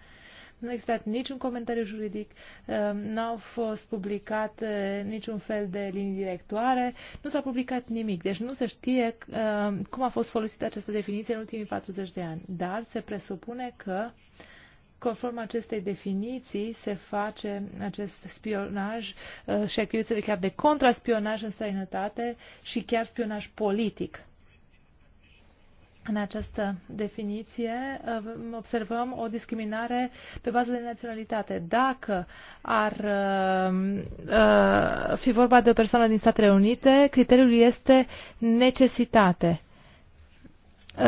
Nu a existat niciun comentariu juridic, uh, nu au fost publicat niciun fel de linii directoare, nu s-a publicat nimic. Deci nu se știe uh, cum a fost folosită această definiție în ultimii 40 de ani. Dar se presupune că Conform acestei definiții se face acest spionaj uh, și activitățile chiar de contraspionaj în străinătate și chiar spionaj politic. În această definiție uh, observăm o discriminare pe bază de naționalitate. Dacă ar uh, fi vorba de o persoană din Statele Unite, criteriul este necesitate Uh,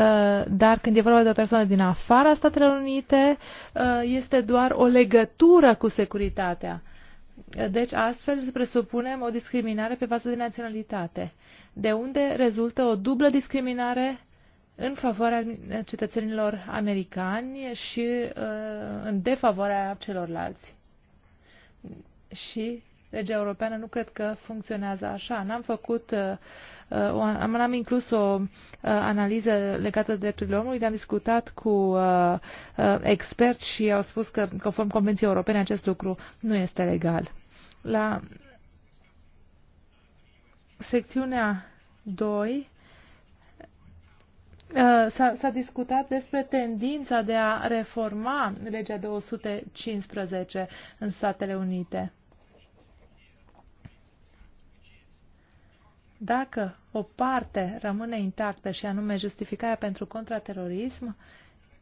dar când e vorba de o persoană din afara Statelor Unite, uh, este doar o legătură cu securitatea. Uh, deci astfel presupunem o discriminare pe bază de naționalitate, de unde rezultă o dublă discriminare în favoarea cetățenilor americani și în defavoarea celorlalți. Și legea europeană nu cred că funcționează așa. N-am făcut uh, Uh, am inclus o uh, analiză legată de drepturile omului, am discutat cu uh, experți și au spus că, conform Convenției Europene, acest lucru nu este legal. La secțiunea 2 s-a discutat despre tendința de a reforma legea 215 în Statele Unite. Dacă o parte rămâne intactă și anume justificarea pentru contraterorism,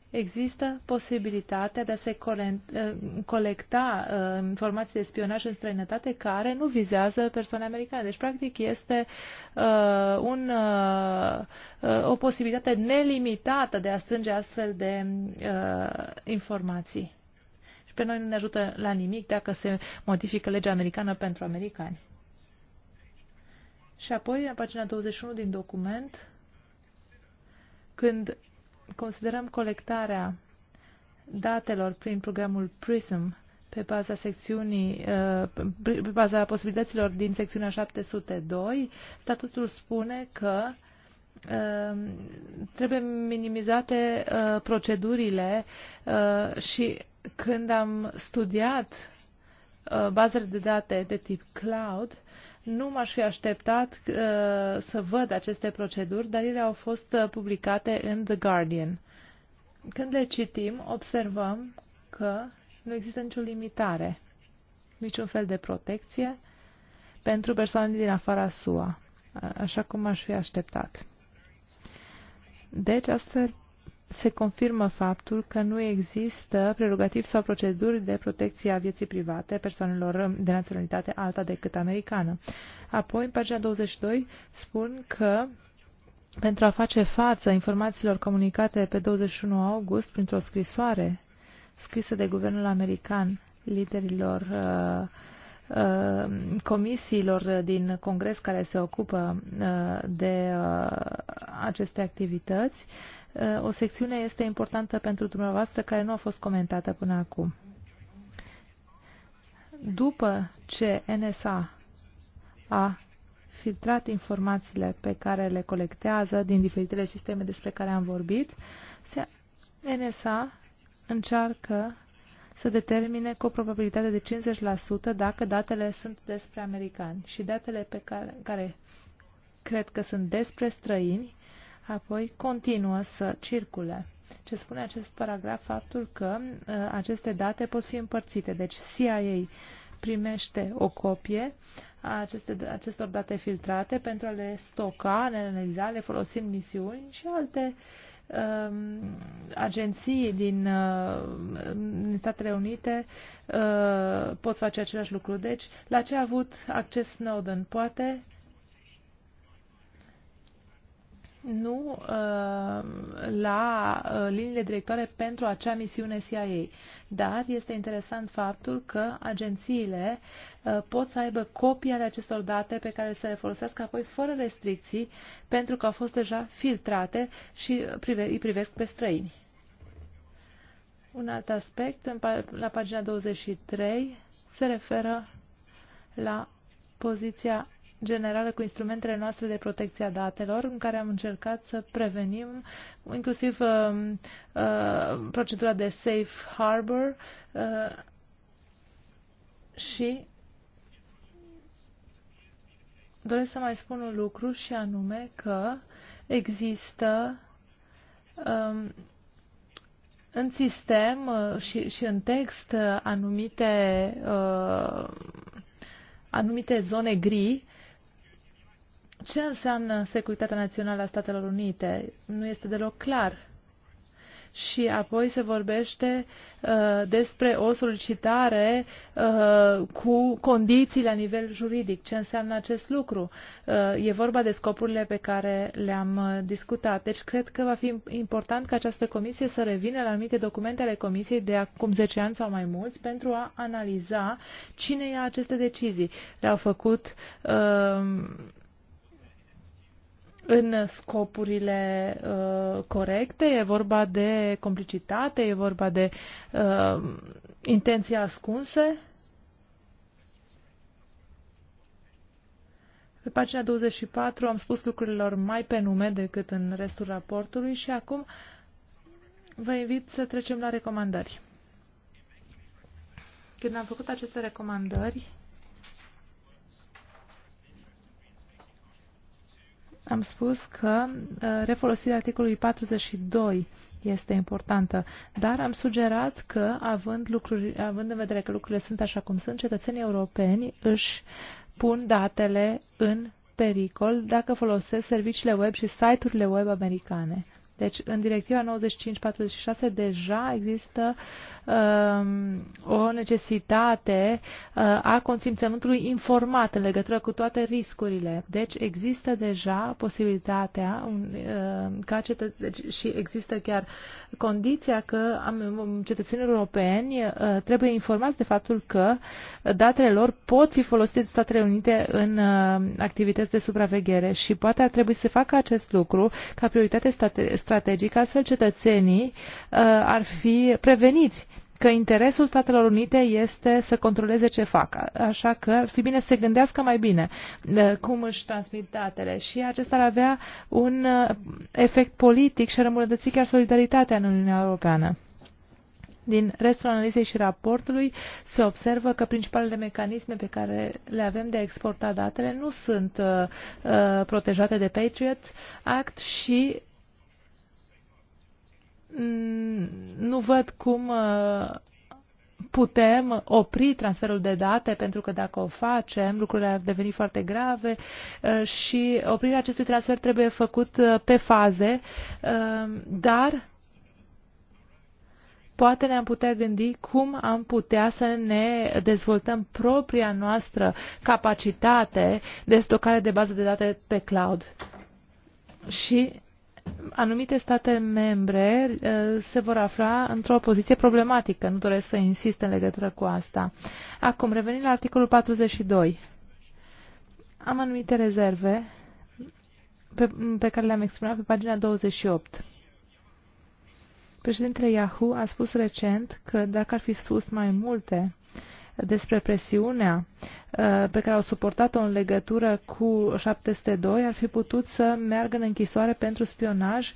există posibilitatea de a se eh, colecta eh, informații de spionaj în străinătate care nu vizează persoane americane. Deci, practic, este eh, un, o posibilitate nelimitată de a strânge astfel de informații. Și pe noi nu ne ajută la nimic dacă se modifică legea americană pentru americani. Și apoi, la pagina 21 din document, când considerăm colectarea datelor prin programul PRISM pe baza secțiunii, uh, pe baza posibilităților din secțiunea 702, statutul spune că uh, trebuie minimizate uh, procedurile și când am studiat bazele de date de tip cloud, nu m-aș fi așteptat uh, să văd aceste proceduri, dar ele au fost uh, publicate în The Guardian. Când le citim, observăm că nu există nicio limitare, niciun fel de protecție pentru persoanele din afara SUA, așa cum aș fi așteptat. Deci, astfel se confirmă faptul că nu există prerogativ sau proceduri de protecție a vieții private persoanelor de naționalitate alta decât americană. Apoi, în pagina 22, spun că pentru a face față informațiilor comunicate pe 21 august printr-o scrisoare scrisă de guvernul american liderilor uh, Uh, comisiilor din Congres care se ocupă uh, de uh, aceste activități. O secțiune este importantă pentru dumneavoastră care nu a fost comentată până acum. După ce NSA a filtrat informațiile pe care le colectează din diferitele sisteme despre care am vorbit, NSA încearcă să determine cu o probabilitate de 50% dacă datele sunt despre americani și datele pe care, care cred că sunt despre străini, apoi continuă să circule. Ce spune acest paragraf? Faptul că uh, aceste date pot fi împărțite. Deci CIA primește o copie a aceste, acestor date filtrate pentru a le stoca, le analiza, le folosi în misiuni și alte uh, Um, agenții din, uh, din Statele Unite uh, pot face același lucru. Deci, la ce a avut acces Snowden? Poate nu uh, la uh, liniile directoare pentru acea misiune CIA. Dar este interesant faptul că agențiile uh, pot să aibă copii ale acestor date pe care să le folosească apoi fără restricții pentru că au fost deja filtrate și îi privesc pe străini. Un alt aspect, la pagina 23, se referă la poziția generală cu instrumentele noastre de protecție a datelor, în care am încercat să prevenim inclusiv uh, uh, procedura de safe harbor uh, și doresc să mai spun un lucru și anume că există um, în sistem uh, și, și în text uh, anumite, uh, anumite zone gri ce înseamnă securitatea națională a Statelor Unite? Nu este deloc clar. Și apoi se vorbește uh, despre o solicitare uh, cu condiții la nivel juridic. Ce înseamnă acest lucru? Uh, e vorba de scopurile pe care le-am uh, discutat. Deci cred că va fi important ca această comisie să revină la anumite documente ale comisiei de acum 10 ani sau mai mulți pentru a analiza cine ia aceste decizii. Le-au făcut. Uh, în scopurile uh, corecte, e vorba de complicitate, e vorba de uh, intenții ascunse. Pe pagina 24 am spus lucrurilor mai pe nume decât în restul raportului și acum vă invit să trecem la recomandări. Când am făcut aceste recomandări, am spus că uh, refolosirea articolului 42 este importantă, dar am sugerat că, având, lucruri, având în vedere că lucrurile sunt așa cum sunt, cetățenii europeni își pun datele în pericol dacă folosesc serviciile web și site-urile web americane. Deci, în directiva 95-46 deja există um, o necesitate uh, a consimțământului informat în legătură cu toate riscurile. Deci, există deja posibilitatea un, uh, ca cetă- deci, și există chiar condiția că um, cetățenii europeni uh, trebuie informați de faptul că datele lor pot fi folosite de Statele Unite în uh, activități de supraveghere și poate ar trebui să facă acest lucru ca prioritate state strategic, astfel cetățenii uh, ar fi preveniți că interesul Statelor Unite este să controleze ce fac. Așa că ar fi bine să se gândească mai bine uh, cum își transmit datele și acesta ar avea un uh, efect politic și ar îmbunătăți chiar solidaritatea în Uniunea Europeană. Din restul analizei și raportului se observă că principalele mecanisme pe care le avem de a exporta datele nu sunt uh, protejate de Patriot Act și Mm, nu văd cum uh, putem opri transferul de date, pentru că dacă o facem, lucrurile ar deveni foarte grave uh, și oprirea acestui transfer trebuie făcut uh, pe faze, dar poate ne-am putea gândi cum am putea să ne dezvoltăm propria noastră capacitate de stocare de bază de date pe cloud. Și anumite state membre eh, se vor afla într-o poziție problematică. Nu doresc să insist în legătură cu asta. Acum, revenind la articolul 42. Am anumite rezerve pe, pe care le-am exprimat pe pagina 28. Președintele Yahoo a spus recent că dacă ar fi spus mai multe despre presiunea uh, pe care au suportat-o în legătură cu 702 ar fi putut să meargă în închisoare pentru spionaj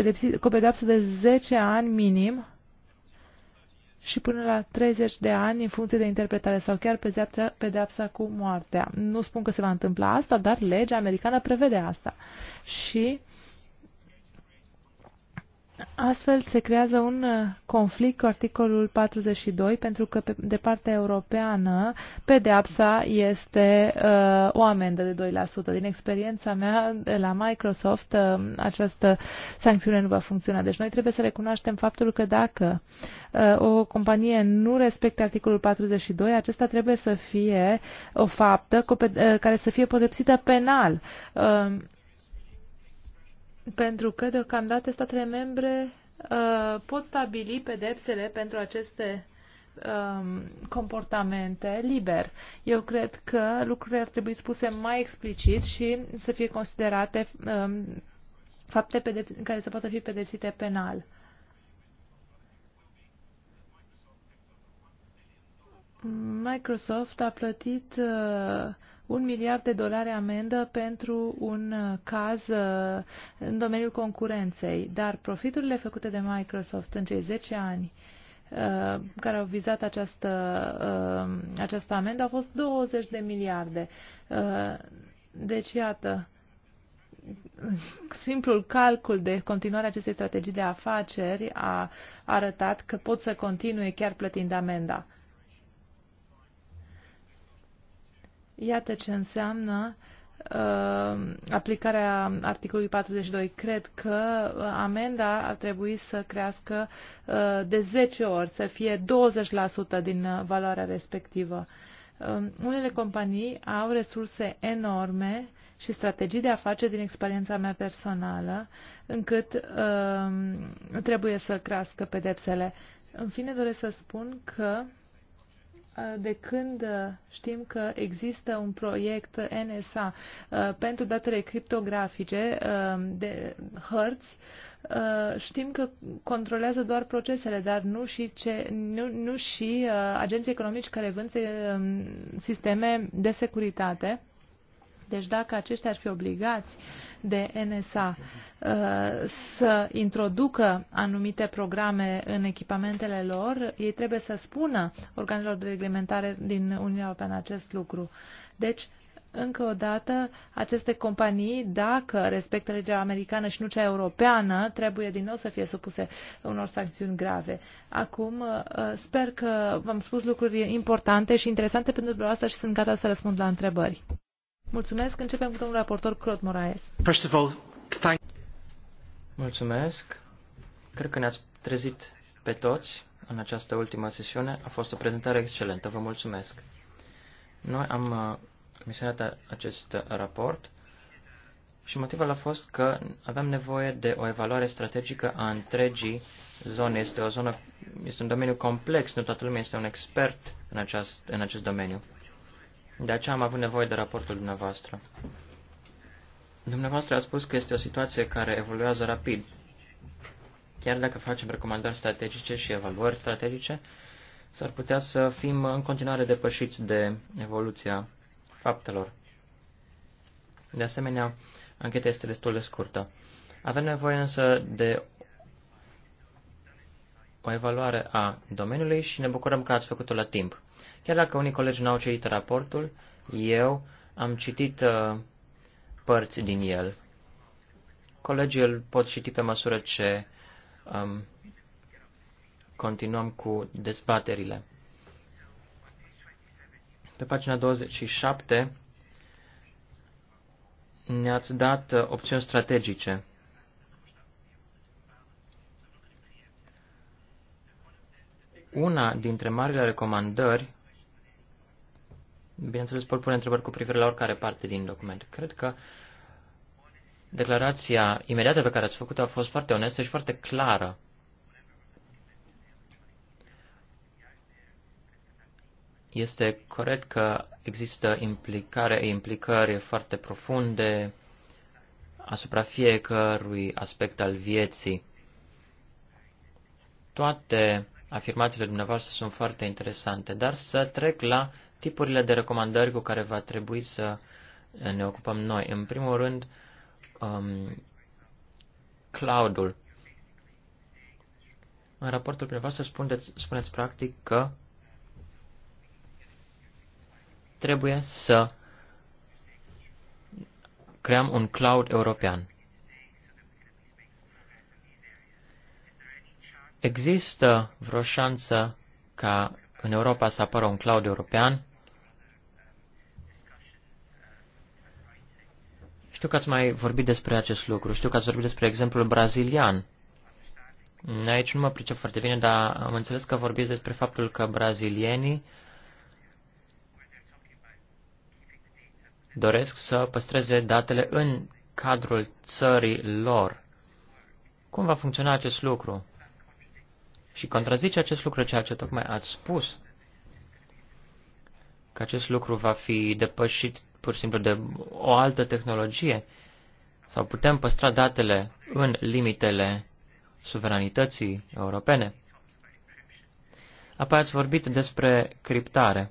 uh, cu pedeapsă de 10 ani minim și până la 30 de ani în funcție de interpretare sau chiar pedeapsa cu moartea. Nu spun că se va întâmpla asta, dar legea americană prevede asta. Și uh, Astfel se creează un uh, conflict cu articolul 42, pentru că de partea europeană pedeapsa este uh, o amendă de 2%. Din experiența mea la Microsoft, uh, această sancțiune nu va funcționa. Deci noi trebuie să recunoaștem faptul că dacă uh, o companie nu respectă articolul 42, acesta trebuie să fie o faptă cu, uh, care să fie pedepsită penal. Uh, pentru că, deocamdată, statele membre uh, pot stabili pedepsele pentru aceste um, comportamente liber. Eu cred că lucrurile ar trebui spuse mai explicit și să fie considerate um, fapte care să poată fi pedepsite penal. Microsoft a plătit uh, un miliard de dolari amendă pentru un uh, caz uh, în domeniul concurenței, dar profiturile făcute de Microsoft în cei 10 ani uh, care au vizat această, această amendă au fost 20 de miliarde. Deci, iată, simplul calcul de continuare acestei strategii de afaceri a arătat că pot să continue chiar plătind amenda. Iată ce înseamnă uh, aplicarea articolului 42. Cred că uh, amenda ar trebui să crească uh, de 10 ori, să fie 20% din uh, valoarea respectivă. Uh, unele companii au resurse enorme și strategii de afaceri din experiența mea personală, încât uh, trebuie să crească pedepsele. În fine, doresc să spun că Uh, de când uh, știm că există un proiect NSA uh, pentru datele criptografice de hărți, știm că controlează doar procesele, dar nu și, ce, nu, nu și agenții economici care vând um, sisteme de securitate deci dacă aceștia ar fi obligați de NSA uh, să introducă anumite programe în echipamentele lor, ei trebuie să spună organelor de reglementare din Uniunea Europeană acest lucru. Deci, încă o dată, aceste companii, dacă respectă legea americană și nu cea europeană, trebuie din nou să fie supuse unor sancțiuni grave. Acum, uh, sper că v-am spus lucruri importante și interesante pentru dumneavoastră și sunt gata să răspund la întrebări. Mulțumesc. Începem cu domnul raportor Claude Moraes. First of all, thank... Mulțumesc. Cred că ne-ați trezit pe toți în această ultimă sesiune. A fost o prezentare excelentă. Vă mulțumesc. Noi am comisionat uh, acest raport și motivul a fost că aveam nevoie de o evaluare strategică a întregii zone. Este, o zonă, este un domeniu complex, nu toată lumea este un expert în acest, în acest domeniu. De aceea am avut nevoie de raportul dumneavoastră. Dumneavoastră a spus că este o situație care evoluează rapid. Chiar dacă facem recomandări strategice și evaluări strategice, s-ar putea să fim în continuare depășiți de evoluția faptelor. De asemenea, ancheta este destul de scurtă. Avem nevoie însă de o evaluare a domeniului și ne bucurăm că ați făcut-o la timp. Chiar dacă unii colegi n-au citit raportul, eu am citit uh, părți din el. Colegii îl pot citi pe măsură ce um, continuăm cu dezbaterile. Pe pagina 27 ne-ați dat uh, opțiuni strategice. Una dintre marile recomandări Bineînțeles, pot pune întrebări cu privire la oricare parte din document. Cred că declarația imediată pe care ați făcut-o a fost foarte onestă și foarte clară. Este corect că există implicare, implicări foarte profunde asupra fiecărui aspect al vieții. Toate afirmațiile dumneavoastră sunt foarte interesante, dar să trec la tipurile de recomandări cu care va trebui să ne ocupăm noi. În primul rând, um, cloudul. În raportul dumneavoastră spuneți, spuneți practic că trebuie să creăm un cloud european. Există vreo șansă ca în Europa să apară un cloud european? Știu că ați mai vorbit despre acest lucru, știu că ați vorbit despre exemplul brazilian. Aici nu mă pricep foarte bine, dar am înțeles că vorbiți despre faptul că brazilienii doresc să păstreze datele în cadrul țării lor. Cum va funcționa acest lucru? Și contrazice acest lucru ceea ce tocmai ați spus, că acest lucru va fi depășit pur și simplu de o altă tehnologie? Sau putem păstra datele în limitele suveranității europene? Apoi ați vorbit despre criptare.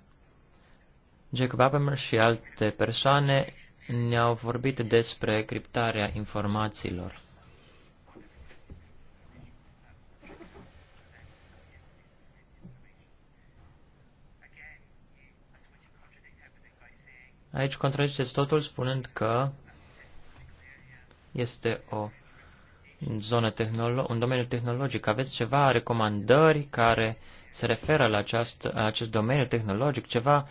Jacob Abemer și alte persoane ne-au vorbit despre criptarea informațiilor. Aici contraziceți totul spunând că este o zonă tehnolo- un domeniu tehnologic. Aveți ceva recomandări care se referă la aceast, acest domeniu tehnologic, ceva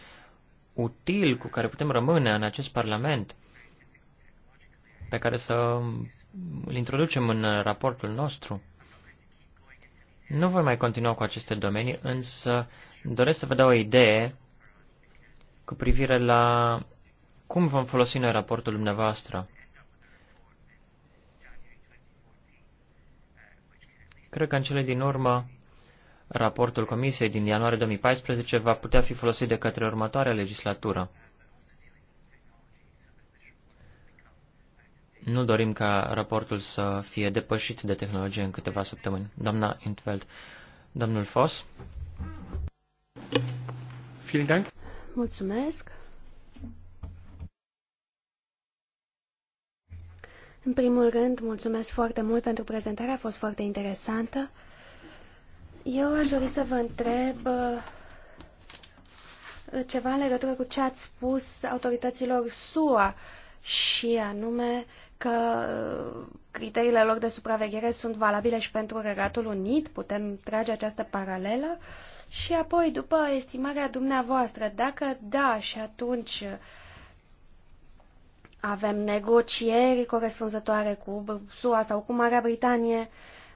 util cu care putem rămâne în acest Parlament, pe care să îl introducem în raportul nostru. Nu voi mai continua cu aceste domenii, însă doresc să vă dau o idee cu privire la cum vom folosi noi raportul dumneavoastră? Cred că în cele din urmă, raportul Comisiei din ianuarie 2014 va putea fi folosit de către următoarea legislatură. Nu dorim ca raportul să fie depășit de tehnologie în câteva săptămâni. Doamna Intveld, domnul Foss. Mulțumesc. În primul rând, mulțumesc foarte mult pentru prezentare, a fost foarte interesantă. Eu aș dori să vă întreb uh, ceva în legătură cu ce ați spus autorităților SUA și anume că uh, criteriile lor de supraveghere sunt valabile și pentru Regatul Unit, putem trage această paralelă. Și apoi, după estimarea dumneavoastră, dacă da și atunci avem negocieri corespunzătoare cu SUA sau cu Marea Britanie.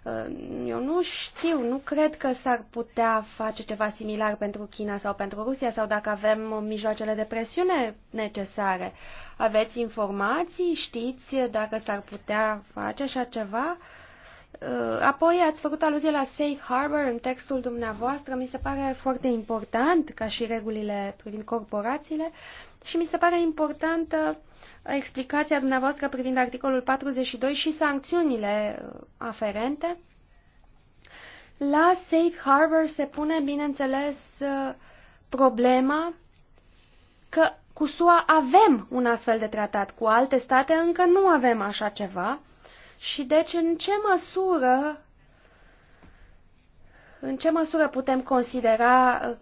Uh, eu nu știu, nu cred că s-ar putea face ceva similar pentru China sau pentru Rusia sau dacă avem mijloacele de presiune necesare. Aveți informații? Știți dacă s-ar putea face așa ceva? Uh, Uh, apoi ați făcut aluzie la Safe Harbor în textul dumneavoastră, mi se pare foarte important, ca și regulile privind corporațiile, și mi se pare importantă explicația dumneavoastră privind articolul 42 și sancțiunile uh, aferente. La Safe Harbor se pune, bineînțeles, uh, problema că cu SUA avem un astfel de tratat, cu alte state încă nu avem așa ceva și deci în ce măsură în ce măsură putem considera uh,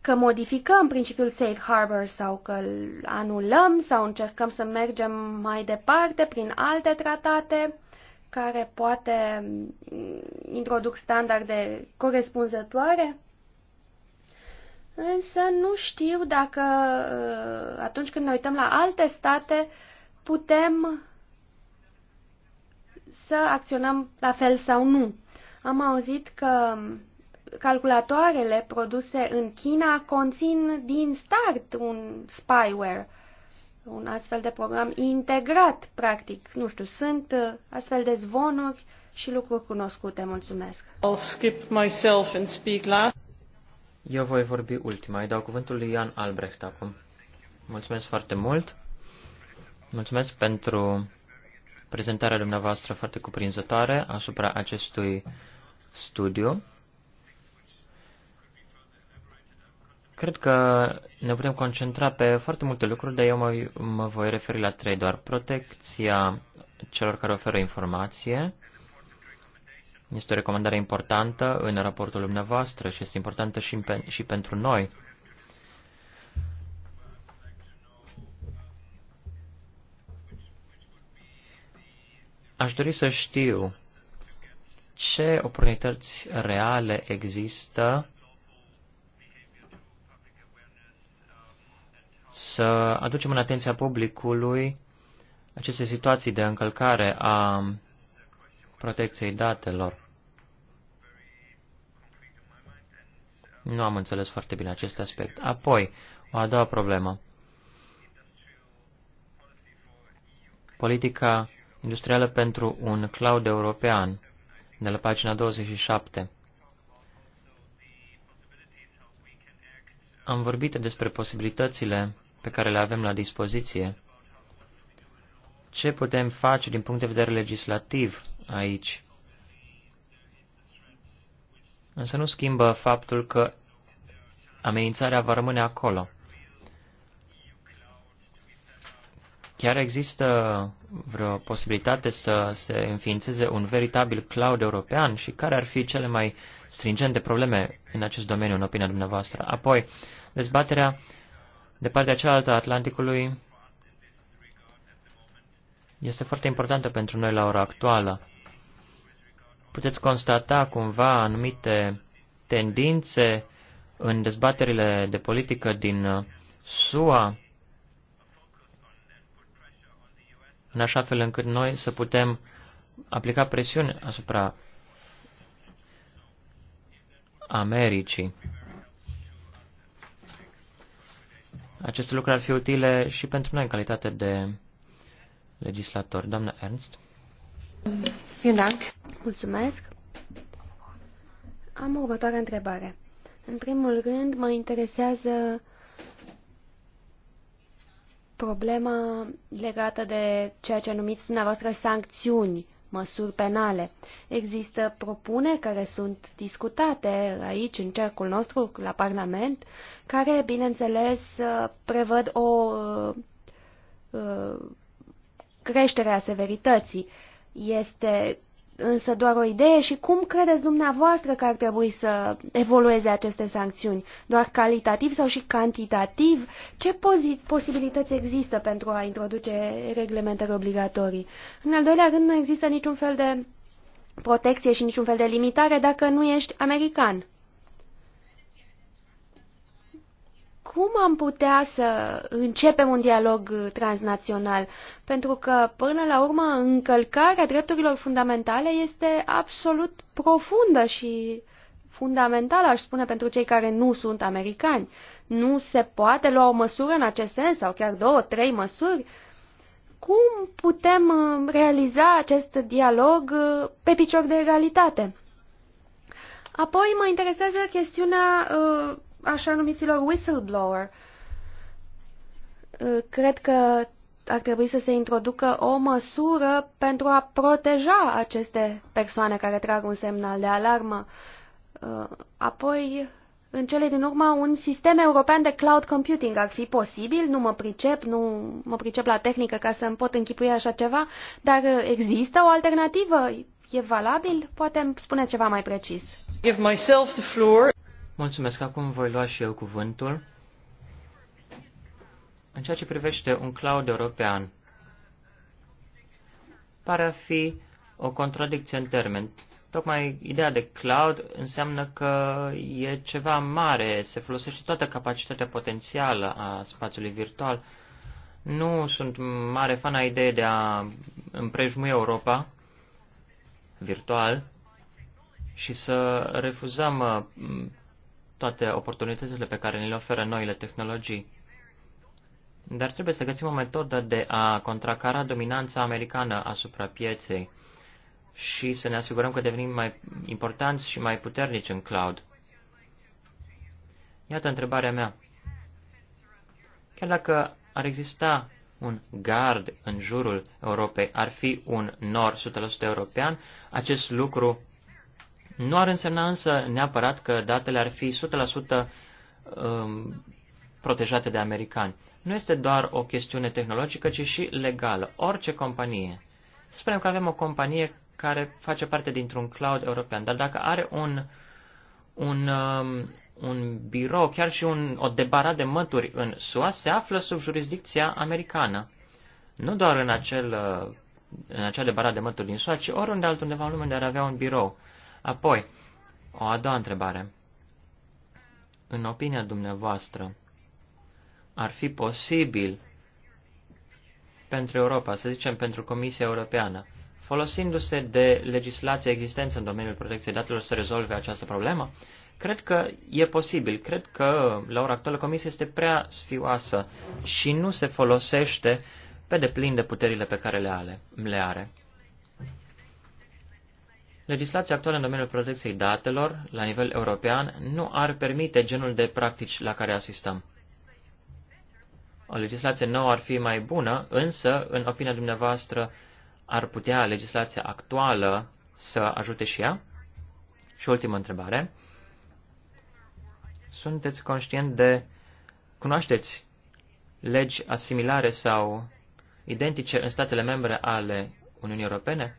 că modificăm principiul safe harbor sau că îl anulăm sau încercăm să mergem mai departe prin alte tratate care poate mm, introduc standarde corespunzătoare? Însă nu știu dacă uh, atunci când ne uităm la alte state putem să acționăm la fel sau nu. Am auzit că calculatoarele produse în China conțin din start un spyware, un astfel de program integrat, practic. Nu știu, sunt uh, astfel de zvonuri și lucruri cunoscute. Mulțumesc. I'll skip myself and speak last. Eu voi vorbi ultima. Îi dau cuvântul lui Ian Albrecht acum. Mulțumesc foarte mult. Mulțumesc pentru prezentarea dumneavoastră foarte cuprinzătoare asupra acestui studiu. Cred că ne putem concentra pe foarte multe lucruri, dar eu mă, mă voi referi la trei doar. Protecția celor care oferă informație. Este o recomandare importantă în raportul dumneavoastră și este importantă și, pe, și pentru noi. Aș dori să știu ce oportunități reale există să aducem în atenția publicului aceste situații de încălcare a protecției datelor. Nu am înțeles foarte bine acest aspect. Apoi, o a doua problemă. Politica industrială pentru un cloud european, de la pagina 27. Am vorbit despre posibilitățile pe care le avem la dispoziție. Ce putem face din punct de vedere legislativ aici? Însă nu schimbă faptul că amenințarea va rămâne acolo. Chiar există vreo posibilitate să se înființeze un veritabil cloud european și care ar fi cele mai stringente probleme în acest domeniu, în opinia dumneavoastră? Apoi, dezbaterea de partea cealaltă a Atlanticului este foarte importantă pentru noi la ora actuală. Puteți constata cumva anumite tendințe în dezbaterile de politică din uh, SUA în așa fel încât noi să putem aplica presiune asupra Americii. Aceste lucruri ar fi utile și pentru noi în calitate de legislator. Doamna Ernst. Mulțumesc. Am următoarea întrebare. În primul rând, mă interesează problema legată de ceea ce numiți dumneavoastră sancțiuni, măsuri penale. Există propuneri care sunt discutate aici, în cercul nostru, la Parlament, care, bineînțeles, prevăd o uh, uh, creștere a severității. Este însă doar o idee și cum credeți dumneavoastră că ar trebui să evolueze aceste sancțiuni? Doar calitativ sau și cantitativ? Ce posibilități există pentru a introduce reglementări obligatorii? În al doilea rând, nu există niciun fel de protecție și niciun fel de limitare dacă nu ești american. cum am putea să începem un dialog transnațional? Pentru că, până la urmă, încălcarea drepturilor fundamentale este absolut profundă și fundamentală, aș spune, pentru cei care nu sunt americani. Nu se poate lua o măsură în acest sens, sau chiar două, trei măsuri. Cum putem uh, realiza acest dialog uh, pe picior de egalitate? Apoi mă interesează chestiunea uh, așa numiților whistleblower. Uh, cred că ar trebui să se introducă o măsură pentru a proteja aceste persoane care trag un semnal de alarmă. Uh, apoi, în cele din urmă, un sistem european de cloud computing ar fi posibil, nu mă pricep, nu mă pricep la tehnică ca să îmi pot închipui așa ceva, dar uh, există o alternativă? E valabil? Poate îmi spune ceva mai precis. Give myself the floor. Mulțumesc. Acum voi lua și eu cuvântul. În ceea ce privește un cloud european, pare a fi o contradicție în termen. Tocmai ideea de cloud înseamnă că e ceva mare, se folosește toată capacitatea potențială a spațiului virtual. Nu sunt mare fan a ideii de a împrejmui Europa virtual și să refuzăm uh, toate oportunitățile pe care ne le oferă noile tehnologii. Dar trebuie să găsim o metodă de a contracara dominanța americană asupra pieței și să ne asigurăm că devenim mai importanți și mai puternici în cloud. Iată întrebarea mea. Chiar dacă ar exista un gard în jurul Europei, ar fi un nor 100% european, acest lucru nu ar însemna însă neapărat că datele ar fi 100% um, protejate de americani. Nu este doar o chestiune tehnologică, ci și legală. Orice companie. Să spunem că avem o companie care face parte dintr-un cloud european, dar dacă are un, un, um, un birou, chiar și un, o debara de mături în SUA, se află sub jurisdicția americană. Nu doar în acel uh, în acea debara de mături din SUA, ci oriunde altundeva în lume de ar avea un birou. Apoi, o a doua întrebare. În opinia dumneavoastră, ar fi posibil pentru Europa, să zicem pentru Comisia Europeană, folosindu-se de legislația existentă în domeniul protecției datelor să rezolve această problemă? Cred că e posibil. Cred că la ora actuală Comisia este prea sfioasă și nu se folosește pe deplin de puterile pe care le are. Legislația actuală în domeniul protecției datelor, la nivel european, nu ar permite genul de practici la care asistăm. O legislație nouă ar fi mai bună, însă, în opinia dumneavoastră, ar putea legislația actuală să ajute și ea? Și ultima întrebare. Sunteți conștient de, cunoașteți legi asimilare sau identice în statele membre ale Uniunii Europene?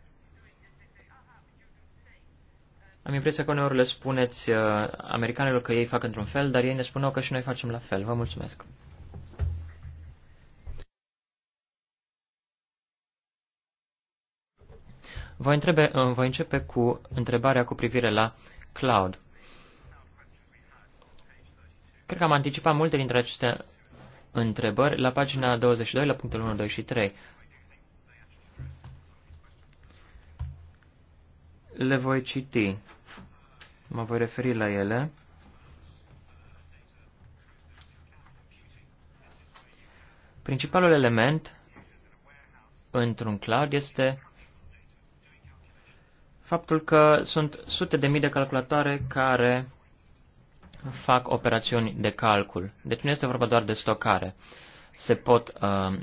Am impresia că uneori le spuneți uh, americanilor că ei fac într-un fel, dar ei ne spuneau că și noi facem la fel. Vă mulțumesc! Voi, întrebe, uh, voi începe cu întrebarea cu privire la cloud. Cred că am anticipat multe dintre aceste întrebări la pagina 22, la punctul 1, 2 și 3. le voi citi. Mă voi referi la ele. Principalul element într-un cloud este faptul că sunt sute de mii de calculatoare care fac operațiuni de calcul. Deci nu este vorba doar de stocare. Se pot uh,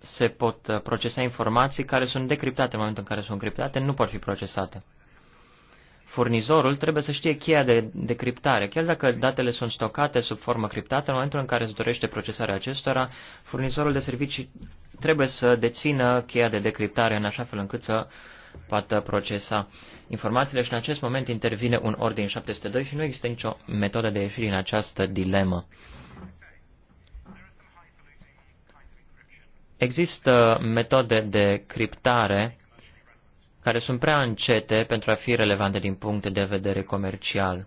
se pot uh, procesa informații care sunt decriptate în momentul în care sunt criptate, nu pot fi procesate. Furnizorul trebuie să știe cheia de decriptare. Chiar dacă datele sunt stocate sub formă criptată, în momentul în care se dorește procesarea acestora, furnizorul de servicii trebuie să dețină cheia de decriptare în așa fel încât să poată procesa informațiile și în acest moment intervine un ordin 702 și nu există nicio metodă de ieșire în această dilemă. Există metode de criptare care sunt prea încete pentru a fi relevante din punct de vedere comercial.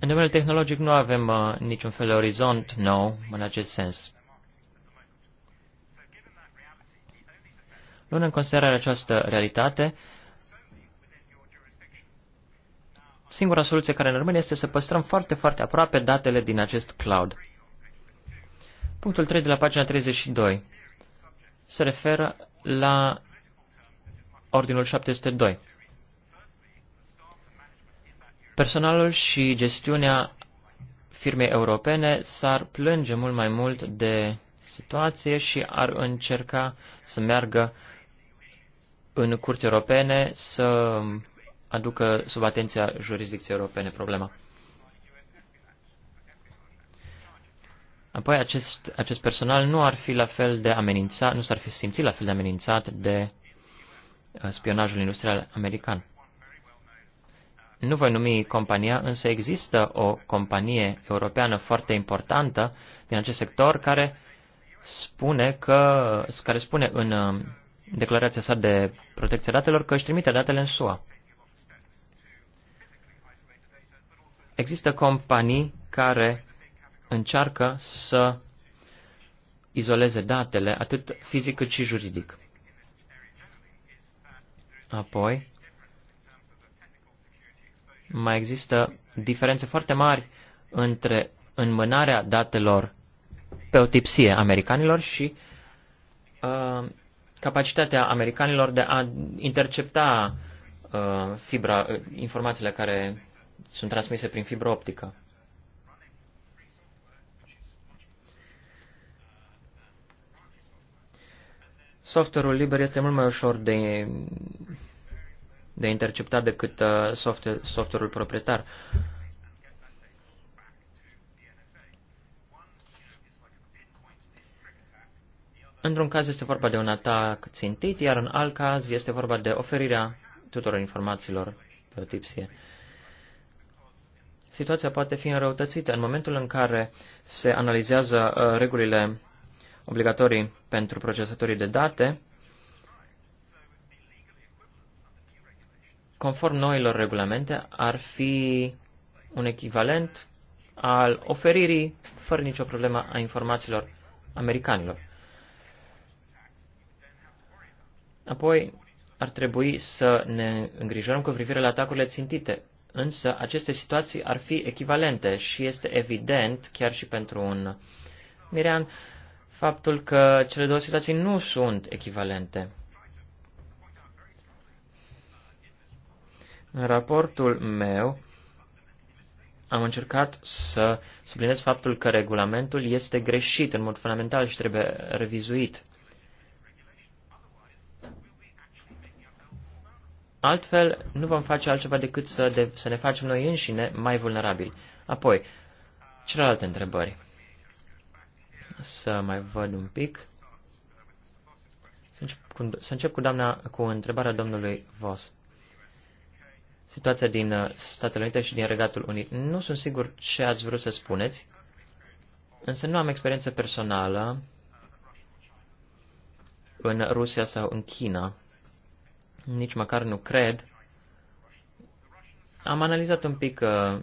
În domeniul tehnologic nu avem uh, niciun fel de orizont nou în acest sens. Luând în considerare această realitate, singura soluție care ne rămâne este să păstrăm foarte, foarte aproape datele din acest cloud. Punctul 3 de la pagina 32 se referă la Ordinul 702. Personalul și gestiunea firmei europene s-ar plânge mult mai mult de situație și ar încerca să meargă în curți europene să aducă sub atenția jurisdicției europene problema. Apoi acest, acest personal nu ar fi la fel de amenințat, nu s-ar fi simțit la fel de amenințat de uh, spionajul industrial american. Nu voi numi compania, însă există o companie europeană foarte importantă din acest sector care spune că, care spune în um, declarația sa de protecție datelor că își trimite datele în SUA. Există companii care încearcă să izoleze datele, atât fizic cât și juridic. Apoi, mai există diferențe foarte mari între înmânarea datelor pe o tipsie americanilor și uh, capacitatea americanilor de a intercepta uh, fibra, uh, informațiile care sunt transmise prin fibra optică. Software-ul liber este mult mai ușor de, de interceptat decât software, uh, software-ul proprietar. Într-un caz este vorba de un atac țintit, iar în alt caz este vorba de oferirea tuturor informațiilor pe o tipsie. Situația poate fi înrăutățită în momentul în care se analizează uh, regulile obligatorii pentru procesatorii de date, conform noilor regulamente, ar fi un echivalent al oferirii, fără nicio problemă, a informațiilor americanilor. Apoi, ar trebui să ne îngrijorăm cu privire la atacurile țintite, însă aceste situații ar fi echivalente și este evident, chiar și pentru un mirean, faptul că cele două situații nu sunt echivalente. În raportul meu am încercat să subliniez faptul că regulamentul este greșit în mod fundamental și trebuie revizuit. Altfel, nu vom face altceva decât să, de, să ne facem noi înșine mai vulnerabili. Apoi, celelalte întrebări să mai văd un pic. Să încep cu, cu, doamna, cu întrebarea domnului Vos. Situația din uh, Statele Unite și din Regatul Unit. Nu sunt sigur ce ați vrut să spuneți, însă nu am experiență personală în Rusia sau în China. Nici măcar nu cred. Am analizat un pic uh,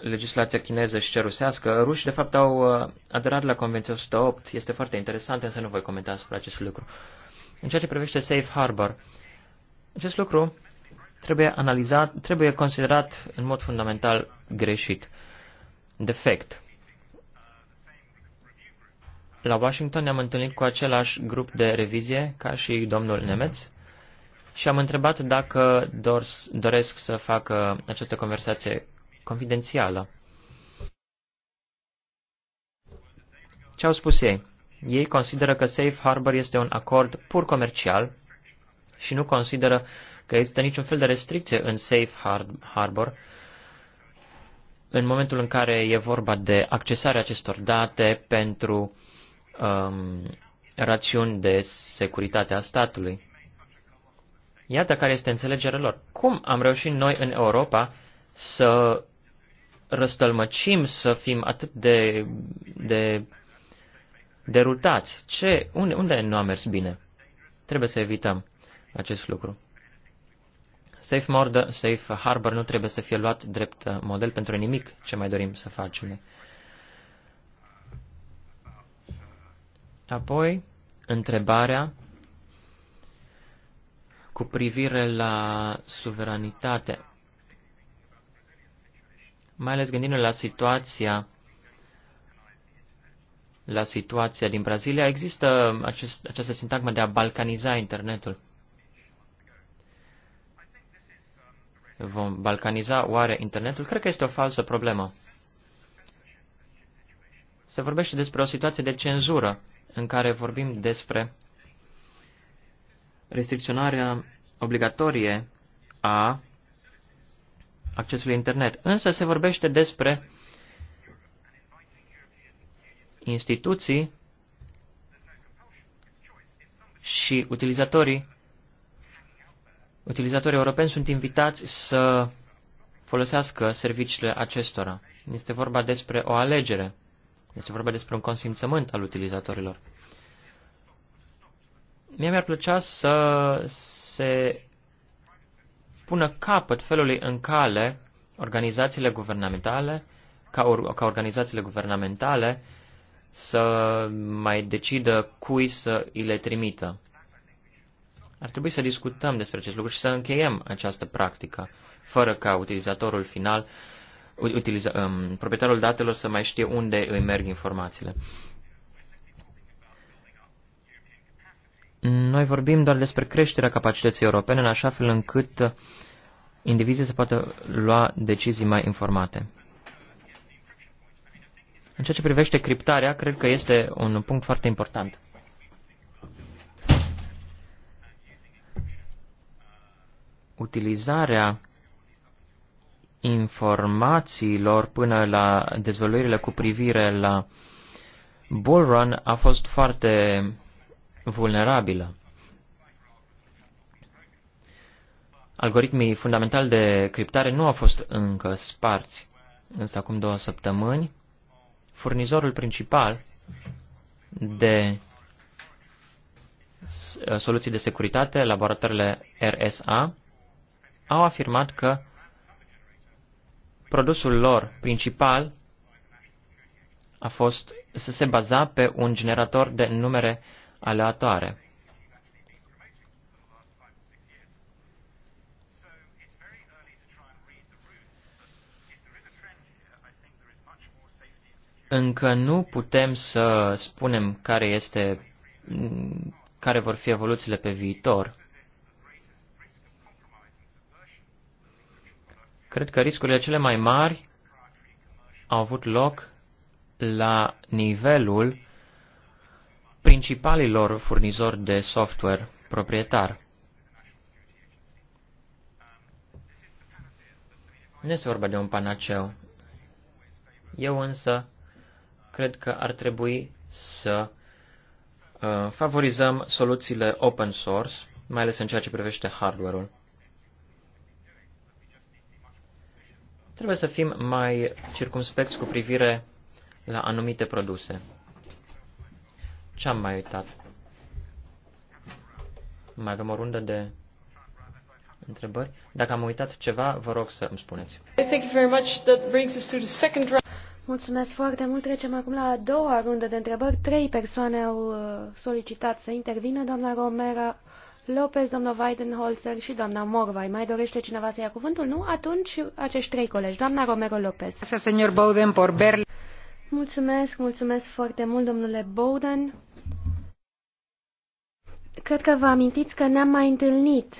legislația chineză și cerusească, rusească, rușii de fapt au uh, aderat la Convenția 108. Este foarte interesant, însă nu voi comenta asupra acest lucru. În ceea ce privește Safe Harbor, acest lucru trebuie analizat, trebuie considerat în mod fundamental greșit, defect. La Washington ne-am întâlnit cu același grup de revizie ca și domnul Nemeț și am întrebat dacă doresc să facă această conversație confidențială. Ce au spus ei? Ei consideră că Safe Harbor este un acord pur comercial și nu consideră că există niciun fel de restricție în Safe Harbor în momentul în care e vorba de accesarea acestor date pentru um, rațiuni de securitate a statului. Iată care este înțelegerea lor. Cum am reușit noi în Europa să răstălmăcim, să fim atât de, de derutați. Ce, unde, unde nu a mers bine? Trebuie să evităm acest lucru. Safe, mode, Safe Harbor nu trebuie să fie luat drept uh, model pentru nimic ce mai dorim să facem. Apoi, întrebarea cu privire la suveranitate mai ales gândindu-ne la situația la situația din Brazilia, există acest, această sintagmă de a balcaniza internetul. Vom balcaniza oare internetul? Cred că este o falsă problemă. Se vorbește despre o situație de cenzură în care vorbim despre restricționarea obligatorie a accesului internet. Însă se vorbește despre instituții și utilizatorii utilizatorii europeni sunt invitați să folosească serviciile acestora. Este vorba despre o alegere. Este vorba despre un consimțământ al utilizatorilor. Mie mi-ar plăcea să se pună capăt felului în cale organizațiile guvernamentale, ca, or, ca organizațiile guvernamentale, să mai decidă cui să îi le trimită. Ar trebui să discutăm despre acest lucru și să încheiem această practică, fără ca utilizatorul final, utiliza, um, proprietarul datelor să mai știe unde îi merg informațiile. Noi vorbim doar despre creșterea capacității europene, în așa fel încât indivizii să poată lua decizii mai informate. În ceea ce privește criptarea, cred că este un punct foarte important. Utilizarea informațiilor până la dezvăluirile cu privire la Bull Run a fost foarte vulnerabilă. Algoritmii fundamentali de criptare nu au fost încă sparți, însă acum două săptămâni, furnizorul principal de uh, soluții de securitate, laboratoarele RSA, au afirmat că produsul lor principal a fost să se baza pe un generator de numere uh, aleatoare. Încă nu putem să spunem care este care vor fi evoluțiile pe viitor. Cred că riscurile cele mai mari au avut loc la nivelul principalilor furnizori de software proprietar. Nu este vorba de un panaceu. Eu însă cred că ar trebui să uh, favorizăm soluțiile open source, mai ales în ceea ce privește hardware-ul. Trebuie să fim mai circumspecți cu privire la anumite produse. Ce am mai uitat? Mai avem o rundă de întrebări. Dacă am uitat ceva, vă rog să îmi spuneți. Mulțumesc foarte mult. Trecem acum la a doua rundă de întrebări. Trei persoane au uh, solicitat să intervină, doamna Romera, Lopez, domnul Weidenholzer și doamna Morvai. Mai dorește cineva să ia cuvântul? Nu? Atunci acești trei colegi. Doamna Romero Lopez. Mulțumesc, mulțumesc foarte mult, domnule Bowden. Cred că vă amintiți că ne-am mai întâlnit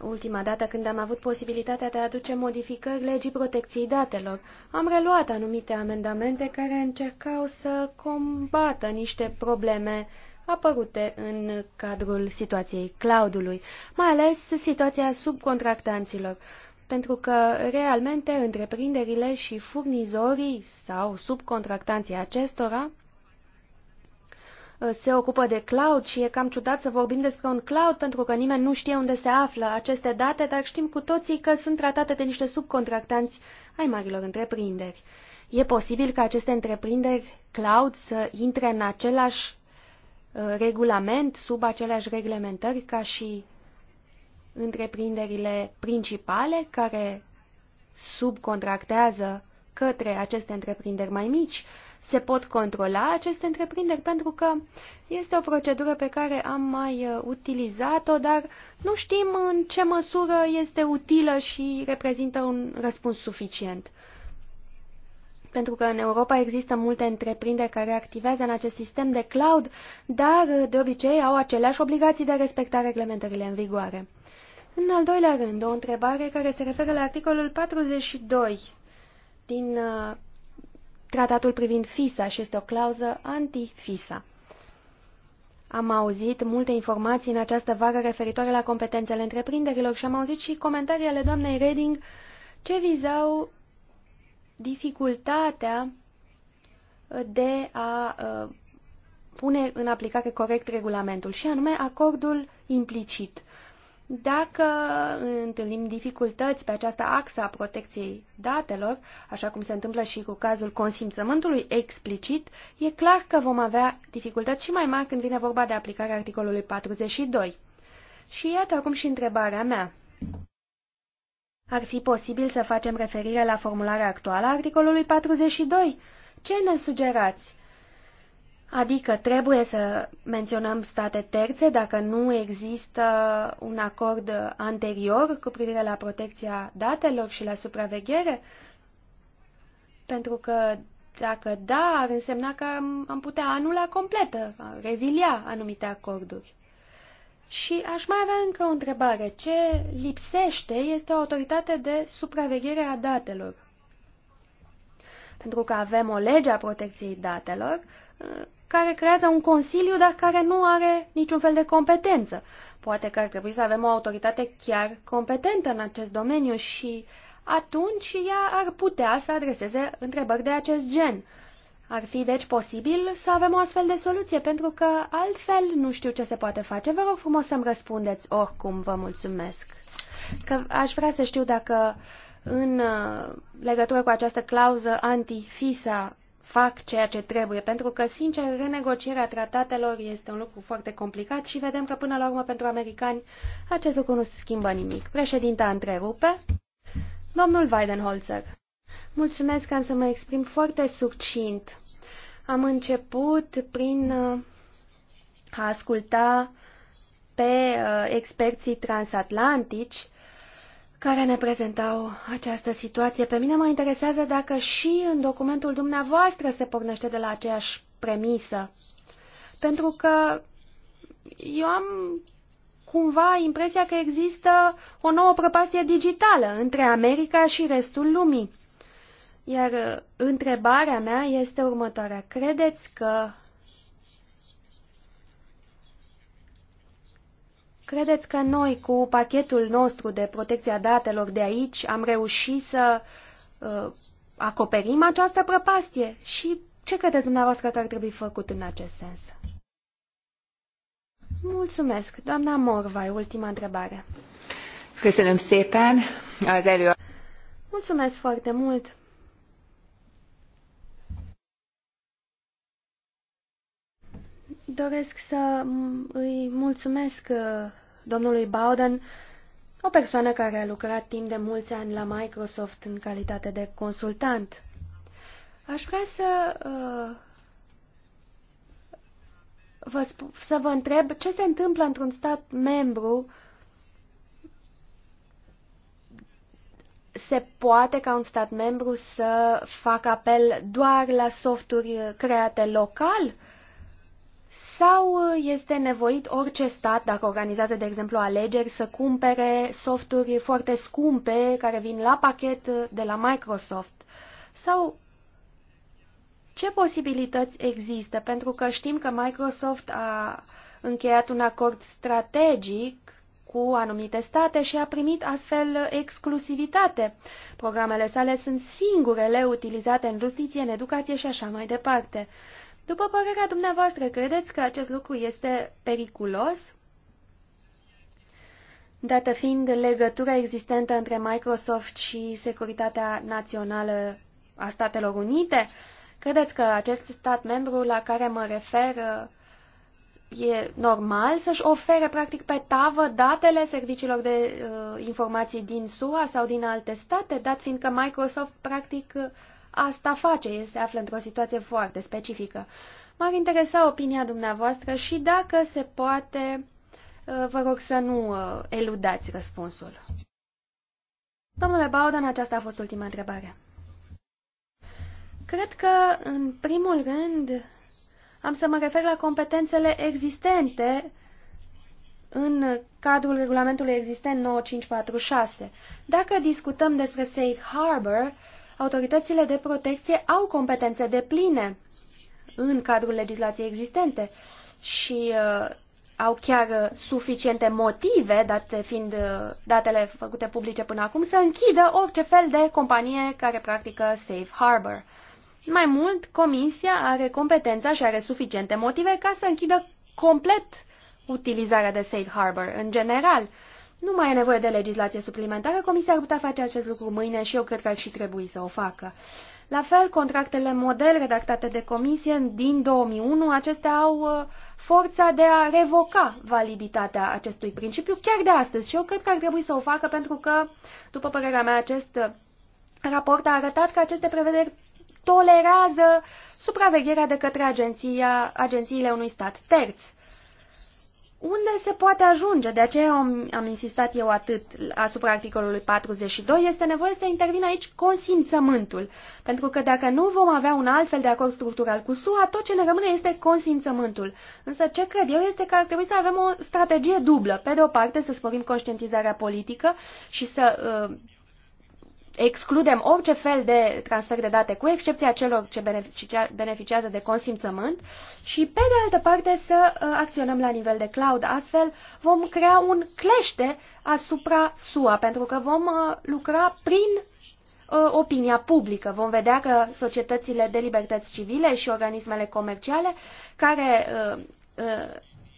ultima dată când am avut posibilitatea de a aduce modificări legii protecției datelor. Am reluat anumite amendamente care încercau să combată niște probleme apărute în cadrul situației cloudului, mai ales situația subcontractanților, pentru că realmente întreprinderile și furnizorii sau subcontractanții acestora Uh, se ocupă de cloud și e cam ciudat să vorbim despre un cloud pentru că nimeni nu știe unde se află aceste date, dar știm cu toții că sunt tratate de niște subcontractanți ai marilor întreprinderi. E posibil ca aceste întreprinderi cloud să intre în același uh, regulament, sub aceleași reglementări ca și întreprinderile principale care subcontractează către aceste întreprinderi mai mici, se pot controla aceste întreprinderi pentru că este o procedură pe care am mai uh, utilizat-o, dar nu știm în ce măsură este utilă și reprezintă un răspuns suficient. Pentru că în Europa există multe întreprinderi care activează în acest sistem de cloud, dar uh, de obicei au aceleași obligații de a respecta reglementările în vigoare. În al doilea rând, o întrebare care se referă la articolul 42 din uh, tratatul privind FISA și este o clauză anti-FISA. Am auzit multe informații în această vară referitoare la competențele întreprinderilor și am auzit și comentarii ale doamnei Reding ce vizau dificultatea de a ă, pune în aplicare corect regulamentul, și anume acordul implicit. Dacă întâlnim dificultăți pe această axă a protecției datelor, așa cum se întâmplă și cu cazul consimțământului explicit, e clar că vom avea dificultăți și mai mari când vine vorba de aplicarea articolului 42. Și iată acum și întrebarea mea. Ar fi posibil să facem referire la formularea actuală a articolului 42? Ce ne sugerați? Adică trebuie să menționăm state terțe dacă nu există un acord anterior cu privire la protecția datelor și la supraveghere? Pentru că dacă da, ar însemna că am putea anula completă, rezilia anumite acorduri. Și aș mai avea încă o întrebare. Ce lipsește este o autoritate de supraveghere a datelor. Pentru că avem o lege a protecției datelor, care creează un consiliu, dar care nu are niciun fel de competență. Poate că ar trebui să avem o autoritate chiar competentă în acest domeniu și atunci ea ar putea să adreseze întrebări de acest gen. Ar fi deci posibil să avem o astfel de soluție, pentru că altfel nu știu ce se poate face. Vă rog frumos să-mi răspundeți oricum, vă mulțumesc. Că aș vrea să știu dacă în uh, legătură cu această clauză anti-FISA fac ceea ce trebuie, pentru că, sincer, renegocierea tratatelor este un lucru foarte complicat și vedem că, până la urmă, pentru americani, acest lucru nu se schimbă nimic. Președinta întrerupe. Domnul Weidenholzer, mulțumesc, am să mă exprim foarte succint. Am început prin uh, a asculta pe uh, experții transatlantici care ne prezentau această situație. Pe mine mă interesează dacă și în documentul dumneavoastră se pornește de la aceeași premisă. Pentru că eu am cumva impresia că există o nouă prăpastie digitală între America și restul lumii. Iar uh, întrebarea mea este următoarea. Credeți că Credeți că noi, cu pachetul nostru de protecție a datelor de aici, am reușit să uh, acoperim această prăpastie? Și ce credeți dumneavoastră că ar trebui făcut în acest sens? Mulțumesc. Doamna Morvai, ultima întrebare. Mulțumesc foarte mult. doresc să îi mulțumesc uh, domnului Bowden, o persoană care a lucrat timp de mulți ani la Microsoft în calitate de consultant. Aș vrea să uh, vă, să vă întreb ce se întâmplă într-un stat membru se poate ca un stat membru să facă apel doar la softuri create local sau uh, este nevoit orice stat, dacă organizează, de exemplu, alegeri, să cumpere softuri foarte scumpe care vin la pachet uh, de la Microsoft? Sau ce posibilități există? Pentru că știm că Microsoft a încheiat un acord strategic cu anumite state și a primit astfel exclusivitate. Programele sale sunt singurele utilizate în justiție, în educație și așa mai departe. După părerea dumneavoastră, credeți că acest lucru este periculos? Dată fiind legătura existentă între Microsoft și securitatea națională a Statelor Unite, credeți că acest stat membru la care mă refer uh, e normal să-și ofere practic pe tavă datele serviciilor de uh, informații din SUA sau din alte state, dat fiindcă Microsoft practic uh, asta face, el se află într-o situație foarte specifică. M-ar interesa opinia dumneavoastră și dacă se poate, uh, vă rog să nu uh, eludați răspunsul. Domnule Baudan, aceasta a fost ultima întrebare. Cred că, în primul rând, am să mă refer la competențele existente în cadrul regulamentului existent 9546. Dacă discutăm despre Safe Harbor, Autoritățile de protecție au competențe de pline în cadrul legislației existente și uh, au chiar suficiente motive, date fiind uh, datele făcute publice până acum, să închidă orice fel de companie care practică safe harbor. Mai mult, Comisia are competența și are suficiente motive ca să închidă complet utilizarea de safe harbor în general. Uh, nu mai e nevoie de legislație suplimentară, Comisia ar putea face acest lucru mâine și eu cred că ar și trebui să o facă. La fel, contractele model redactate de Comisie din 2001, acestea au uh, forța de a revoca validitatea acestui principiu chiar de astăzi și eu cred că ar trebui să o facă pentru că, după părerea mea, acest uh, raport a arătat că aceste prevederi tolerează supravegherea de către agenția, agențiile unui stat terț unde se poate ajunge, de aceea am, am insistat eu atât asupra articolului 42, este nevoie să intervină aici consimțământul, pentru că dacă nu vom avea un alt fel de acord structural cu SUA, tot ce ne rămâne este consimțământul. Însă ce cred eu este că ar trebui să avem o strategie dublă. Pe de o parte să sporim conștientizarea politică și să uh, excludem orice fel de transfer de date, cu excepția celor ce beneficiază de consimțământ și, pe de altă parte, să uh, acționăm la nivel de cloud. Astfel vom crea un clește asupra SUA, pentru că vom uh, lucra prin uh, opinia publică. Vom vedea că societățile de libertăți civile și organismele comerciale care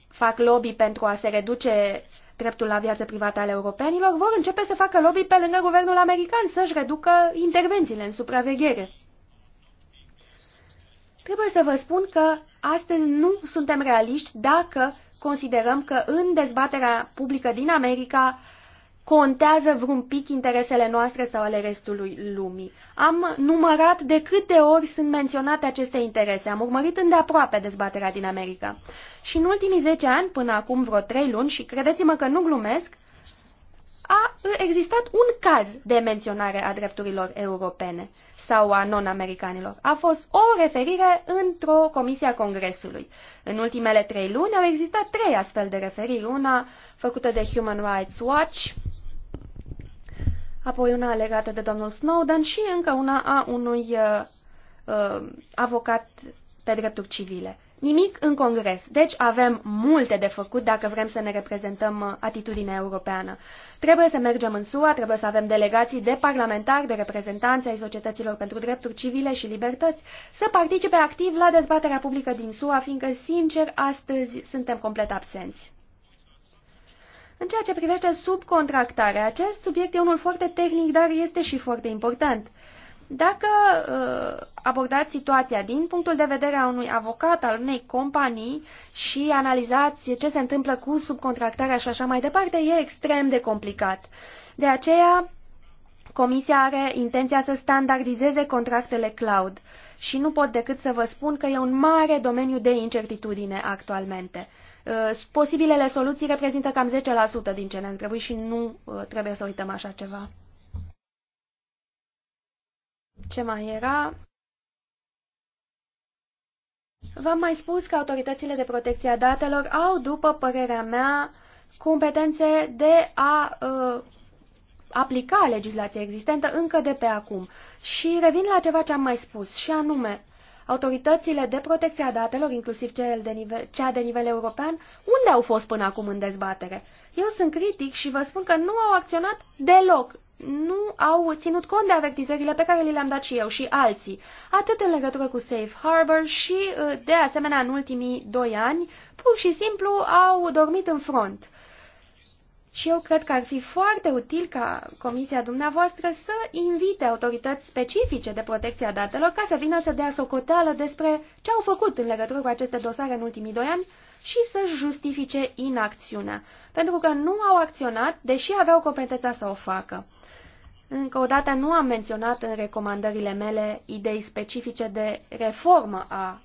fac lobby pentru a se reduce uh, dreptul la viață privată al europenilor, vor începe să facă lobby pe lângă guvernul american să-și reducă intervențiile în supraveghere. Trebuie să vă spun că astăzi nu suntem realiști dacă considerăm că în dezbaterea publică din America contează vreun pic interesele noastre sau ale restului lumii. Am numărat de câte ori sunt menționate aceste interese. Am urmărit îndeaproape dezbaterea din America. Și în ultimii 10 ani, până acum vreo 3 luni, și credeți-mă că nu glumesc, a existat un caz de menționare a drepturilor europene sau a non-americanilor. A fost o referire într-o comisie a Congresului. În ultimele trei luni au existat trei astfel de referiri. Una făcută de Human Rights Watch, apoi una legată de domnul Snowden și încă una a unui uh, uh, avocat pe drepturi civile. Nimic în Congres. Deci avem multe de făcut dacă vrem să ne reprezentăm uh, atitudinea europeană. Trebuie să mergem în SUA, trebuie să avem delegații de parlamentari, de reprezentanți ai societăților pentru drepturi civile și libertăți, să participe activ la dezbaterea publică din SUA, fiindcă, sincer, astăzi suntem complet absenți. În ceea ce privește subcontractarea, acest subiect e unul foarte tehnic, dar este și foarte important. Dacă uh, abordați situația din punctul de vedere a unui avocat, al unei companii și analizați ce se întâmplă cu subcontractarea și așa mai departe, e extrem de complicat. De aceea, Comisia are intenția să standardizeze contractele cloud și nu pot decât să vă spun că e un mare domeniu de incertitudine actualmente. Uh, posibilele soluții reprezintă cam 10% din ce ne am trebui și nu uh, trebuie să uităm așa ceva ce mai era. V-am mai spus că autoritățile de protecție a datelor au, după părerea mea, competențe de a uh, aplica legislația existentă încă de pe acum. Și revin la ceva ce am mai spus, și anume, autoritățile de protecție a datelor, inclusiv cea de nivel, cea de nivel european, unde au fost până acum în dezbatere? Eu sunt critic și vă spun că nu au acționat deloc nu au ținut cont de avertizările pe care le-am dat și eu și alții, atât în legătură cu Safe Harbor și, uh, de asemenea, în ultimii doi ani, pur și simplu au dormit în front. Și eu cred că ar fi foarte util ca comisia dumneavoastră să invite autorități specifice de protecție a datelor ca să vină să dea socoteală despre ce au făcut în legătură cu aceste dosare în ultimii doi ani și să justifice inacțiunea, pentru că nu au acționat, deși aveau competența să o facă. Încă o dată nu am menționat în recomandările mele idei specifice de reformă a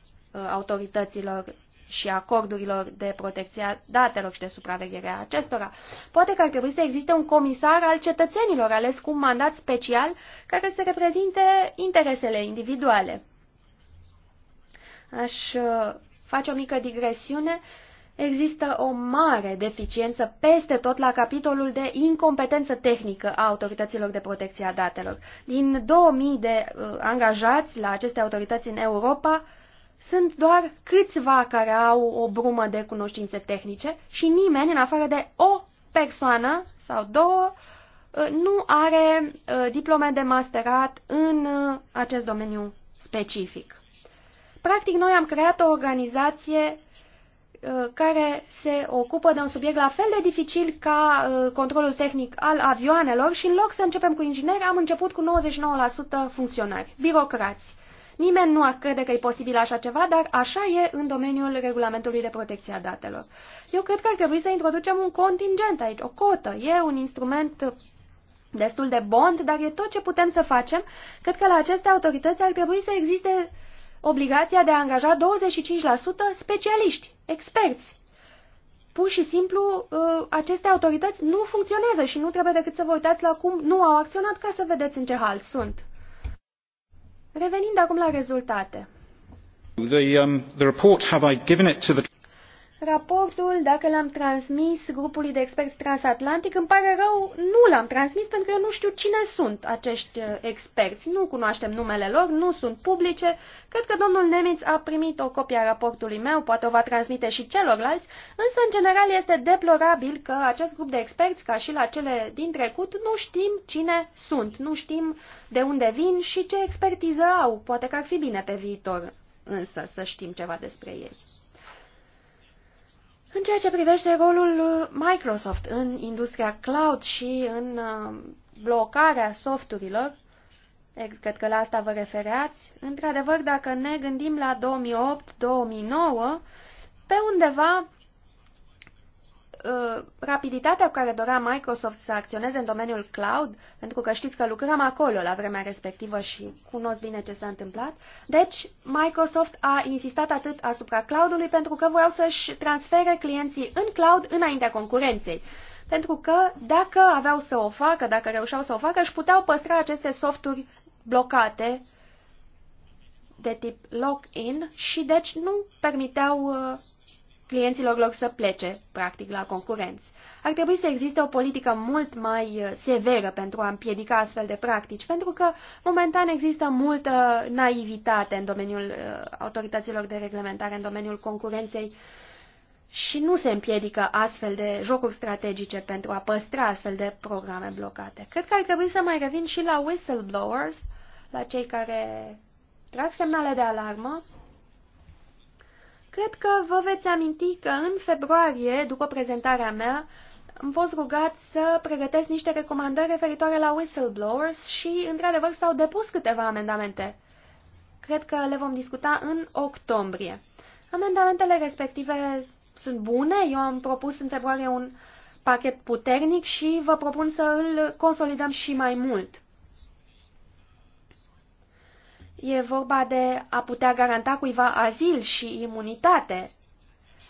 autorităților și acordurilor de protecție a datelor și de supraveghere a acestora. Poate că ar trebui să existe un comisar al cetățenilor ales cu un mandat special care să reprezinte interesele individuale. Aș face o mică digresiune există o mare deficiență peste tot la capitolul de incompetență tehnică a autorităților de protecție a datelor. Din 2000 de uh, angajați la aceste autorități în Europa, sunt doar câțiva care au o brumă de cunoștințe tehnice și nimeni, în afară de o persoană sau două, uh, nu are uh, diplome de masterat în uh, acest domeniu specific. Practic, noi am creat o organizație uh, Uh, care se ocupă de un subiect la fel de dificil ca uh, controlul tehnic al avioanelor și în loc să începem cu ingineri, am început cu 99% funcționari, birocrați. Nimeni nu ar crede că e posibil așa ceva, dar așa e în domeniul regulamentului de protecție a datelor. Eu cred că ar trebui să introducem un contingent aici, o cotă. E un instrument destul de bond, dar e tot ce putem să facem. Cred că la aceste autorități ar trebui să existe obligația de a angaja 25% specialiști experți. Pur și simplu, uh, aceste autorități nu funcționează și nu trebuie decât să vă uitați la cum nu au acționat ca să vedeți în ce hal sunt. Revenind acum la rezultate. The, um, the report, have I given it to the... Raportul, dacă l-am transmis grupului de experți transatlantic, îmi pare rău, nu l-am transmis pentru că eu nu știu cine sunt acești uh, experți. Nu cunoaștem numele lor, nu sunt publice. Cred că domnul Nemitz a primit o copie a raportului meu, poate o va transmite și celorlalți, însă, în general, este deplorabil că acest grup de experți, ca și la cele din trecut, nu știm cine sunt, nu știm de unde vin și ce expertiză au. Poate că ar fi bine pe viitor, însă, să știm ceva despre ei. În ceea ce privește rolul uh, Microsoft în industria cloud și în uh, blocarea softurilor, cred că la asta vă refereați, într-adevăr, dacă ne gândim la 2008-2009, pe undeva Uh, rapiditatea cu care dorea Microsoft să acționeze în domeniul cloud, pentru că știți că lucrăm acolo la vremea respectivă și cunosc bine ce s-a întâmplat, deci Microsoft a insistat atât asupra cloudului pentru că voiau să-și transfere clienții în cloud înaintea concurenței. Pentru că dacă aveau să o facă, dacă reușeau să o facă, își puteau păstra aceste softuri blocate de tip lock-in și deci nu permiteau uh, clienților lor să plece, practic, la concurenți. Ar trebui să existe o politică mult mai uh, severă pentru a împiedica astfel de practici, pentru că momentan există multă naivitate în domeniul uh, autorităților de reglementare, în domeniul concurenței și nu se împiedică astfel de jocuri strategice pentru a păstra astfel de programe blocate. Cred că ar trebui să mai revin și la whistleblowers, la cei care trag semnale de alarmă Cred că vă veți aminti că în februarie, după prezentarea mea, am fost rugat să pregătesc niște recomandări referitoare la whistleblowers și, într-adevăr, s-au depus câteva amendamente. Cred că le vom discuta în octombrie. Amendamentele respective sunt bune. Eu am propus în februarie un pachet puternic și vă propun să îl consolidăm și mai mult. E vorba de a putea garanta cuiva azil și imunitate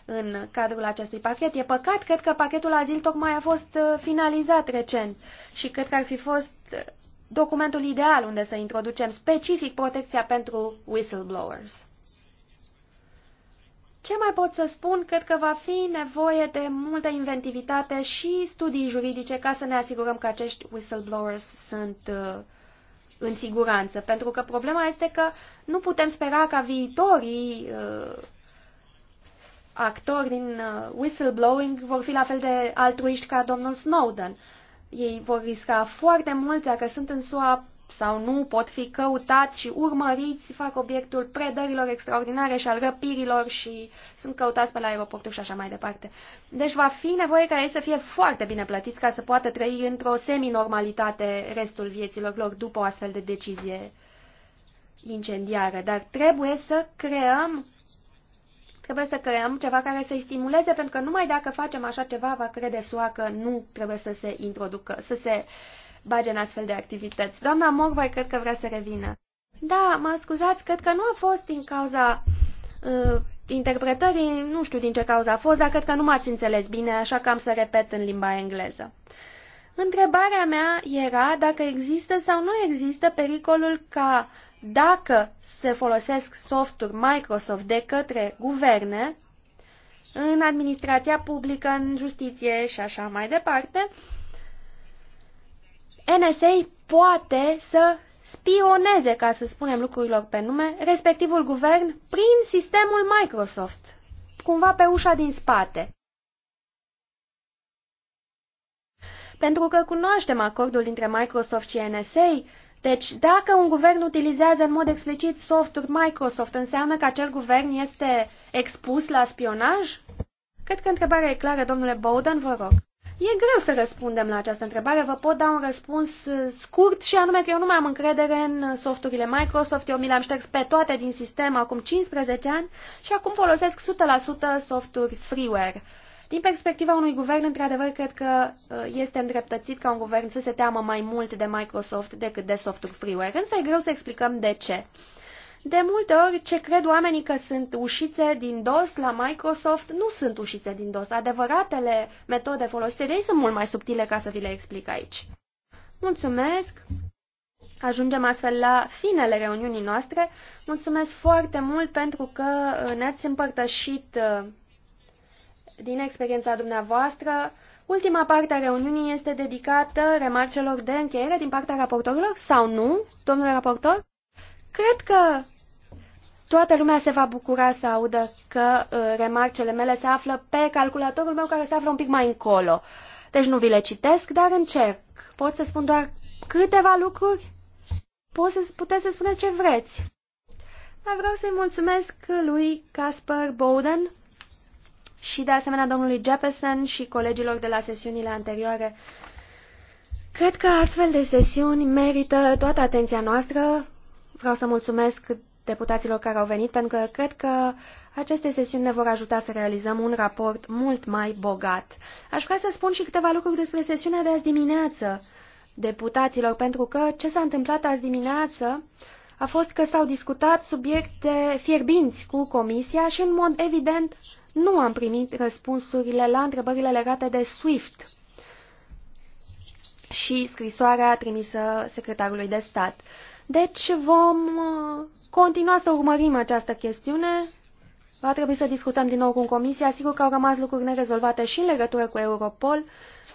în cadrul acestui pachet. E păcat, cred că pachetul azil tocmai a fost uh, finalizat recent și cred că ar fi fost uh, documentul ideal unde să introducem specific protecția pentru whistleblowers. Ce mai pot să spun? Cred că va fi nevoie de multă inventivitate și studii juridice ca să ne asigurăm că acești whistleblowers sunt uh, în siguranță, pentru că problema este că nu putem spera ca viitorii uh, actori din uh, whistleblowing vor fi la fel de altruiști ca domnul Snowden. Ei vor risca foarte mult dacă sunt în SUA sau nu pot fi căutați și urmăriți, fac obiectul predărilor extraordinare și al răpirilor și sunt căutați pe la aeroporturi și așa mai departe. Deci va fi nevoie ca ei să fie foarte bine plătiți ca să poată trăi într-o semi-normalitate restul vieților lor după o astfel de decizie incendiară. Dar trebuie să creăm Trebuie să creăm ceva care să-i stimuleze, pentru că numai dacă facem așa ceva, va crede SUA că nu trebuie să se introducă, să se uh, bage în astfel de activități. Doamna Morvai cred că vrea să revină. Da, mă scuzați, cred că nu a fost din cauza uh, interpretării, nu știu din ce cauza a fost, dar cred că nu m-ați înțeles bine, așa că am să repet în limba engleză. Întrebarea mea era dacă există sau nu există pericolul ca dacă se folosesc softuri Microsoft de către guverne, în administrația publică, în justiție și așa mai departe, NSA poate să spioneze, ca să spunem lucrurilor pe nume, respectivul guvern prin sistemul Microsoft, cumva pe ușa din spate. Pentru că cunoaștem acordul dintre Microsoft și NSA, deci dacă un guvern utilizează în mod explicit softuri Microsoft, înseamnă că acel guvern este expus la spionaj? Cred că întrebarea e clară, domnule Bowden, vă rog. E greu să răspundem la această întrebare. Vă pot da un răspuns uh, scurt și anume că eu nu mai am încredere în uh, softurile Microsoft. Eu mi le-am șters pe toate din sistem acum 15 ani și acum folosesc 100% softuri freeware. Din perspectiva unui guvern, într-adevăr, cred că uh, este îndreptățit ca un guvern să se teamă mai mult de Microsoft decât de softuri freeware, însă e greu să explicăm de ce. Uh, de multe ori, ce cred oamenii că sunt ușițe din DOS la Microsoft, nu sunt ușițe din DOS. Adevăratele metode folosite de ei sunt mult mai subtile ca să vi le explic aici. Mulțumesc! Ajungem astfel la finele reuniunii noastre. Mulțumesc foarte mult pentru că uh, ne-ați împărtășit uh, din experiența dumneavoastră. Ultima parte a reuniunii este dedicată remarcelor de încheiere din partea raportorilor sau nu, domnule raportor? Cred că toată lumea se va bucura să audă că uh, remarcele mele se află pe calculatorul meu care se află un pic mai încolo. Deci nu vi le citesc, dar încerc. Pot să spun doar câteva lucruri? Poți să, puteți să spuneți ce vreți. Dar vreau să-i mulțumesc lui Casper Bowden și de asemenea domnului Jefferson și colegilor de la sesiunile anterioare. Cred că astfel de sesiuni merită toată atenția noastră, Vreau să mulțumesc deputaților care au venit, pentru că cred că aceste sesiuni ne vor ajuta să realizăm un raport mult mai bogat. Aș vrea să spun și câteva lucruri despre sesiunea de azi dimineață deputaților, pentru că ce s-a întâmplat azi dimineață a fost că s-au discutat subiecte fierbinți cu Comisia și, în mod evident, nu am primit răspunsurile la întrebările legate de SWIFT și scrisoarea trimisă secretarului de stat. Deci vom uh, continua să urmărim această chestiune. Va trebui să discutăm din nou cu Comisia. Sigur că au rămas lucruri nerezolvate și în legătură cu Europol.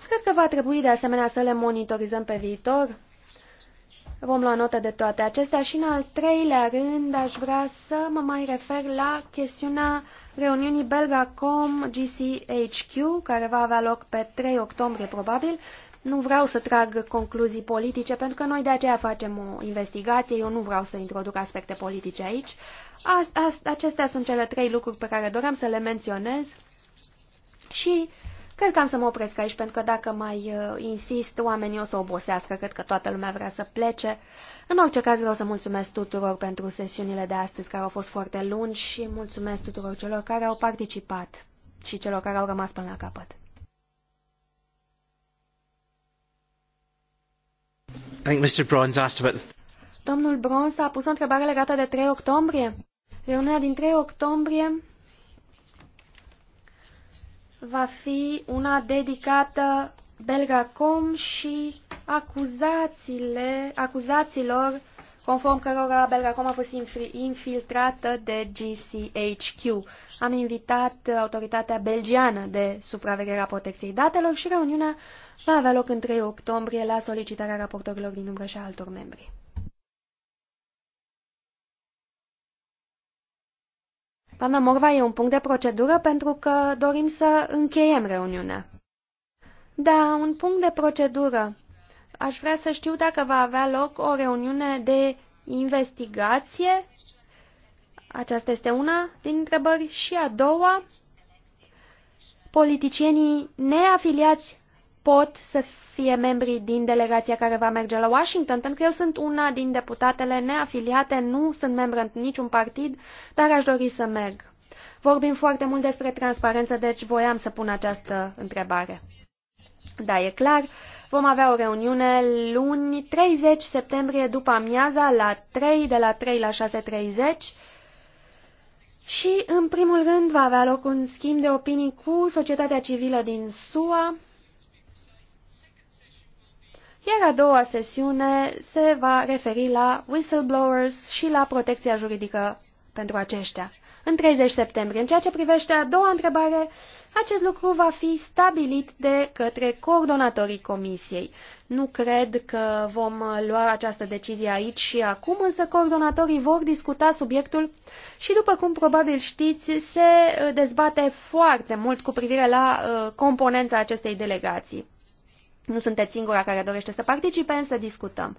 Cred că va trebui de asemenea să le monitorizăm pe viitor. Vom lua notă de toate acestea și în al treilea rând aș vrea să mă mai refer la chestiunea reuniunii Belgacom GCHQ, care va avea loc pe 3 octombrie probabil. Nu vreau să trag concluzii politice, pentru că noi de aceea facem o investigație, eu nu vreau să introduc aspecte politice aici. A, a, acestea sunt cele trei lucruri pe care doream să le menționez și cred că am să mă opresc aici, pentru că dacă mai uh, insist, oamenii o să obosească, cred că toată lumea vrea să plece. În orice caz vreau să mulțumesc tuturor pentru sesiunile de astăzi, care au fost foarte lungi și mulțumesc tuturor celor care au participat și celor care au rămas până la capăt. Domnul Bronz a pus o întrebare legată de 3 octombrie. Reuniunea din 3 octombrie va fi una dedicată Belgacom și acuzațiile, acuzațiilor conform cărora Belgacom a fost infiltrată de GCHQ. Am invitat autoritatea belgiană de supraveghere a protecției datelor și reuniunea va avea loc în 3 octombrie la solicitarea raportorilor din umbră și a altor membri. Doamna Morva, e un punct de procedură pentru că dorim să încheiem reuniunea. Da, un punct de procedură. Aș vrea să știu dacă va avea loc o reuniune de investigație. Aceasta este una din întrebări. Și a doua, politicienii neafiliați pot să fie membri din delegația care va merge la Washington, pentru că eu sunt una din deputatele neafiliate, nu sunt membră în niciun partid, dar aș dori să merg. Vorbim foarte mult despre transparență, deci voiam să pun această întrebare. Da, e clar. Vom avea o reuniune luni 30 septembrie după amiaza la 3, de la 3 la 6.30 și în primul rând va avea loc un schimb de opinii cu societatea civilă din SUA, iar a doua sesiune se va referi la whistleblowers și la protecția juridică pentru aceștia. În 30 septembrie, în ceea ce privește a doua întrebare, acest lucru va fi stabilit de către coordonatorii comisiei. Nu cred că vom lua această decizie aici și acum, însă coordonatorii vor discuta subiectul și, după cum probabil știți, se uh, dezbate foarte mult cu privire la uh, componența acestei delegații. Nu sunteți singura care dorește să participe, însă discutăm.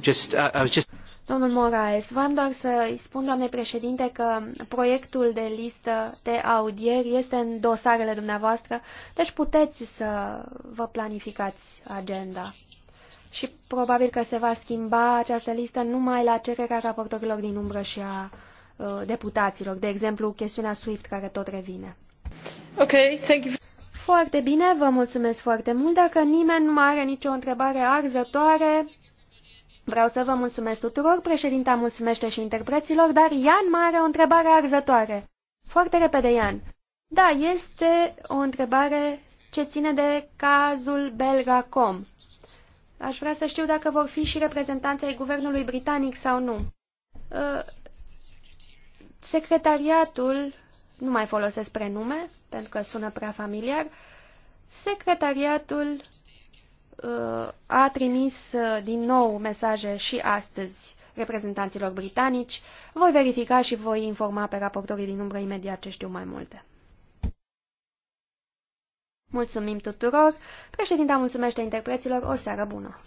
Just, uh, I was just... Domnul Moraes, vreau doar să îi spun, doamne președinte, că proiectul de listă de audieri este în dosarele dumneavoastră, deci puteți să vă planificați agenda. Și probabil că se va schimba această listă numai la cererea raportorilor din umbră și a uh, deputaților. De exemplu, chestiunea SWIFT care tot revine. Ok, thank you. Foarte bine, vă mulțumesc foarte mult. Dacă nimeni nu mai are nicio întrebare arzătoare, Vreau să vă mulțumesc tuturor, președinta mulțumește și interpreților, dar Ian mai are o întrebare arzătoare. Foarte repede, Ian. Da, este o întrebare ce ține de cazul Belgacom. Aș vrea să știu dacă vor fi și reprezentanții guvernului britanic sau nu. Ă, secretariatul, nu mai folosesc prenume, pentru că sună prea familiar, secretariatul a trimis uh, din nou mesaje și astăzi reprezentanților britanici. Voi verifica și voi informa pe raportorii din umbră imediat ce știu mai multe. Mulțumim tuturor! Președinta mulțumește interpreților o seară bună!